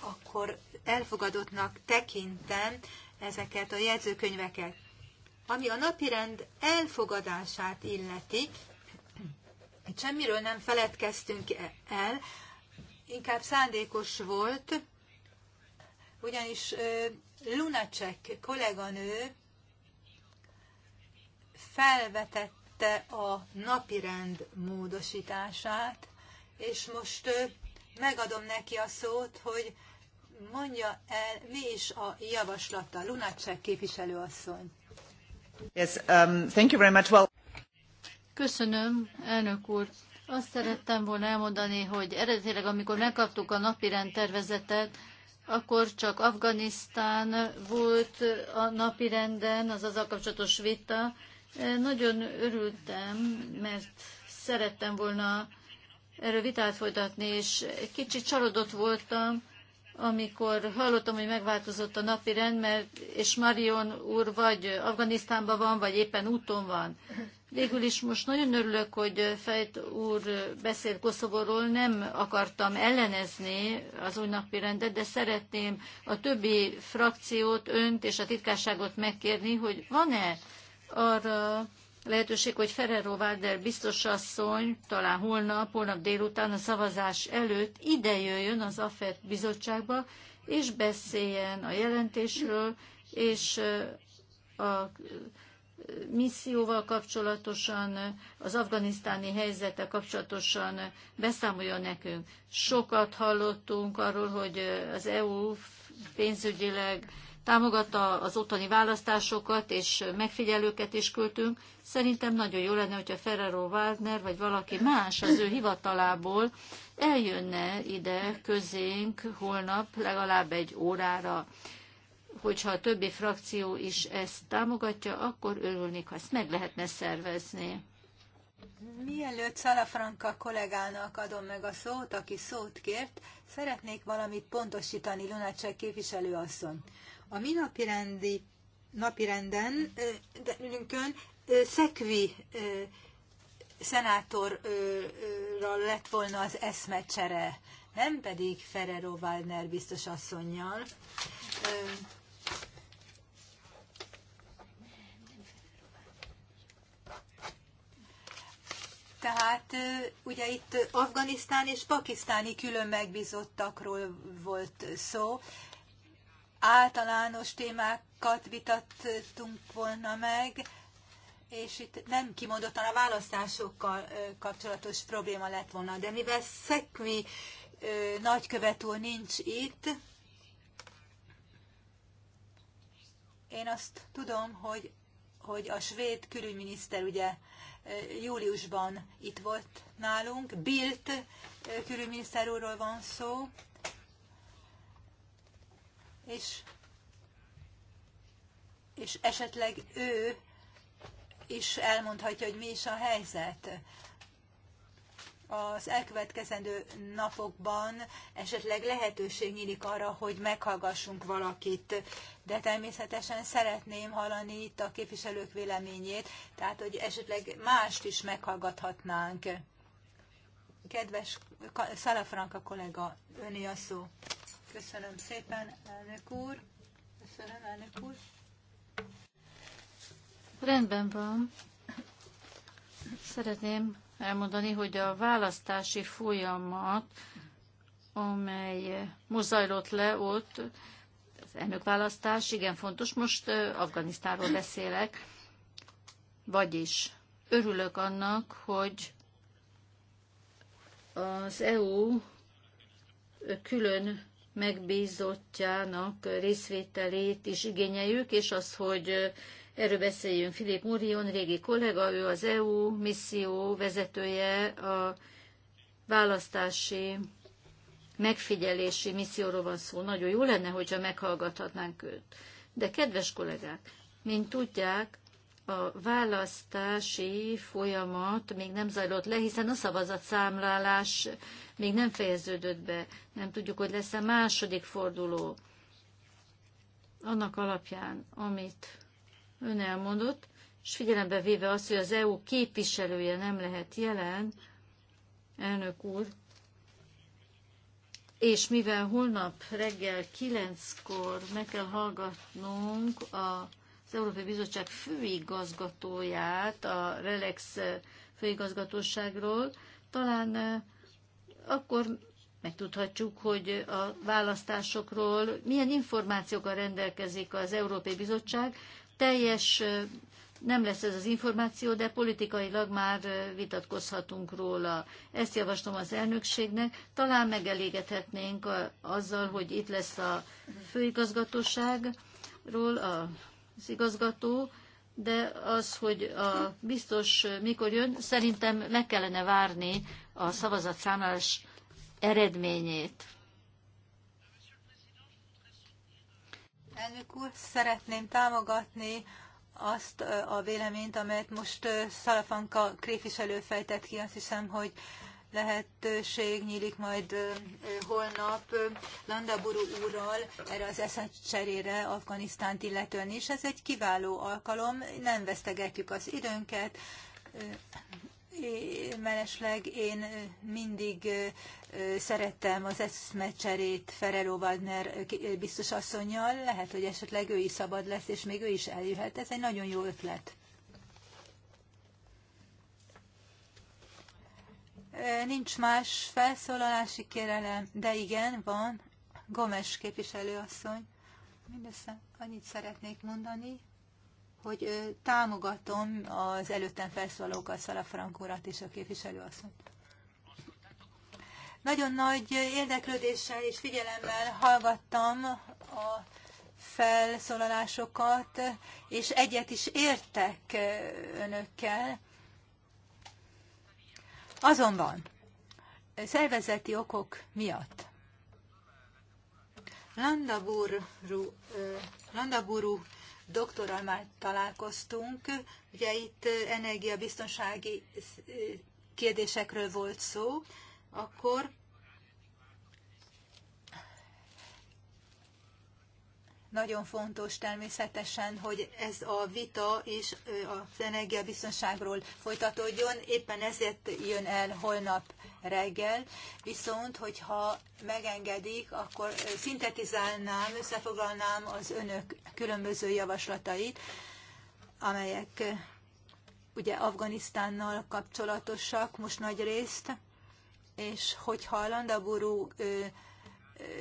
akkor elfogadottnak tekintem ezeket a jegyzőkönyveket. Ami a napirend elfogadását illeti, itt semmiről nem feledkeztünk el, inkább szándékos volt, ugyanis Lunacek kolléganő felvetett kérte a napirend módosítását, és most megadom neki a szót, hogy mondja el, mi is a javaslata. Lunacek képviselőasszony. Yes, um, thank you very much. Well... Köszönöm, elnök úr. Azt szerettem volna elmondani, hogy eredetileg, amikor megkaptuk a napirend tervezetet, akkor csak Afganisztán volt a napirenden, az a kapcsolatos vita, nagyon örültem, mert szerettem volna erről vitát folytatni, és egy kicsit csalódott voltam, amikor hallottam, hogy megváltozott a napi rend, mert, és Marion úr vagy Afganisztánban van, vagy éppen úton van. Végül is most nagyon örülök, hogy Fejt úr beszélt Koszovóról, nem akartam ellenezni az új napi rendet, de szeretném a többi frakciót, önt és a titkárságot megkérni, hogy van-e arra lehetőség, hogy Ferrero Waldner biztosasszony talán holnap, holnap délután a szavazás előtt ide jöjjön az AFET bizottságba, és beszéljen a jelentésről, és a misszióval kapcsolatosan, az afganisztáni helyzettel kapcsolatosan beszámoljon nekünk. Sokat hallottunk arról, hogy az EU pénzügyileg támogatta az ottani választásokat, és megfigyelőket is küldtünk. Szerintem nagyon jó lenne, hogyha Ferrero Wagner, vagy valaki más az ő hivatalából eljönne ide közénk holnap legalább egy órára. Hogyha a többi frakció is ezt támogatja, akkor örülnék, ha ezt meg lehetne szervezni. Mielőtt Szalafranka kollégának adom meg a szót, aki szót kért, szeretnék valamit pontosítani Lunacek asszony. A mi napirendi, napirenden ülünkön Szekvi szenátorral lett volna az eszmecsere, nem pedig Ferrero Waldner biztos asszonynal. Tehát ugye itt Afganisztán és pakisztáni külön megbízottakról volt szó, általános témákat vitattunk volna meg, és itt nem kimondottan a választásokkal kapcsolatos probléma lett volna. De mivel Szekvi nagykövet úr nincs itt, én azt tudom, hogy, hogy a svéd külügyminiszter ugye júliusban itt volt nálunk, Bilt külügyminiszter úrról van szó, és, és esetleg ő is elmondhatja, hogy mi is a helyzet. Az elkövetkezendő napokban esetleg lehetőség nyílik arra, hogy meghallgassunk valakit, de természetesen szeretném hallani itt a képviselők véleményét, tehát hogy esetleg mást is meghallgathatnánk. Kedves Szalafranka kollega, öné a szó. Köszönöm szépen, elnök úr. Köszönöm, elnök úr. Rendben van. Szeretném elmondani, hogy a választási folyamat, amely mozajlott le ott, az elnökválasztás, igen fontos, most Afganisztánról beszélek, vagyis örülök annak, hogy az EU külön megbízottjának részvételét is igényeljük, és az, hogy erről beszéljünk. Filip Murion, régi kollega, ő az EU misszió vezetője a választási megfigyelési misszióról van szó. Nagyon jó lenne, hogyha meghallgathatnánk őt. De kedves kollégák, mint tudják, a választási folyamat még nem zajlott le, hiszen a szavazatszámlálás még nem fejeződött be. Nem tudjuk, hogy lesz-e második forduló. Annak alapján, amit ön elmondott, és figyelembe véve azt, hogy az EU képviselője nem lehet jelen, elnök úr, és mivel holnap reggel kilenckor meg kell hallgatnunk a Európai Bizottság főigazgatóját a Relex főigazgatóságról, talán akkor megtudhatjuk, hogy a választásokról milyen információkkal rendelkezik az Európai Bizottság. Teljes nem lesz ez az információ, de politikailag már vitatkozhatunk róla. Ezt javaslom az elnökségnek. Talán megelégedhetnénk azzal, hogy itt lesz a főigazgatóságról a az igazgató, de az, hogy a biztos mikor jön, szerintem meg kellene várni a szavazatszámlás eredményét. Elnök úr, szeretném támogatni azt a véleményt, amelyet most Szalafanka képviselő fejtett ki. Azt hiszem, hogy lehetőség nyílik majd holnap Landaburu úrral erre az cserére Afganisztánt illetően is. Ez egy kiváló alkalom, nem vesztegetjük az időnket, mellesleg én mindig szerettem az eszmecserét Ferelo Wagner biztos asszonyjal, lehet, hogy esetleg ő is szabad lesz, és még ő is eljöhet. Ez egy nagyon jó ötlet. Nincs más felszólalási kérelem, de igen, van. Gomes képviselőasszony. Mindössze annyit szeretnék mondani, hogy támogatom az előttem felszólókat, Szalafrank urat és a képviselőasszonyt. Nagyon nagy érdeklődéssel és figyelemmel hallgattam a felszólalásokat, és egyet is értek önökkel. Azonban szervezeti okok miatt Landaburu, doktorral már találkoztunk, ugye itt energiabiztonsági kérdésekről volt szó, akkor Nagyon fontos természetesen, hogy ez a vita és az energiabiztonságról folytatódjon, éppen ezért jön el holnap reggel, viszont hogyha megengedik, akkor szintetizálnám, összefoglalnám az önök különböző javaslatait, amelyek ugye Afganisztánnal kapcsolatosak most nagy részt, és hogyha Landaburu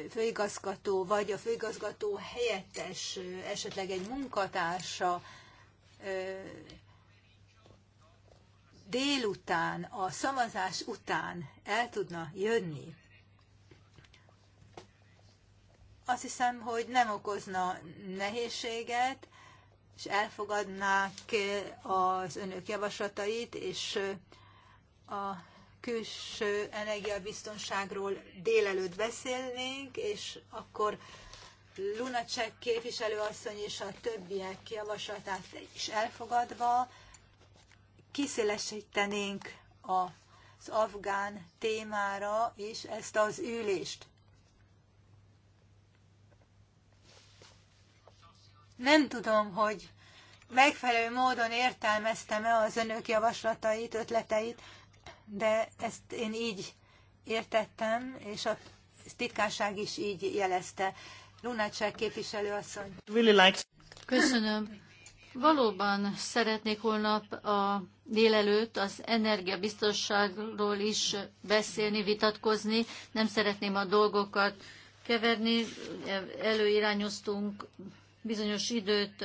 főigazgató vagy a főigazgató helyettes, esetleg egy munkatársa délután, a szavazás után el tudna jönni, azt hiszem, hogy nem okozna nehézséget, és elfogadnák az önök javaslatait, és a külső energiabiztonságról délelőtt beszélnénk, és akkor Lunacek képviselőasszony és a többiek javaslatát is elfogadva kiszélesítenénk az afgán témára és ezt az ülést. Nem tudom, hogy megfelelő módon értelmeztem-e az önök javaslatait, ötleteit, de ezt én így értettem, és a titkárság is így jelezte. Lunácsák képviselő asszony. Köszönöm. Valóban szeretnék holnap a délelőtt az energiabiztosságról is beszélni, vitatkozni. Nem szeretném a dolgokat keverni. Előirányoztunk bizonyos időt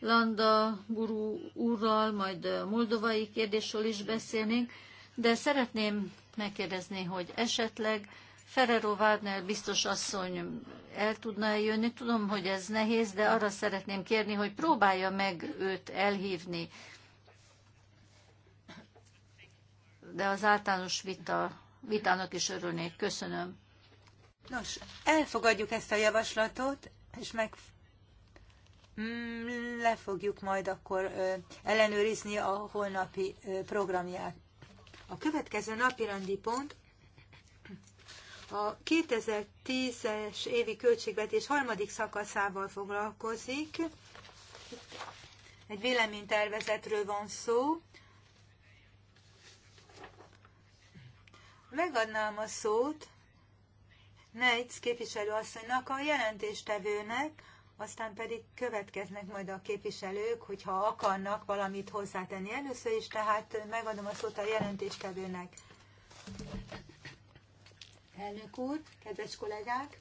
Landa Guru úrral, majd a moldovai kérdésről is beszélnénk de szeretném megkérdezni, hogy esetleg Ferrero Wagner biztos asszony el tudna jönni. Tudom, hogy ez nehéz, de arra szeretném kérni, hogy próbálja meg őt elhívni. De az általános vita, vitának is örülnék. Köszönöm. Nos, elfogadjuk ezt a javaslatot, és meg mm, le fogjuk majd akkor ellenőrizni a holnapi programját a következő rendi pont a 2010-es évi költségvetés harmadik szakaszával foglalkozik. Egy véleménytervezetről van szó. Megadnám a szót Neitz képviselőasszonynak, a jelentéstevőnek, aztán pedig következnek majd a képviselők, hogyha akarnak valamit hozzátenni. Először is tehát megadom a szót a jelentéstevőnek. Elnök úr, kedves kollégák!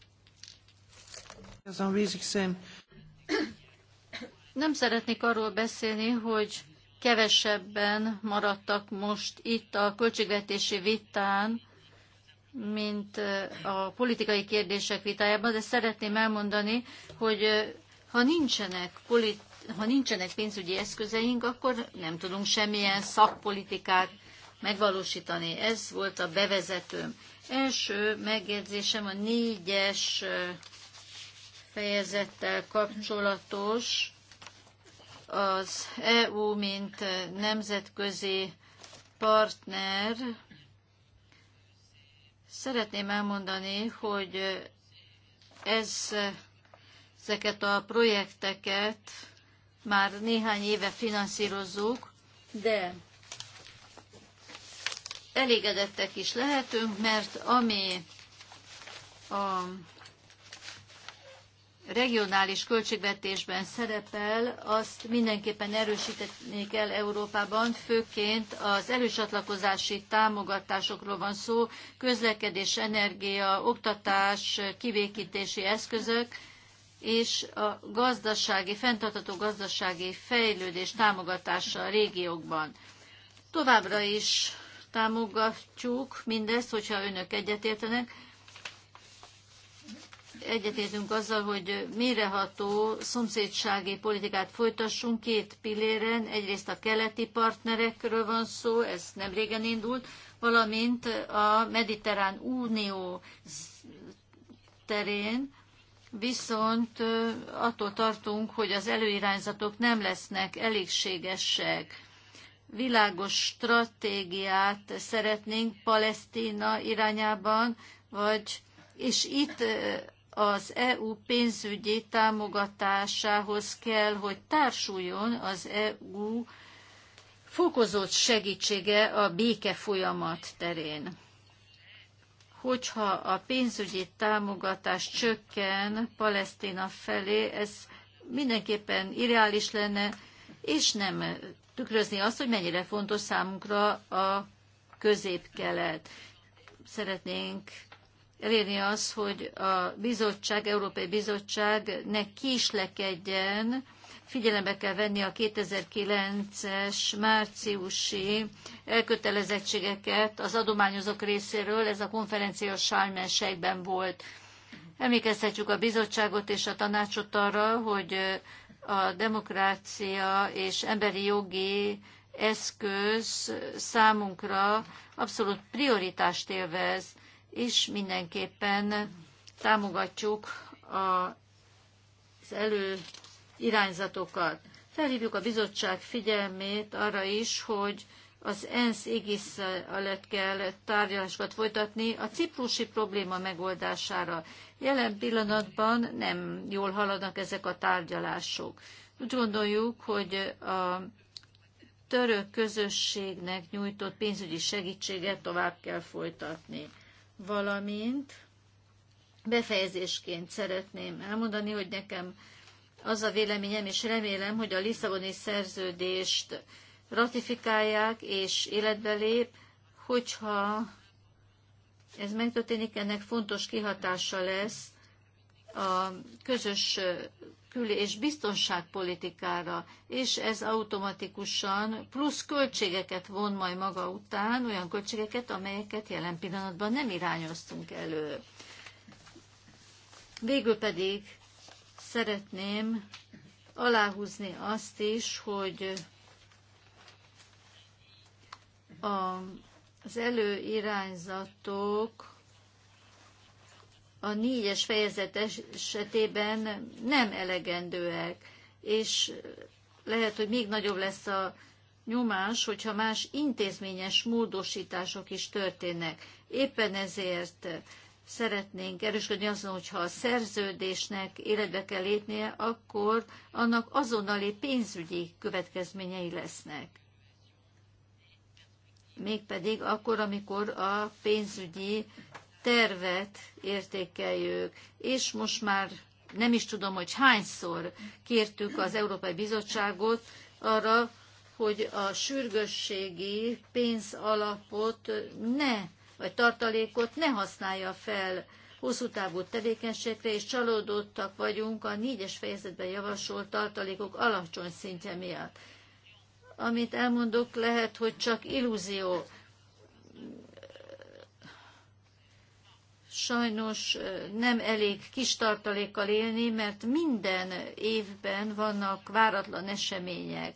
Nem szeretnék arról beszélni, hogy kevesebben maradtak most itt a költségvetési vitán, mint a politikai kérdések vitájában, de szeretném elmondani, hogy ha nincsenek, polit, ha nincsenek pénzügyi eszközeink, akkor nem tudunk semmilyen szakpolitikát megvalósítani. Ez volt a bevezetőm. Első megjegyzésem a négyes fejezettel kapcsolatos az EU, mint nemzetközi partner, Szeretném elmondani, hogy ez, ezeket a projekteket már néhány éve finanszírozzuk, de elégedettek is lehetünk, mert ami a regionális költségvetésben szerepel, azt mindenképpen erősíteni kell Európában, főként az elősatlakozási támogatásokról van szó, közlekedés, energia, oktatás, kivékítési eszközök, és a gazdasági, fenntartató gazdasági fejlődés támogatása a régiókban. Továbbra is támogatjuk mindezt, hogyha önök egyetértenek, egyetértünk azzal, hogy méreható szomszédsági politikát folytassunk két pilléren. Egyrészt a keleti partnerekről van szó, ez nem régen indult, valamint a Mediterrán Unió terén, viszont attól tartunk, hogy az előirányzatok nem lesznek elégségesek. Világos stratégiát szeretnénk Palesztina irányában, vagy és itt az EU pénzügyi támogatásához kell, hogy társuljon az EU fokozott segítsége a béke folyamat terén. Hogyha a pénzügyi támogatás csökken Palesztina felé, ez mindenképpen irreális lenne, és nem tükrözni azt, hogy mennyire fontos számunkra a középkelet. Szeretnénk elérni az, hogy a bizottság, Európai Bizottság ne kislekedjen, figyelembe kell venni a 2009-es márciusi elkötelezettségeket az adományozók részéről, ez a konferencia Sálmenségben volt. Emlékeztetjük a bizottságot és a tanácsot arra, hogy a demokrácia és emberi jogi eszköz számunkra abszolút prioritást élvez és mindenképpen támogatjuk az elő irányzatokat Felhívjuk a bizottság figyelmét arra is, hogy az ENSZ égisz alatt kell tárgyalásokat folytatni a ciprusi probléma megoldására. Jelen pillanatban nem jól haladnak ezek a tárgyalások. Úgy gondoljuk, hogy a török közösségnek nyújtott pénzügyi segítséget tovább kell folytatni valamint befejezésként szeretném elmondani, hogy nekem az a véleményem, és remélem, hogy a Lisszaboni szerződést ratifikálják és életbe lép, hogyha ez megtörténik, ennek fontos kihatása lesz a közös menekül és biztonságpolitikára, és ez automatikusan plusz költségeket von majd maga után, olyan költségeket, amelyeket jelen pillanatban nem irányoztunk elő. Végül pedig szeretném aláhúzni azt is, hogy a, az előirányzatok a négyes fejezet esetében nem elegendőek, és lehet, hogy még nagyobb lesz a nyomás, hogyha más intézményes módosítások is történnek. Éppen ezért szeretnénk erősködni azon, hogyha a szerződésnek életbe kell lépnie, akkor annak azonnali pénzügyi következményei lesznek. Mégpedig akkor, amikor a pénzügyi tervet értékeljük, és most már nem is tudom, hogy hányszor kértük az Európai Bizottságot arra, hogy a sürgősségi pénzalapot ne, vagy tartalékot ne használja fel hosszú távú tevékenységre, és csalódottak vagyunk a négyes fejezetben javasolt tartalékok alacsony szintje miatt. Amit elmondok, lehet, hogy csak illúzió, sajnos nem elég kis tartalékkal élni, mert minden évben vannak váratlan események,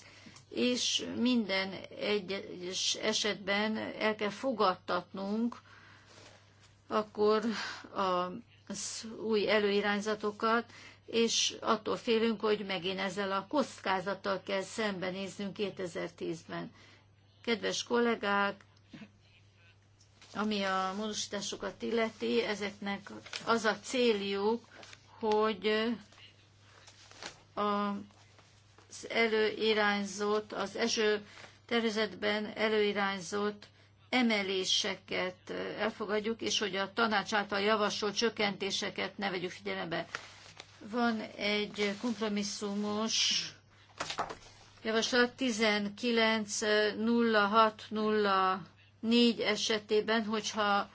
és minden egyes esetben el kell fogadtatnunk akkor az új előirányzatokat, és attól félünk, hogy megint ezzel a kockázattal kell szembenéznünk 2010-ben. Kedves kollégák, ami a módosításokat illeti, ezeknek az a céljuk, hogy az előirányzott, az eső tervezetben előirányzott emeléseket elfogadjuk, és hogy a tanács által javasolt csökkentéseket ne vegyük figyelembe. Van egy kompromisszumos javaslat 19060 négy esetében, hogyha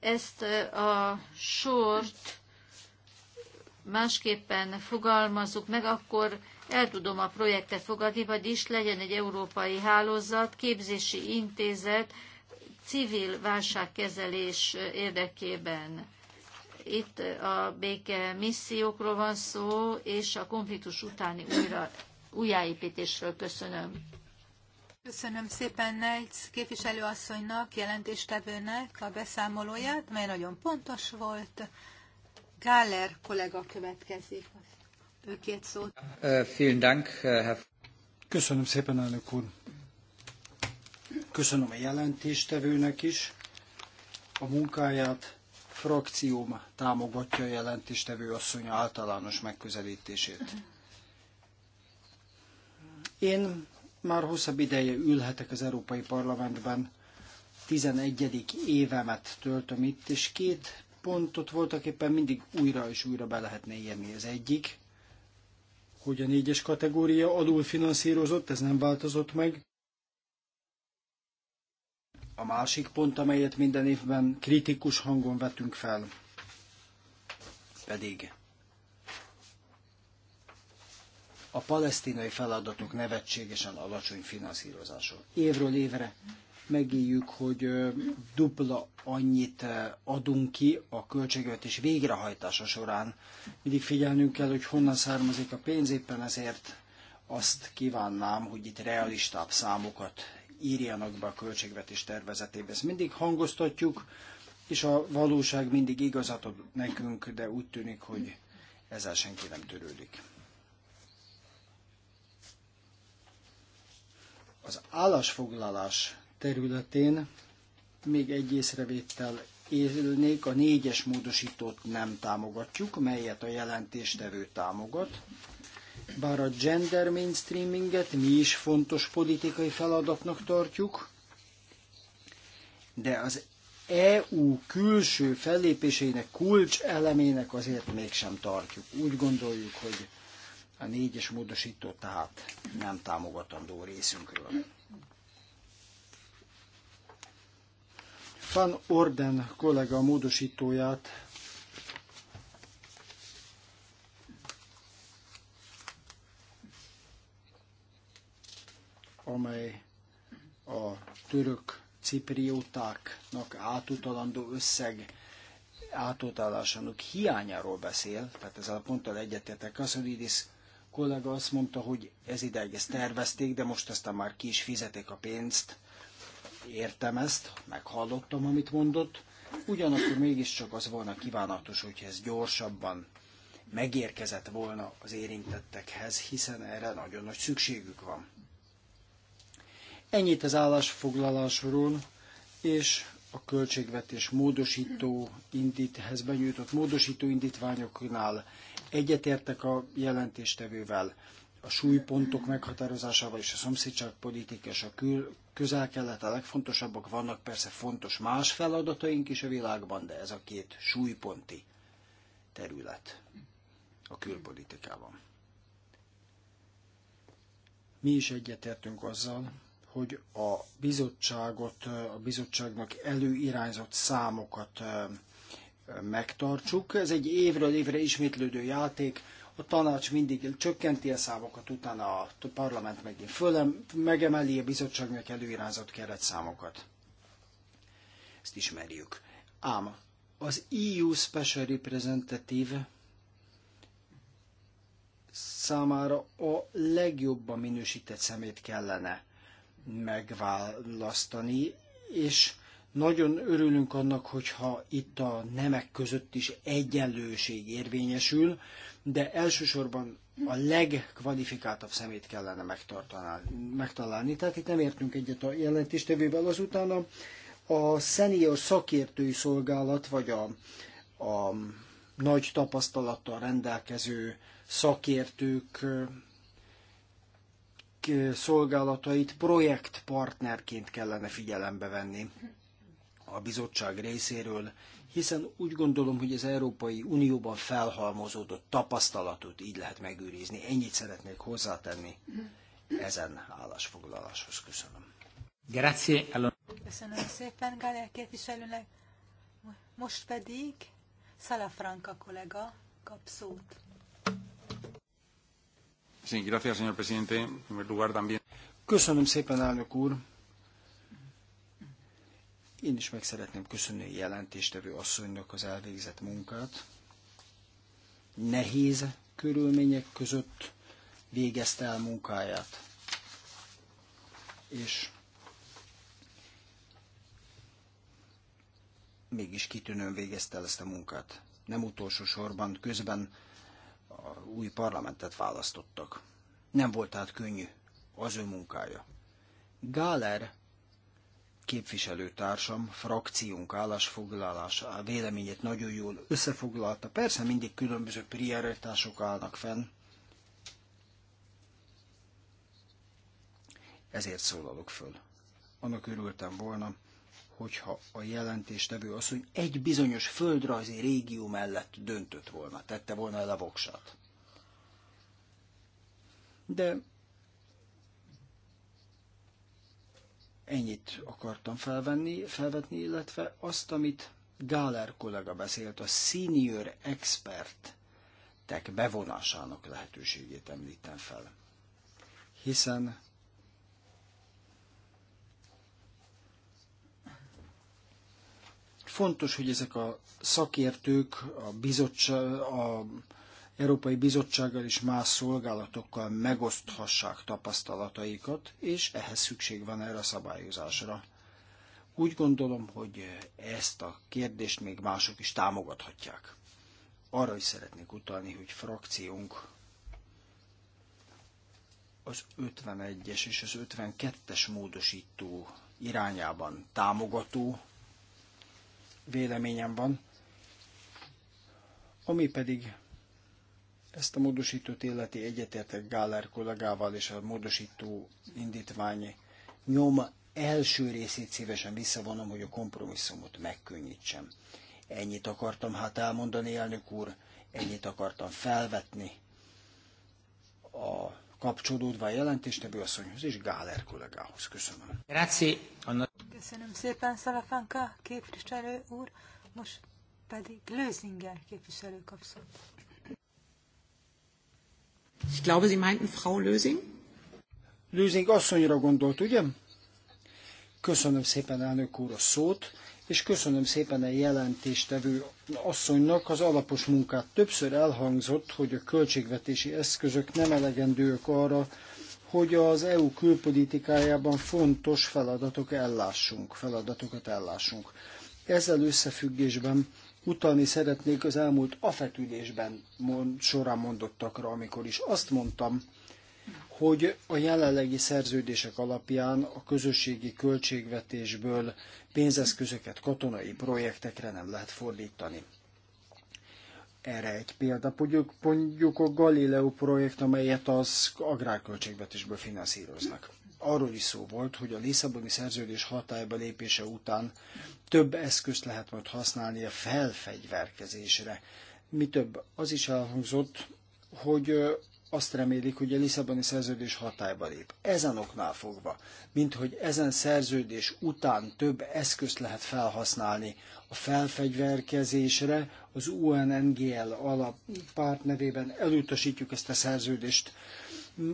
ezt a sort másképpen fogalmazzuk meg, akkor el tudom a projektet fogadni, vagyis legyen egy európai hálózat, képzési intézet, civil válságkezelés érdekében. Itt a béke missziókról van szó, és a konfliktus utáni újra, újjáépítésről köszönöm. Köszönöm szépen Nejc képviselőasszonynak, jelentéstevőnek a beszámolóját, mely nagyon pontos volt. Gáler kollega következik. Ő két szót. Köszönöm szépen, elnök úr. Köszönöm a jelentéstevőnek is a munkáját. Frakcióm támogatja a jelentéstevő asszony általános megközelítését. Én már hosszabb ideje ülhetek az Európai Parlamentben, 11. évemet töltöm itt, és két pontot voltak éppen mindig újra és újra be lehetne érni. Az egyik, hogy a négyes kategória finanszírozott, ez nem változott meg. A másik pont, amelyet minden évben kritikus hangon vetünk fel, pedig a palesztinai feladatok nevetségesen alacsony finanszírozása. Évről évre megéljük, hogy dupla annyit adunk ki a költségvetés végrehajtása során. Mindig figyelnünk kell, hogy honnan származik a pénz, éppen ezért azt kívánnám, hogy itt realistább számokat írjanak be a költségvetés tervezetébe. Ezt mindig hangoztatjuk, és a valóság mindig igazat ad nekünk, de úgy tűnik, hogy ezzel senki nem törődik. Az állásfoglalás területén még egy észrevétel élnék, a négyes módosítót nem támogatjuk, melyet a jelentéstevő támogat. Bár a gender mainstreaminget mi is fontos politikai feladatnak tartjuk, de az EU külső fellépésének kulcs elemének azért mégsem tartjuk. Úgy gondoljuk, hogy a négyes módosító tehát nem támogatandó részünkről. Van Orden kollega módosítóját amely a török ciprióták átutalandó összeg átutalásának hiányáról beszél, tehát ezzel a ponttal egyetetek Kaszolidis kollega azt mondta, hogy ez ideig ezt tervezték, de most aztán már ki is fizetik a pénzt. Értem ezt, meghallottam, amit mondott. Ugyanakkor mégiscsak az volna kívánatos, hogy ez gyorsabban megérkezett volna az érintettekhez, hiszen erre nagyon nagy szükségük van. Ennyit az állásfoglalásról, és a költségvetés módosító indíthez benyújtott módosító indítványoknál Egyetértek a jelentéstevővel a súlypontok meghatározásával és a szomszédságpolitika és a kül közel-kelet a legfontosabbak, vannak persze fontos más feladataink is a világban, de ez a két súlyponti terület a külpolitikában. Mi is egyetértünk azzal, hogy a bizottságot, a bizottságnak előirányzott számokat megtartsuk. Ez egy évről évre ismétlődő játék. A tanács mindig csökkenti a számokat, utána a parlament megint fölem, megemeli a bizottságnak előirányzott keretszámokat. Ezt ismerjük. Ám az EU Special Representative számára a legjobban minősített szemét kellene megválasztani, és nagyon örülünk annak, hogyha itt a nemek között is egyenlőség érvényesül, de elsősorban a legkvalifikáltabb szemét kellene megtalálni. Tehát itt nem értünk egyet a jelentéstevővel. Azután a, a senior szakértői szolgálat, vagy a, a nagy tapasztalattal rendelkező szakértők szolgálatait projektpartnerként kellene figyelembe venni a bizottság részéről, hiszen úgy gondolom, hogy az Európai Unióban felhalmozódott tapasztalatot így lehet megőrizni. Ennyit szeretnék hozzátenni ezen állásfoglaláshoz. Köszönöm. Köszönöm szépen Gáler képviselőnek. Most pedig Salafranca kollega kap szót. Köszönöm szépen, elnök úr. Én is meg szeretném köszönni a jelentéstevő asszonynak az elvégzett munkát. Nehéz körülmények között végezte el munkáját. És mégis kitűnően végezte el ezt a munkát. Nem utolsó sorban közben a új parlamentet választottak. Nem volt tehát könnyű az ő munkája. Gáler képviselőtársam, frakciónk állásfoglalása, véleményét nagyon jól összefoglalta. Persze mindig különböző prioritások állnak fenn, ezért szólalok föl. Annak örültem volna, hogyha a jelentéstevő hogy egy bizonyos földrajzi régió mellett döntött volna, tette volna el a voksát. De Ennyit akartam felvenni, felvetni, illetve azt, amit Gáler kollega beszélt, a senior expertek bevonásának lehetőségét említem fel. Hiszen fontos, hogy ezek a szakértők, a bizottság, a Európai Bizottsággal és más szolgálatokkal megoszthassák tapasztalataikat, és ehhez szükség van erre a szabályozásra. Úgy gondolom, hogy ezt a kérdést még mások is támogathatják. Arra is szeretnék utalni, hogy frakciónk az 51-es és az 52-es módosító irányában támogató véleményem van, ami pedig ezt a módosítót illeti egyetértek Gáler kollégával és a módosító indítvány nyoma első részét szívesen visszavonom, hogy a kompromisszumot megkönnyítsem. Ennyit akartam hát elmondani, elnök úr, ennyit akartam felvetni a kapcsolódva a jelentéstevő asszonyhoz és Gáler kollégához. Köszönöm. Grazie. Köszönöm szépen, Szalafanka képviselő úr, most pedig Lőzinger képviselő kapcsolódva. Ich glaube, Sie meinten Frau Lösing? Lösing asszonyra gondolt, ugye? Köszönöm szépen elnök úr a szót, és köszönöm szépen a jelentéstevő asszonynak az alapos munkát. Többször elhangzott, hogy a költségvetési eszközök nem elegendőek arra, hogy az EU külpolitikájában fontos feladatok ellássunk, feladatokat ellássunk. Ezzel összefüggésben utalni szeretnék az elmúlt afetülésben mond, során mondottakra, amikor is azt mondtam, hogy a jelenlegi szerződések alapján a közösségi költségvetésből pénzeszközöket katonai projektekre nem lehet fordítani. Erre egy példa, mondjuk, mondjuk a Galileo projekt, amelyet az agrárköltségvetésből finanszíroznak arról is szó volt, hogy a Lisszaboni szerződés hatályba lépése után több eszközt lehet majd használni a felfegyverkezésre. Mi több, az is elhangzott, hogy azt remélik, hogy a Lisszaboni szerződés hatályba lép. Ezen oknál fogva, mint hogy ezen szerződés után több eszközt lehet felhasználni a felfegyverkezésre, az UNNGL alap pártnevében elutasítjuk ezt a szerződést,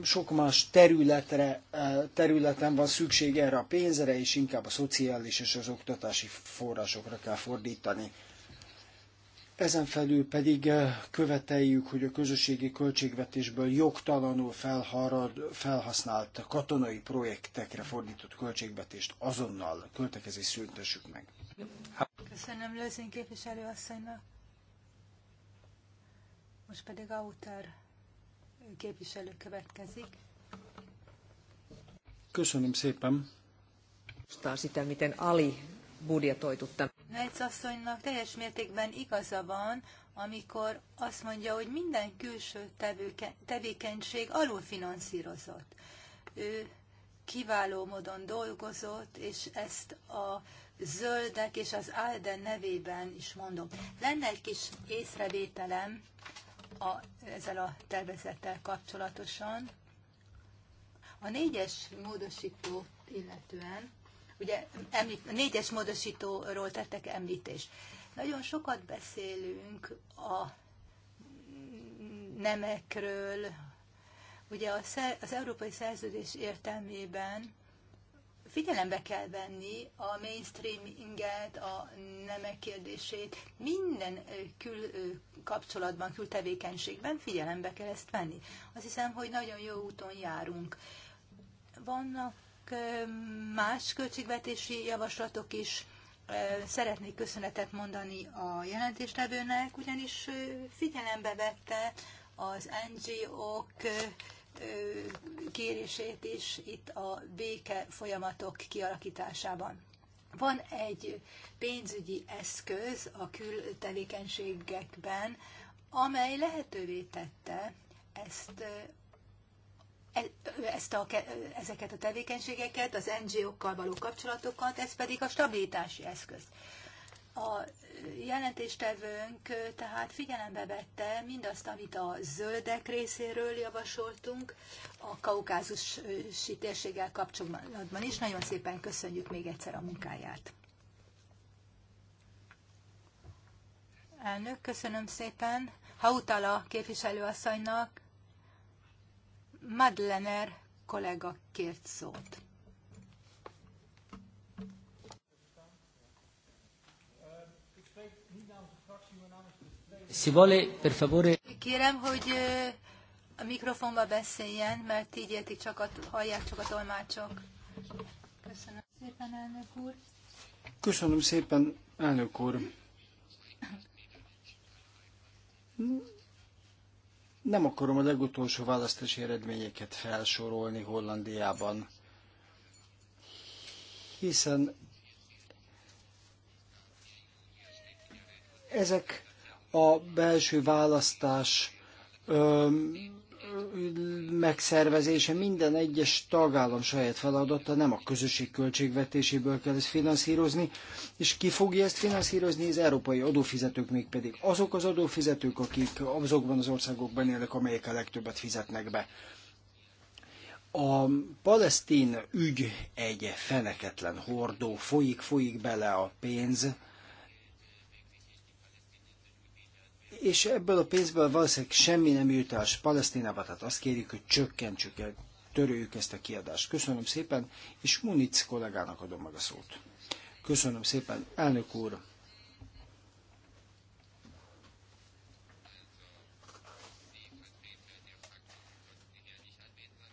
sok más területre, eh, területen van szükség erre a pénzre, és inkább a szociális és az oktatási forrásokra kell fordítani. Ezen felül pedig eh, követeljük, hogy a közösségi költségvetésből jogtalanul felharad, felhasznált katonai projektekre fordított költségvetést azonnal költekezés szüntessük meg. Köszönöm Lőzén asszonynak. Most pedig Auter képviselő következik. Köszönöm szépen. Mostan sitä, miten Ali budjetoitutta. Nejc asszonynak teljes mértékben igaza van, amikor azt mondja, hogy minden külső tevőke, tevékenység alulfinanszírozott. Ő kiváló módon dolgozott, és ezt a zöldek és az Alden nevében is mondom. Lenne egy kis észrevételem a, ezzel a tervezettel kapcsolatosan. A négyes módosítót illetően, ugye említ, a négyes módosítóról tettek említést. Nagyon sokat beszélünk a nemekről, ugye az, az európai szerződés értelmében figyelembe kell venni a mainstream inget, a nemek kérdését, minden kül kapcsolatban, tevékenységben figyelembe kell ezt venni. Azt hiszem, hogy nagyon jó úton járunk. Vannak más költségvetési javaslatok is. Szeretnék köszönetet mondani a jelentéstevőnek, ugyanis figyelembe vette az NGO-k kérését is itt a béke folyamatok kialakításában. Van egy pénzügyi eszköz a kültevékenységekben, amely lehetővé tette ezt, e, ezt a, ezeket a tevékenységeket, az NGO-kkal való kapcsolatokat, ez pedig a stabilitási eszköz. A jelentéstevőnk tehát figyelembe vette mindazt, amit a zöldek részéről javasoltunk a kaukázusi térséggel kapcsolatban is. Nagyon szépen köszönjük még egyszer a munkáját. Elnök, köszönöm szépen. Hautala képviselőasszonynak Madlener kollega kért szót. Si vuole, per favore... Kérem, hogy a mikrofonba beszéljen, mert így értik csak a, hallják csak a tolmácsok. Köszönöm szépen, elnök úr. Köszönöm szépen, elnök úr. Nem akarom a legutolsó választási eredményeket felsorolni Hollandiában, hiszen ezek a belső választás megszervezése minden egyes tagállam saját feladata, nem a közösség költségvetéséből kell ezt finanszírozni, és ki fogja ezt finanszírozni? Az európai adófizetők mégpedig azok az adófizetők, akik azokban az országokban élnek, amelyek a legtöbbet fizetnek be. A palesztin ügy egy feneketlen hordó, folyik, folyik bele a pénz, és ebből a pénzből valószínűleg semmi nem jut el a Palesztinába, tehát azt kérjük, hogy csökkentsük el, törőjük ezt a kiadást. Köszönöm szépen, és Munic kollégának adom meg a szót. Köszönöm szépen, elnök úr!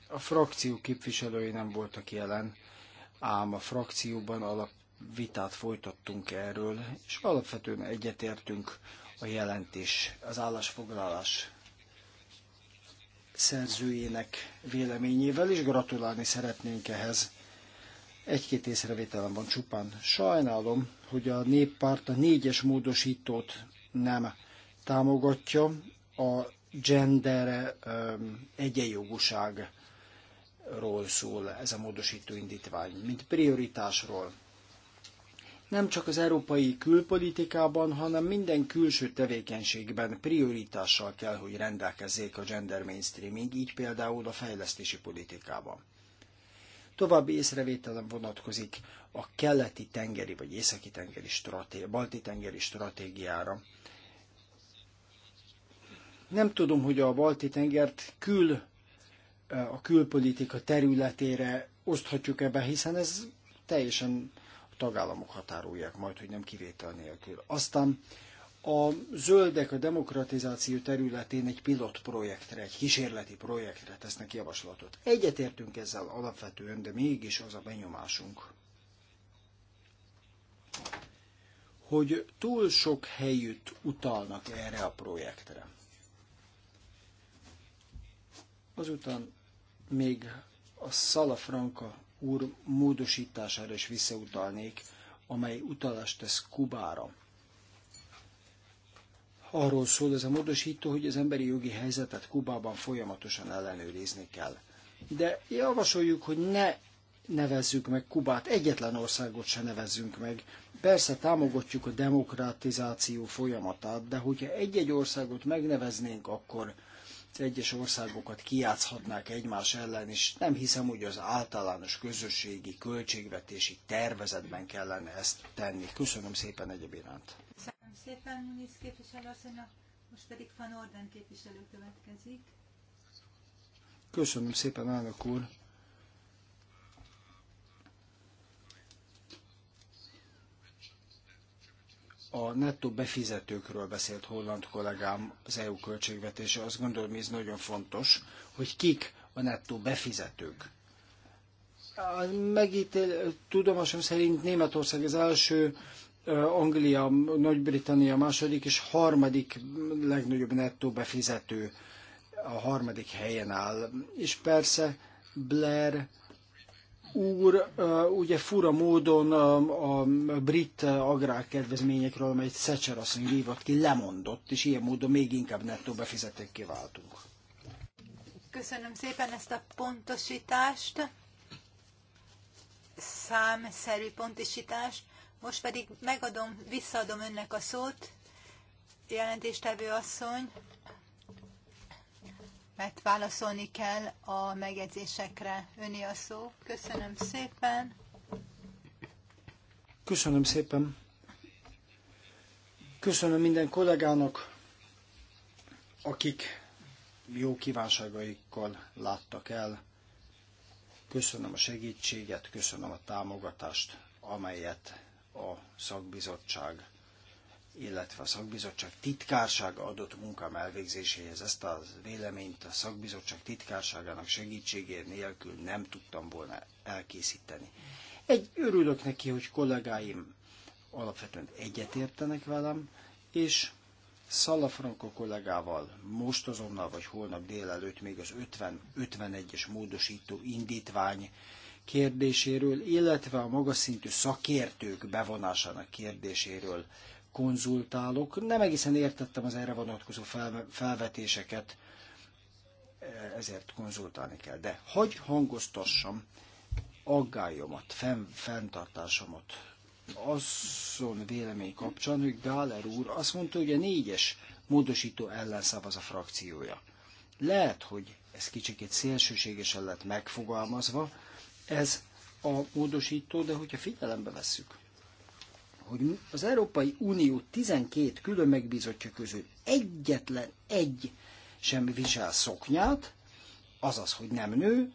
A frakció képviselői nem voltak jelen, ám a frakcióban alapvitát folytattunk erről, és alapvetően egyetértünk a jelentés, az állásfoglalás szerzőjének véleményével, és gratulálni szeretnénk ehhez. Egy-két észrevételem van csupán. Sajnálom, hogy a néppárt a négyes módosítót nem támogatja a gender um, egyenjogúságról szól ez a módosító indítvány, mint prioritásról nem csak az európai külpolitikában, hanem minden külső tevékenységben prioritással kell, hogy rendelkezzék a gender mainstreaming, így például a fejlesztési politikában. További észrevételem vonatkozik a keleti tengeri vagy északi tengeri balti tengeri stratégiára. Nem tudom, hogy a balti tengert kül, eh, a külpolitika területére oszthatjuk ebbe, hiszen ez teljesen tagállamok határolják majd, hogy nem kivétel nélkül. Aztán a zöldek a demokratizáció területén egy pilot projektre, egy kísérleti projektre tesznek javaslatot. Egyetértünk ezzel alapvetően, de mégis az a benyomásunk, hogy túl sok helyütt utalnak erre a projektre. Azután még a Salafranca úr módosítására is visszautalnék, amely utalást tesz Kubára. Arról szól ez a módosító, hogy az emberi jogi helyzetet Kubában folyamatosan ellenőrizni kell. De javasoljuk, hogy ne nevezzük meg Kubát, egyetlen országot se nevezzünk meg. Persze támogatjuk a demokratizáció folyamatát, de hogyha egy-egy országot megneveznénk, akkor egyes országokat kiátszhatnák egymás ellen, és nem hiszem, hogy az általános közösségi költségvetési tervezetben kellene ezt tenni. Köszönöm szépen egyéb iránt. Köszönöm szépen, Muniz képviselőasszonynak, most pedig Van Orden képviselő következik. Köszönöm szépen, elnök úr. a nettó befizetőkről beszélt holland kollégám az EU költségvetése. Azt gondolom, ez nagyon fontos, hogy kik a nettó befizetők. A megítél, tudomásom szerint Németország az első, Anglia, Nagy-Britannia második és harmadik legnagyobb nettó befizető a harmadik helyen áll. És persze Blair úr ugye fura módon a, brit agrárkedvezményekről, amelyet Szecser asszony hívott ki, lemondott, és ilyen módon még inkább nettó befizetőkké kiváltunk. Köszönöm szépen ezt a pontosítást, számszerű pontosítást. Most pedig megadom, visszaadom önnek a szót, jelentéstevő asszony mert válaszolni kell a megjegyzésekre. Öni a szó. Köszönöm szépen. Köszönöm szépen. Köszönöm minden kollégának, akik jó kívánságaikkal láttak el. Köszönöm a segítséget, köszönöm a támogatást, amelyet a szakbizottság illetve a szakbizottság titkársága adott munkám elvégzéséhez ezt a véleményt a szakbizottság titkárságának segítségéért nélkül nem tudtam volna elkészíteni. Egy örülök neki, hogy kollégáim alapvetően egyetértenek velem, és Szalla Franco kollégával most azonnal vagy holnap délelőtt még az 50-51-es módosító indítvány kérdéséről, illetve a magas szintű szakértők bevonásának kérdéséről konzultálok. Nem egészen értettem az erre vonatkozó felvetéseket, ezért konzultálni kell. De hogy hangoztassam aggályomat, fenn, fenntartásomat azon vélemény kapcsán, hogy Gáler úr azt mondta, hogy a négyes módosító ellen szavaz a frakciója. Lehet, hogy ez kicsikét szélsőségesen lett megfogalmazva, ez a módosító, de hogyha figyelembe vesszük, hogy az Európai Unió 12 külön megbízottja közül egyetlen egy sem visel szoknyát, azaz, hogy nem nő,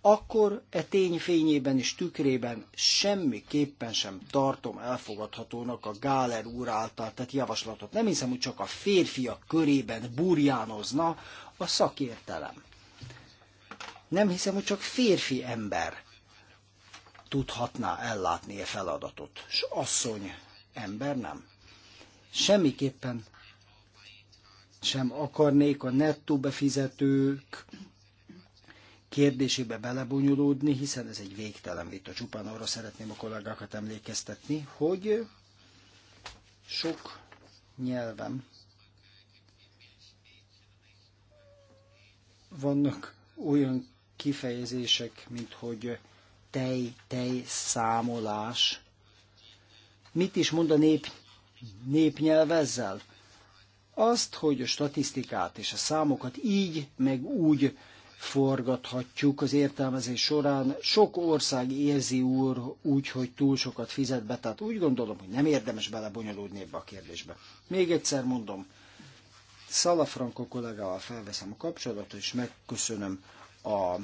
akkor e fényében és tükrében semmiképpen sem tartom elfogadhatónak a Gáler úr által tett javaslatot. Nem hiszem, hogy csak a férfiak körében burjánozna a szakértelem. Nem hiszem, hogy csak férfi ember tudhatná ellátni a feladatot. S asszony, ember nem. Semmiképpen sem akarnék a nettó befizetők kérdésébe belebonyolódni, hiszen ez egy végtelen vita. Csupán arra szeretném a kollégákat emlékeztetni, hogy sok nyelven vannak olyan kifejezések, mint hogy tej, tej számolás. Mit is mond a nép, népnyelv ezzel? Azt, hogy a statisztikát és a számokat így meg úgy forgathatjuk az értelmezés során. Sok ország érzi úr úgy, hogy túl sokat fizet be, tehát úgy gondolom, hogy nem érdemes belebonyolódni ebbe a kérdésbe. Még egyszer mondom, Franco kollégával felveszem a kapcsolatot, és megköszönöm a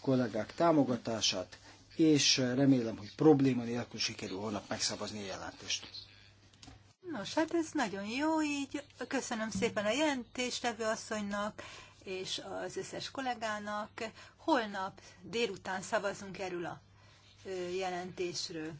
kollégák támogatását és remélem, hogy probléma nélkül sikerül holnap megszavazni a jelentést. Nos, hát ez nagyon jó, így köszönöm szépen a jelentéstevő asszonynak és az összes kollégának. Holnap délután szavazunk erről a jelentésről.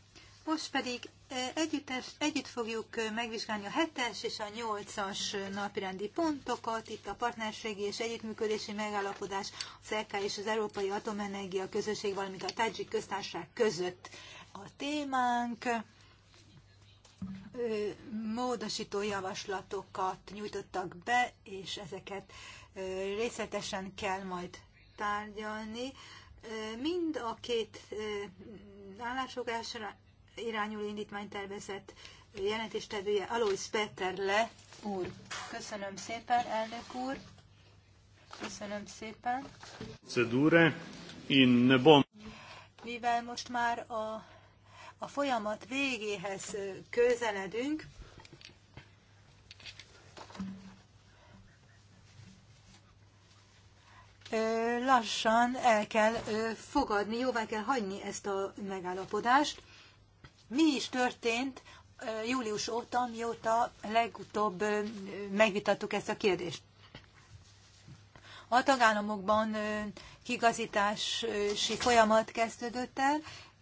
Most pedig együttes, együtt fogjuk megvizsgálni a 7-es és a 8-as napirendi pontokat, itt a partnerségi és együttműködési megállapodás az EK és az Európai Atomenergia Közösség, valamint a Tajik Köztársaság között a témánk. Módosító javaslatokat nyújtottak be, és ezeket részletesen kell majd tárgyalni. Mind a két állásfoglalásra irányuló indítványtervezet jelentéstevője Alois Le úr. Köszönöm szépen, elnök úr. Köszönöm szépen. Cedure in bon. Mivel most már a, a folyamat végéhez közeledünk, lassan el kell fogadni, jóvá kell hagyni ezt a megállapodást mi is történt július óta, mióta legutóbb megvitattuk ezt a kérdést. A tagállamokban kigazítási folyamat kezdődött el,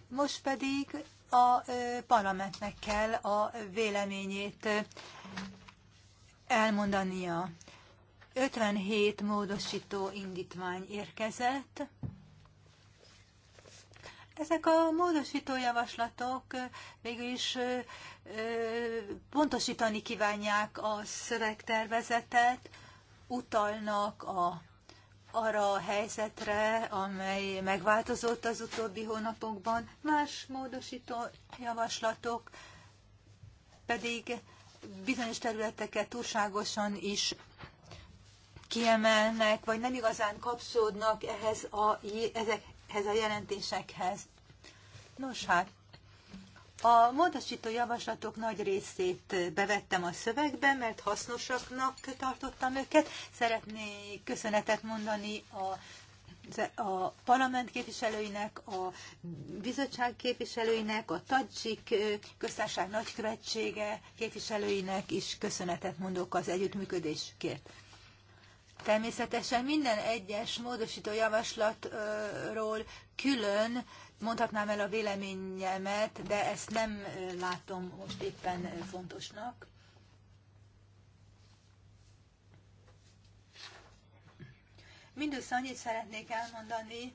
most pedig a parlamentnek kell a véleményét elmondania. 57 módosító indítvány érkezett. Ezek a módosító javaslatok végül is pontosítani kívánják a szövegtervezetet, utalnak a, arra a helyzetre, amely megváltozott az utóbbi hónapokban. Más módosító javaslatok pedig bizonyos területeket túlságosan is kiemelnek, vagy nem igazán kapcsolódnak ehhez a, ezek, ezekhez a jelentésekhez. Nos hát, a módosító javaslatok nagy részét bevettem a szövegbe, mert hasznosaknak tartottam őket. Szeretnék köszönetet mondani a a parlament képviselőinek, a bizottság képviselőinek, a Tadzsik köztársaság nagykövetsége képviselőinek is köszönetet mondok az együttműködésükért. Természetesen minden egyes módosító javaslatról külön mondhatnám el a véleményemet, de ezt nem látom most éppen fontosnak. Mindössze annyit szeretnék elmondani,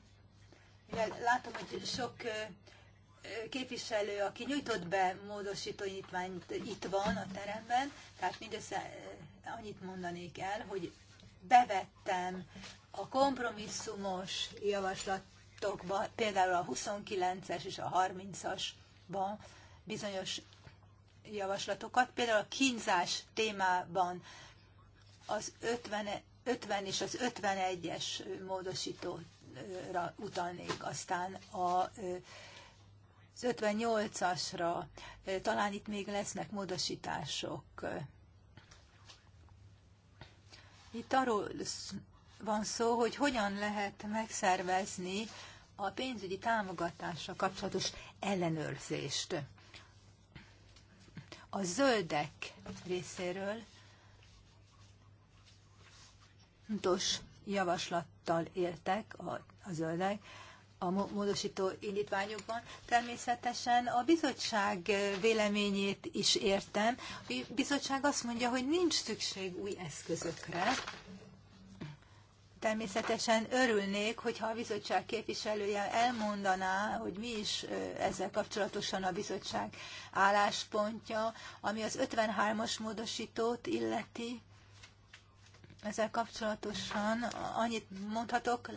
mivel látom, hogy sok képviselő, aki nyújtott be módosító nyitványt, itt van a teremben, tehát mindössze annyit mondanék el, hogy bevettem a kompromisszumos javaslatokba, például a 29-es és a 30-asban bizonyos javaslatokat, például a kínzás témában az 50, 50 és az 51-es módosítóra utalnék, aztán a az 58-asra, talán itt még lesznek módosítások. Itt arról van szó, hogy hogyan lehet megszervezni a pénzügyi támogatásra kapcsolatos ellenőrzést. A zöldek részéről fontos javaslattal éltek a, a zöldek, a módosító indítványokban. Természetesen a bizottság véleményét is értem. A bizottság azt mondja, hogy nincs szükség új eszközökre. Természetesen örülnék, hogyha a bizottság képviselője elmondaná, hogy mi is ezzel kapcsolatosan a bizottság álláspontja, ami az 53-as módosítót illeti ezzel kapcsolatosan annyit mondhatok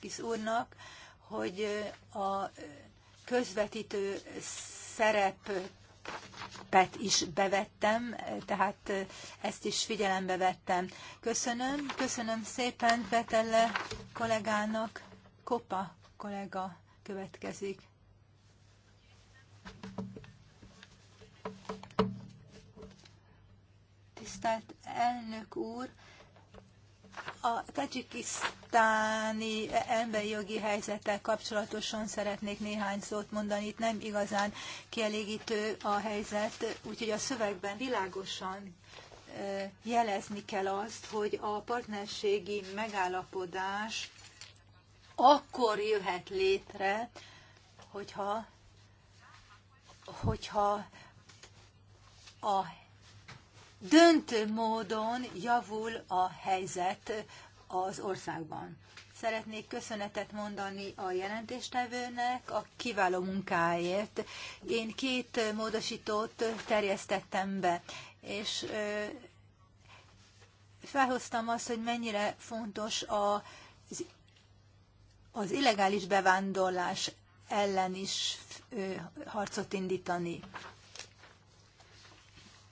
kis úrnak, hogy a közvetítő szerepet is bevettem, tehát ezt is figyelembe vettem. Köszönöm, köszönöm szépen Betelle kollégának. Kopa kollega következik. Tisztelt elnök úr! A tajikisztáni emberi jogi helyzettel kapcsolatosan szeretnék néhány szót mondani. Itt nem igazán kielégítő a helyzet, úgyhogy a szövegben világosan jelezni kell azt, hogy a partnerségi megállapodás akkor jöhet létre, hogyha, hogyha a döntő módon javul a helyzet az országban. Szeretnék köszönetet mondani a jelentéstevőnek a kiváló munkáért. Én két módosítót terjesztettem be, és felhoztam azt, hogy mennyire fontos a, az, az illegális bevándorlás ellen is harcot indítani.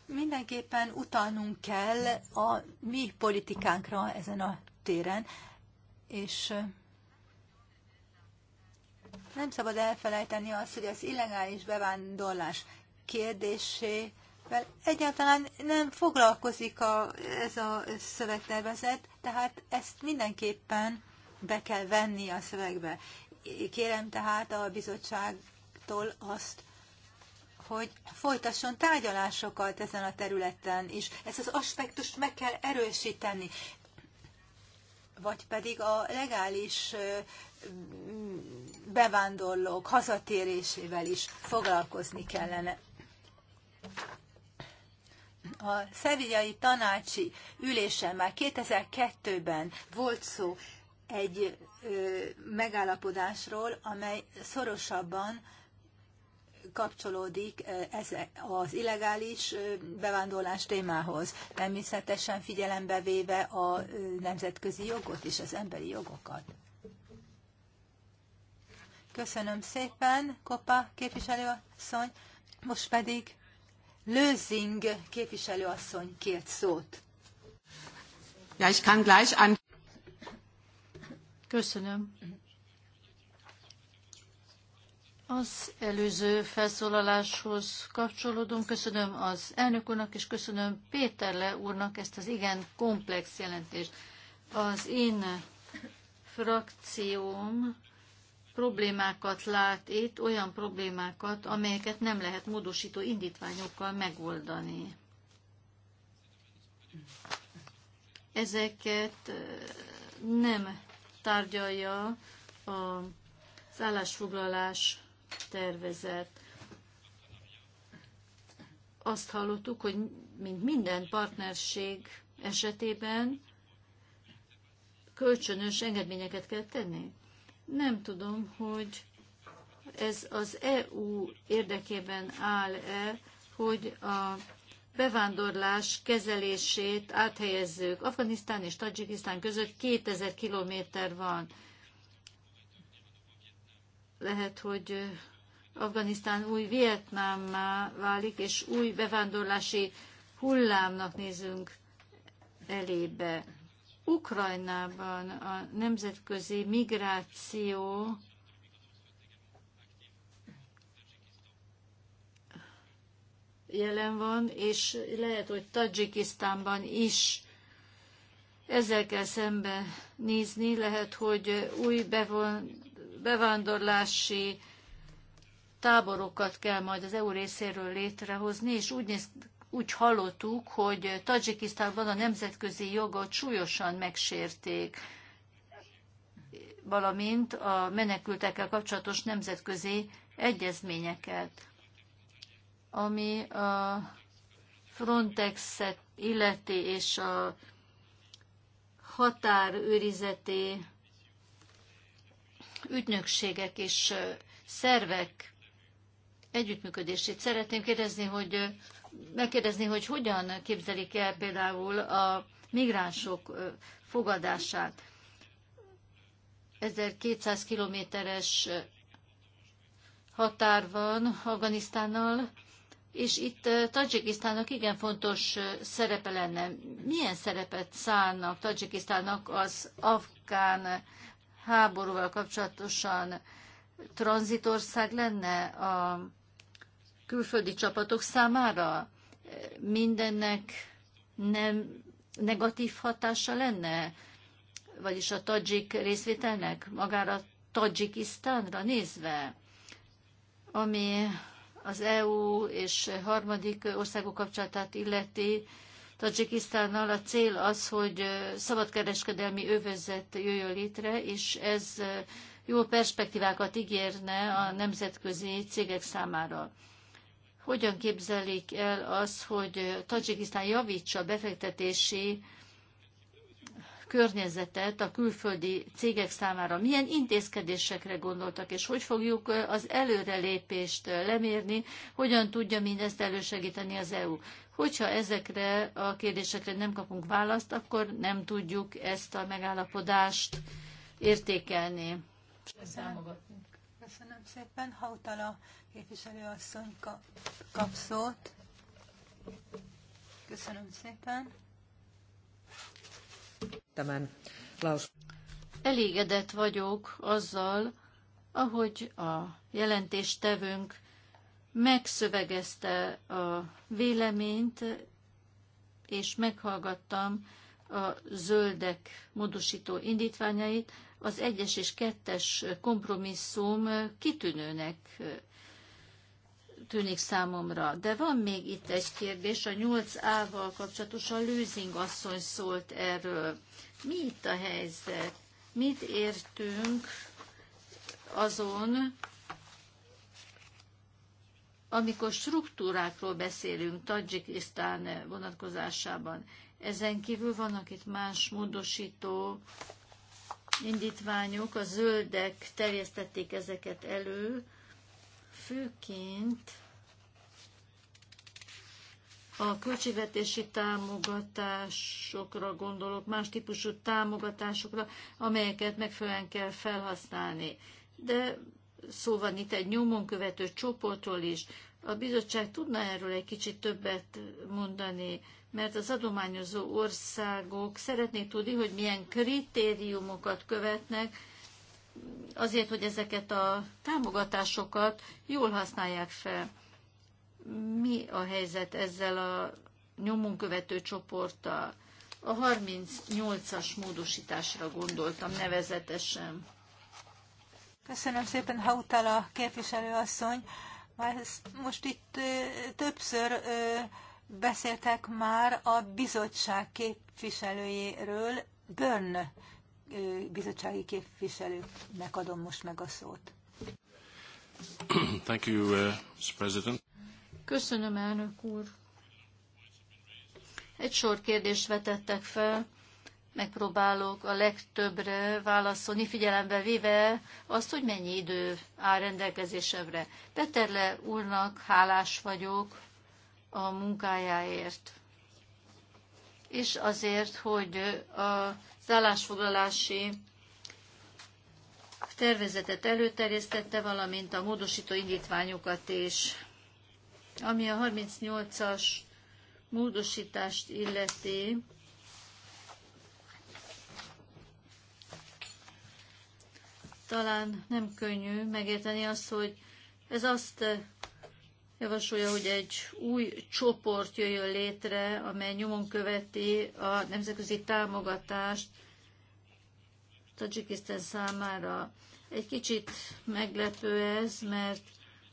Mindenképpen utalnunk kell a mi politikánkra ezen a téren, és nem szabad elfelejteni azt, hogy az illegális bevándorlás kérdésével egyáltalán nem foglalkozik a, ez a szövegtervezet, tehát ezt mindenképpen be kell venni a szövegbe. Kérem tehát a bizottságtól azt, hogy folytasson tárgyalásokat ezen a területen is. Ezt az aspektust meg kell erősíteni. Vagy pedig a legális bevándorlók hazatérésével is foglalkozni kellene. A szevigyai tanácsi ülésen már 2002-ben volt szó egy megállapodásról, amely szorosabban kapcsolódik ez az illegális bevándorlás témához, természetesen figyelembe véve a nemzetközi jogot és az emberi jogokat. Köszönöm szépen, Kopa képviselőasszony. Most pedig Lőzing képviselőasszony kért szót. Ja, ich kann gleich an... Köszönöm. Az előző felszólaláshoz kapcsolódom. Köszönöm az elnök úrnak, és köszönöm Péterle úrnak ezt az igen komplex jelentést. Az én frakcióm problémákat lát itt, olyan problémákat, amelyeket nem lehet módosító indítványokkal megoldani. Ezeket nem tárgyalja az állásfoglalás tervezett. Azt hallottuk, hogy mint minden partnerség esetében kölcsönös engedményeket kell tenni. Nem tudom, hogy ez az EU érdekében áll-e, hogy a bevándorlás kezelését áthelyezzük. Afganisztán és Tajikisztán között 2000 kilométer van lehet, hogy Afganisztán új Vietnámmá válik, és új bevándorlási hullámnak nézünk elébe. Ukrajnában a nemzetközi migráció jelen van, és lehet, hogy Tajikisztánban is ezzel kell szembe nézni, lehet, hogy új bevon, bevándorlási táborokat kell majd az EU részéről létrehozni, és úgy, néz, úgy hallottuk, hogy Tajikisztánban a nemzetközi jogot súlyosan megsérték, valamint a menekültekkel kapcsolatos nemzetközi egyezményeket. Ami a Frontexet illeti és a határőrizeti ügynökségek és szervek együttműködését. Szeretném kérdezni, hogy megkérdezni, hogy hogyan képzelik el például a migránsok fogadását. 1200 kilométeres határ van Afganisztánnal, és itt Tajikisztánnak igen fontos szerepe lenne. Milyen szerepet szállnak Tajikisztánnak az afgán háborúval kapcsolatosan tranzitország lenne a külföldi csapatok számára? Mindennek nem negatív hatása lenne? Vagyis a tadzsik részvételnek magára Tadzsikisztánra nézve, ami az EU és harmadik országok kapcsolatát illeti, Tadzsikisztánnal. A cél az, hogy szabadkereskedelmi övezet jöjjön létre, és ez jó perspektívákat ígérne a nemzetközi cégek számára. Hogyan képzelik el az, hogy Tadzsikisztán javítsa a befektetési környezetet a külföldi cégek számára? Milyen intézkedésekre gondoltak, és hogy fogjuk az előrelépést lemérni, hogyan tudja mindezt elősegíteni az EU? Hogyha ezekre a kérdésekre nem kapunk választ, akkor nem tudjuk ezt a megállapodást értékelni. Köszönöm, Köszönöm szépen. Hautala képviselőasszony kap, kap szót. Köszönöm szépen. Tämän laus. Elégedett vagyok azzal, ahogy a jelentéstevőnk megszövegezte a véleményt, és meghallgattam a zöldek módosító indítványait. Az egyes és kettes kompromisszum kitűnőnek tűnik számomra. De van még itt egy kérdés, a 8A-val kapcsolatosan Lőzing asszony szólt erről. Mi itt a helyzet? Mit értünk azon, amikor struktúrákról beszélünk Tadzsikisztán vonatkozásában, ezen kívül vannak itt más módosító indítványok, a zöldek terjesztették ezeket elő, főként a költségvetési támogatásokra gondolok, más típusú támogatásokra, amelyeket megfelelően kell felhasználni. De szó van itt egy nyomon követő csoportról is. A bizottság tudna erről egy kicsit többet mondani, mert az adományozó országok szeretnék tudni, hogy milyen kritériumokat követnek, azért, hogy ezeket a támogatásokat jól használják fel. Mi a helyzet ezzel a nyomon követő csoporttal? A 38-as módosításra gondoltam nevezetesen. Köszönöm szépen, Hautala asszony. Most itt többször beszéltek már a bizottság képviselőjéről, Bönn bizottsági képviselőnek adom most meg a szót. Thank you, uh, President. Köszönöm, elnök úr. Egy sor kérdést vetettek fel, megpróbálok a legtöbbre válaszolni, figyelembe véve azt, hogy mennyi idő áll rendelkezésemre. Peterle úrnak hálás vagyok a munkájáért, és azért, hogy az állásfoglalási tervezetet előterjesztette, valamint a módosító indítványokat is. Ami a 38-as módosítást illeti, talán nem könnyű megérteni azt, hogy ez azt eh, javasolja, hogy egy új csoport jöjjön létre, amely nyomon követi a nemzetközi támogatást Tajikisztán számára. Egy kicsit meglepő ez, mert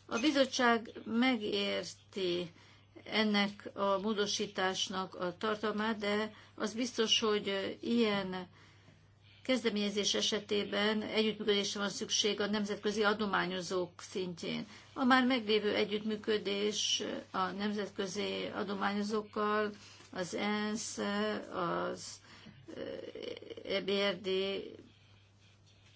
a bizottság megérti ennek a módosításnak a tartalmát, de az biztos, hogy ilyen kezdeményezés esetében együttműködésre van szükség a nemzetközi adományozók szintjén. A már meglévő együttműködés a nemzetközi adományozókkal, az ENSZ, az EBRD, eh, e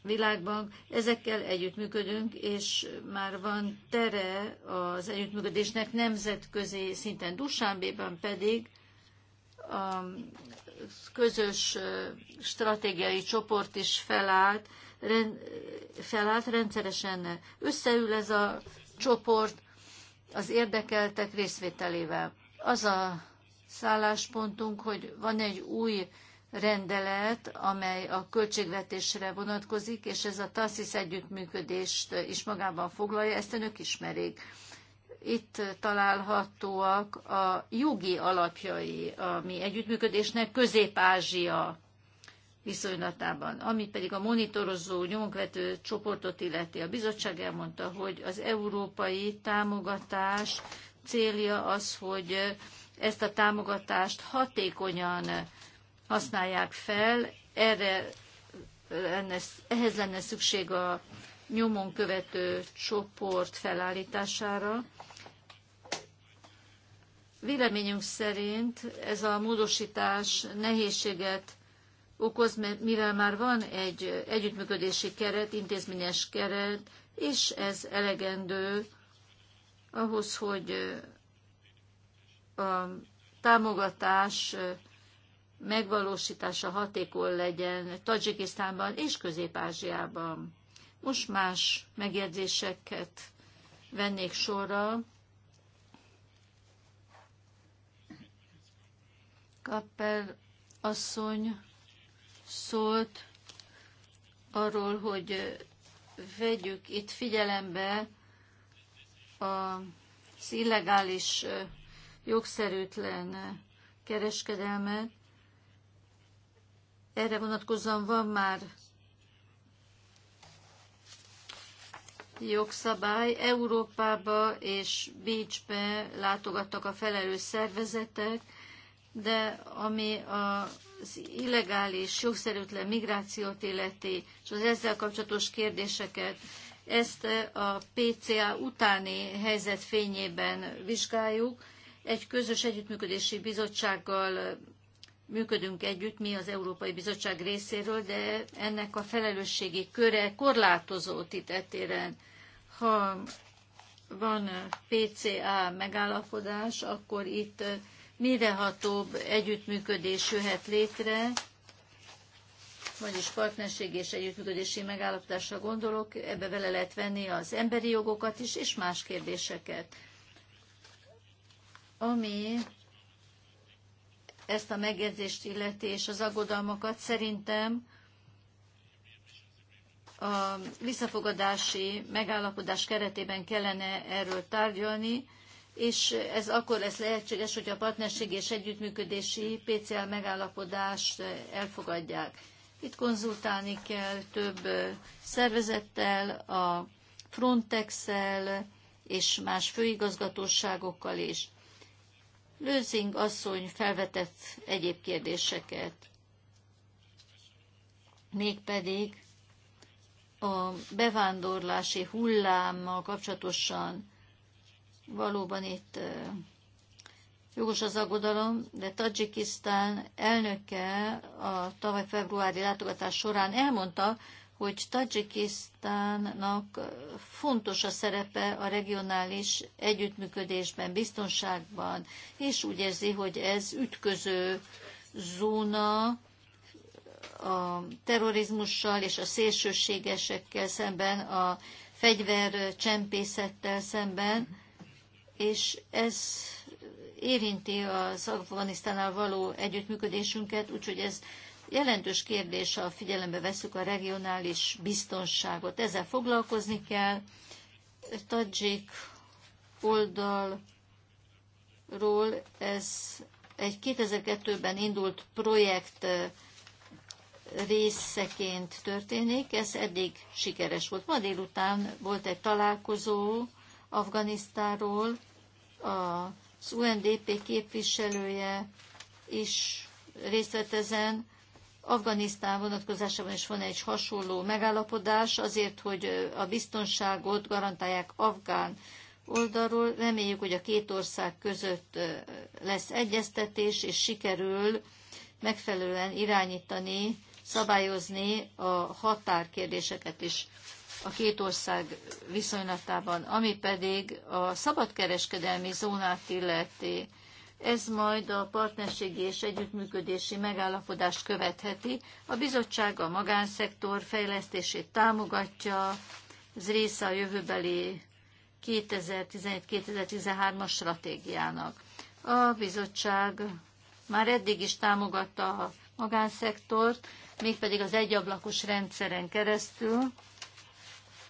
Világbank, ezekkel együttműködünk, és már van tere az együttműködésnek nemzetközi szinten. Dusánbében pedig a közös stratégiai csoport is felállt, rend, felállt, rendszeresen összeül ez a csoport az érdekeltek részvételével. Az a szálláspontunk, hogy van egy új rendelet, amely a költségvetésre vonatkozik, és ez a TASZISZ együttműködést is magában foglalja, ezt önök ismerik itt találhatóak a jogi alapjai a mi együttműködésnek Közép-Ázsia viszonylatában. Ami pedig a monitorozó nyomokvető csoportot illeti, a bizottság elmondta, hogy az európai támogatás célja az, hogy ezt a támogatást hatékonyan használják fel, erre lenne, ehhez lenne szükség a nyomon követő csoport felállítására, Véleményünk szerint ez a módosítás nehézséget okoz, mivel már van egy együttműködési keret, intézményes keret, és ez elegendő ahhoz, hogy a támogatás megvalósítása hatékony legyen Tajikisztánban és Közép-Ázsiában. Most más megjegyzéseket vennék sorra. Kappel asszony szólt arról, hogy vegyük itt figyelembe az illegális, jogszerűtlen kereskedelmet. Erre vonatkozóan van már jogszabály. Európába és Bécsbe látogattak a felelős szervezetek, de ami az illegális, jogszerűtlen migrációt illeti, és az ezzel kapcsolatos kérdéseket, ezt a PCA utáni helyzet fényében vizsgáljuk. Egy közös együttműködési bizottsággal működünk együtt mi az Európai Bizottság részéről, de ennek a felelősségi köre korlátozó téren. Ha van PCA megállapodás, akkor itt mirehatóbb együttműködés jöhet létre, vagyis partnerség és együttműködési megállapodásra gondolok, ebbe vele lehet venni az emberi jogokat is, és más kérdéseket. Ami ezt a megjegyzést illeti, és az aggodalmakat szerintem a visszafogadási megállapodás keretében kellene erről tárgyalni, és ez akkor lesz lehetséges, hogy a partnerség és együttműködési PCL megállapodást elfogadják. Itt konzultálni kell több szervezettel, a Frontex-el és más főigazgatóságokkal is. Lőzing asszony felvetett egyéb kérdéseket, mégpedig a bevándorlási hullámmal kapcsolatosan Valóban itt jogos az aggodalom, de Tajikisztán elnöke a tavaly februári látogatás során elmondta, hogy Tajikisztánnak fontos a szerepe a regionális együttműködésben, biztonságban, és úgy érzi, hogy ez ütköző zóna a terrorizmussal és a szélsőségesekkel szemben, a fegyvercsempészettel szemben, és ez érinti az Afganisztánnal való együttműködésünket, úgyhogy ez jelentős kérdés, ha figyelembe veszük a regionális biztonságot. Ezzel foglalkozni kell. Tadzsik oldalról ez egy 2002-ben indult projekt részeként történik, ez eddig sikeres volt. Ma délután volt egy találkozó Afganisztáról az UNDP képviselője is részt vett ezen. Afganisztán vonatkozásában is van egy hasonló megállapodás azért, hogy a biztonságot garantálják afgán oldalról. Reméljük, hogy a két ország között lesz egyeztetés, és sikerül megfelelően irányítani, szabályozni a határkérdéseket is a két ország viszonylatában, ami pedig a szabadkereskedelmi zónát illeti. Ez majd a partnerségi és együttműködési megállapodást követheti. A bizottság a magánszektor fejlesztését támogatja, ez része a jövőbeli 2017-2013-as stratégiának. A bizottság már eddig is támogatta a magánszektort, mégpedig az egyablakos rendszeren keresztül,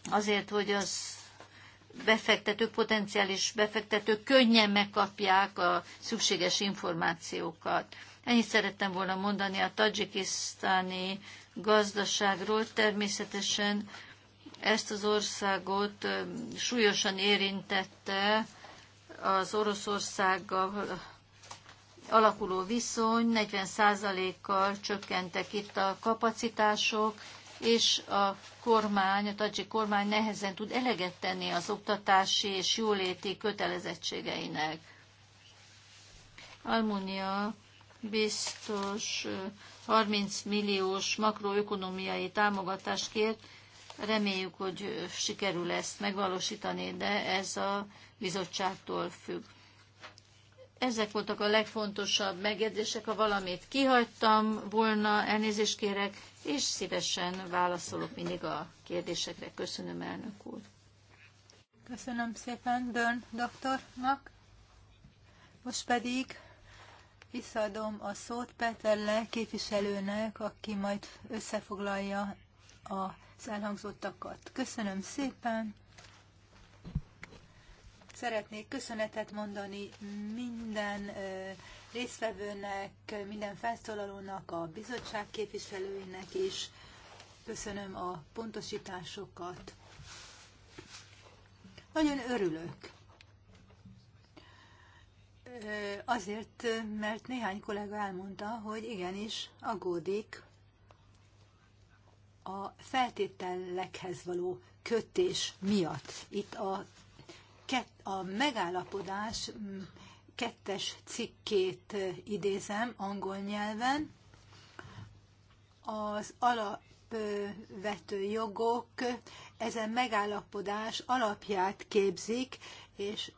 azért, hogy az befektetők, potenciális befektetők könnyen megkapják a szükséges információkat. Ennyit szerettem volna mondani a tajikisztáni gazdaságról. Természetesen ezt az országot súlyosan érintette az Oroszországgal alakuló viszony, 40%-kal csökkentek itt a kapacitások, és a kormány, a tadzsi kormány nehezen tud eleget tenni az oktatási és jóléti kötelezettségeinek. Almunia biztos 30 milliós makroökonomiai támogatást kért, reméljük, hogy sikerül ezt megvalósítani, de ez a bizottságtól függ. Ezek voltak a legfontosabb megjegyzések, ha valamit kihagytam volna, elnézést kérek, és szívesen válaszolok mindig a kérdésekre. Köszönöm, elnök úr. Köszönöm szépen Dön doktornak. Most pedig visszaadom a szót Peterle képviselőnek, aki majd összefoglalja az elhangzottakat. Köszönöm szépen. Szeretnék köszönetet mondani minden résztvevőnek, minden felszólalónak, a bizottság képviselőinek is. Köszönöm a pontosításokat. Nagyon örülök. Azért, mert néhány kollega elmondta, hogy igenis aggódik a feltételekhez való kötés miatt. Itt a kett, a megállapodás mm, kettes cikkét idézem angol nyelven. Az alapvető jogok ezen megállapodás alapját képzik, és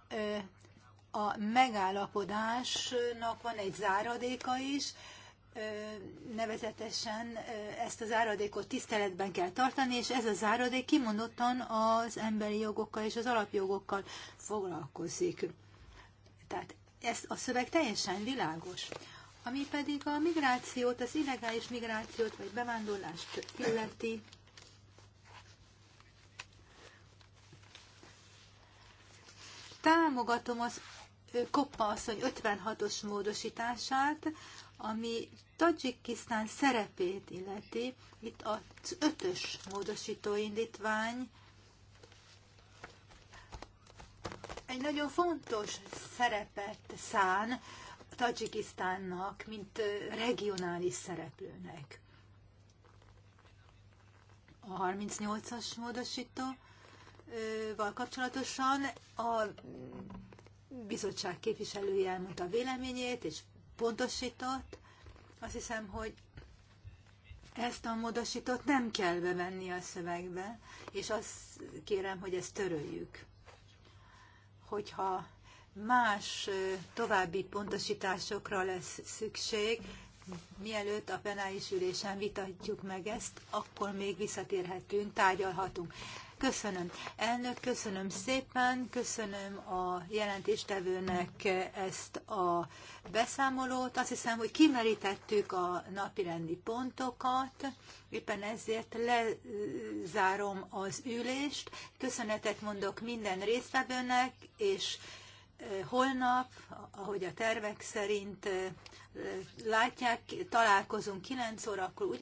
a megállapodásnak van egy záradéka is, nevezetesen ezt az áradékot tiszteletben kell tartani, és ez az áradék kimondottan az emberi jogokkal és az alapjogokkal foglalkozik. Tehát ez a szöveg teljesen világos. Ami pedig a migrációt, az illegális migrációt vagy bevándorlást illeti, támogatom az Koppa asszony 56-os módosítását, ami Tajikisztán szerepét illeti, itt az ötös módosító indítvány egy nagyon fontos szerepet szán Tajikisztánnak, mint regionális szereplőnek. A 38-as módosítóval kapcsolatosan a bizottság képviselője elmondta a véleményét, és pontosított. Azt hiszem, hogy ezt a módosított nem kell bevenni a szövegbe, és azt kérem, hogy ezt töröljük. Hogyha más további pontosításokra lesz szükség, mielőtt a penális ülésen vitatjuk meg ezt, akkor még visszatérhetünk, tárgyalhatunk. Köszönöm. Elnök, köszönöm szépen, köszönöm a jelentéstevőnek ezt a beszámolót. Azt hiszem, hogy kimerítettük a napirendi pontokat, éppen ezért lezárom az ülést. Köszönetet mondok minden résztvevőnek, és eh, holnap, ahogy a tervek szerint eh, látják, találkozunk 9 órakor.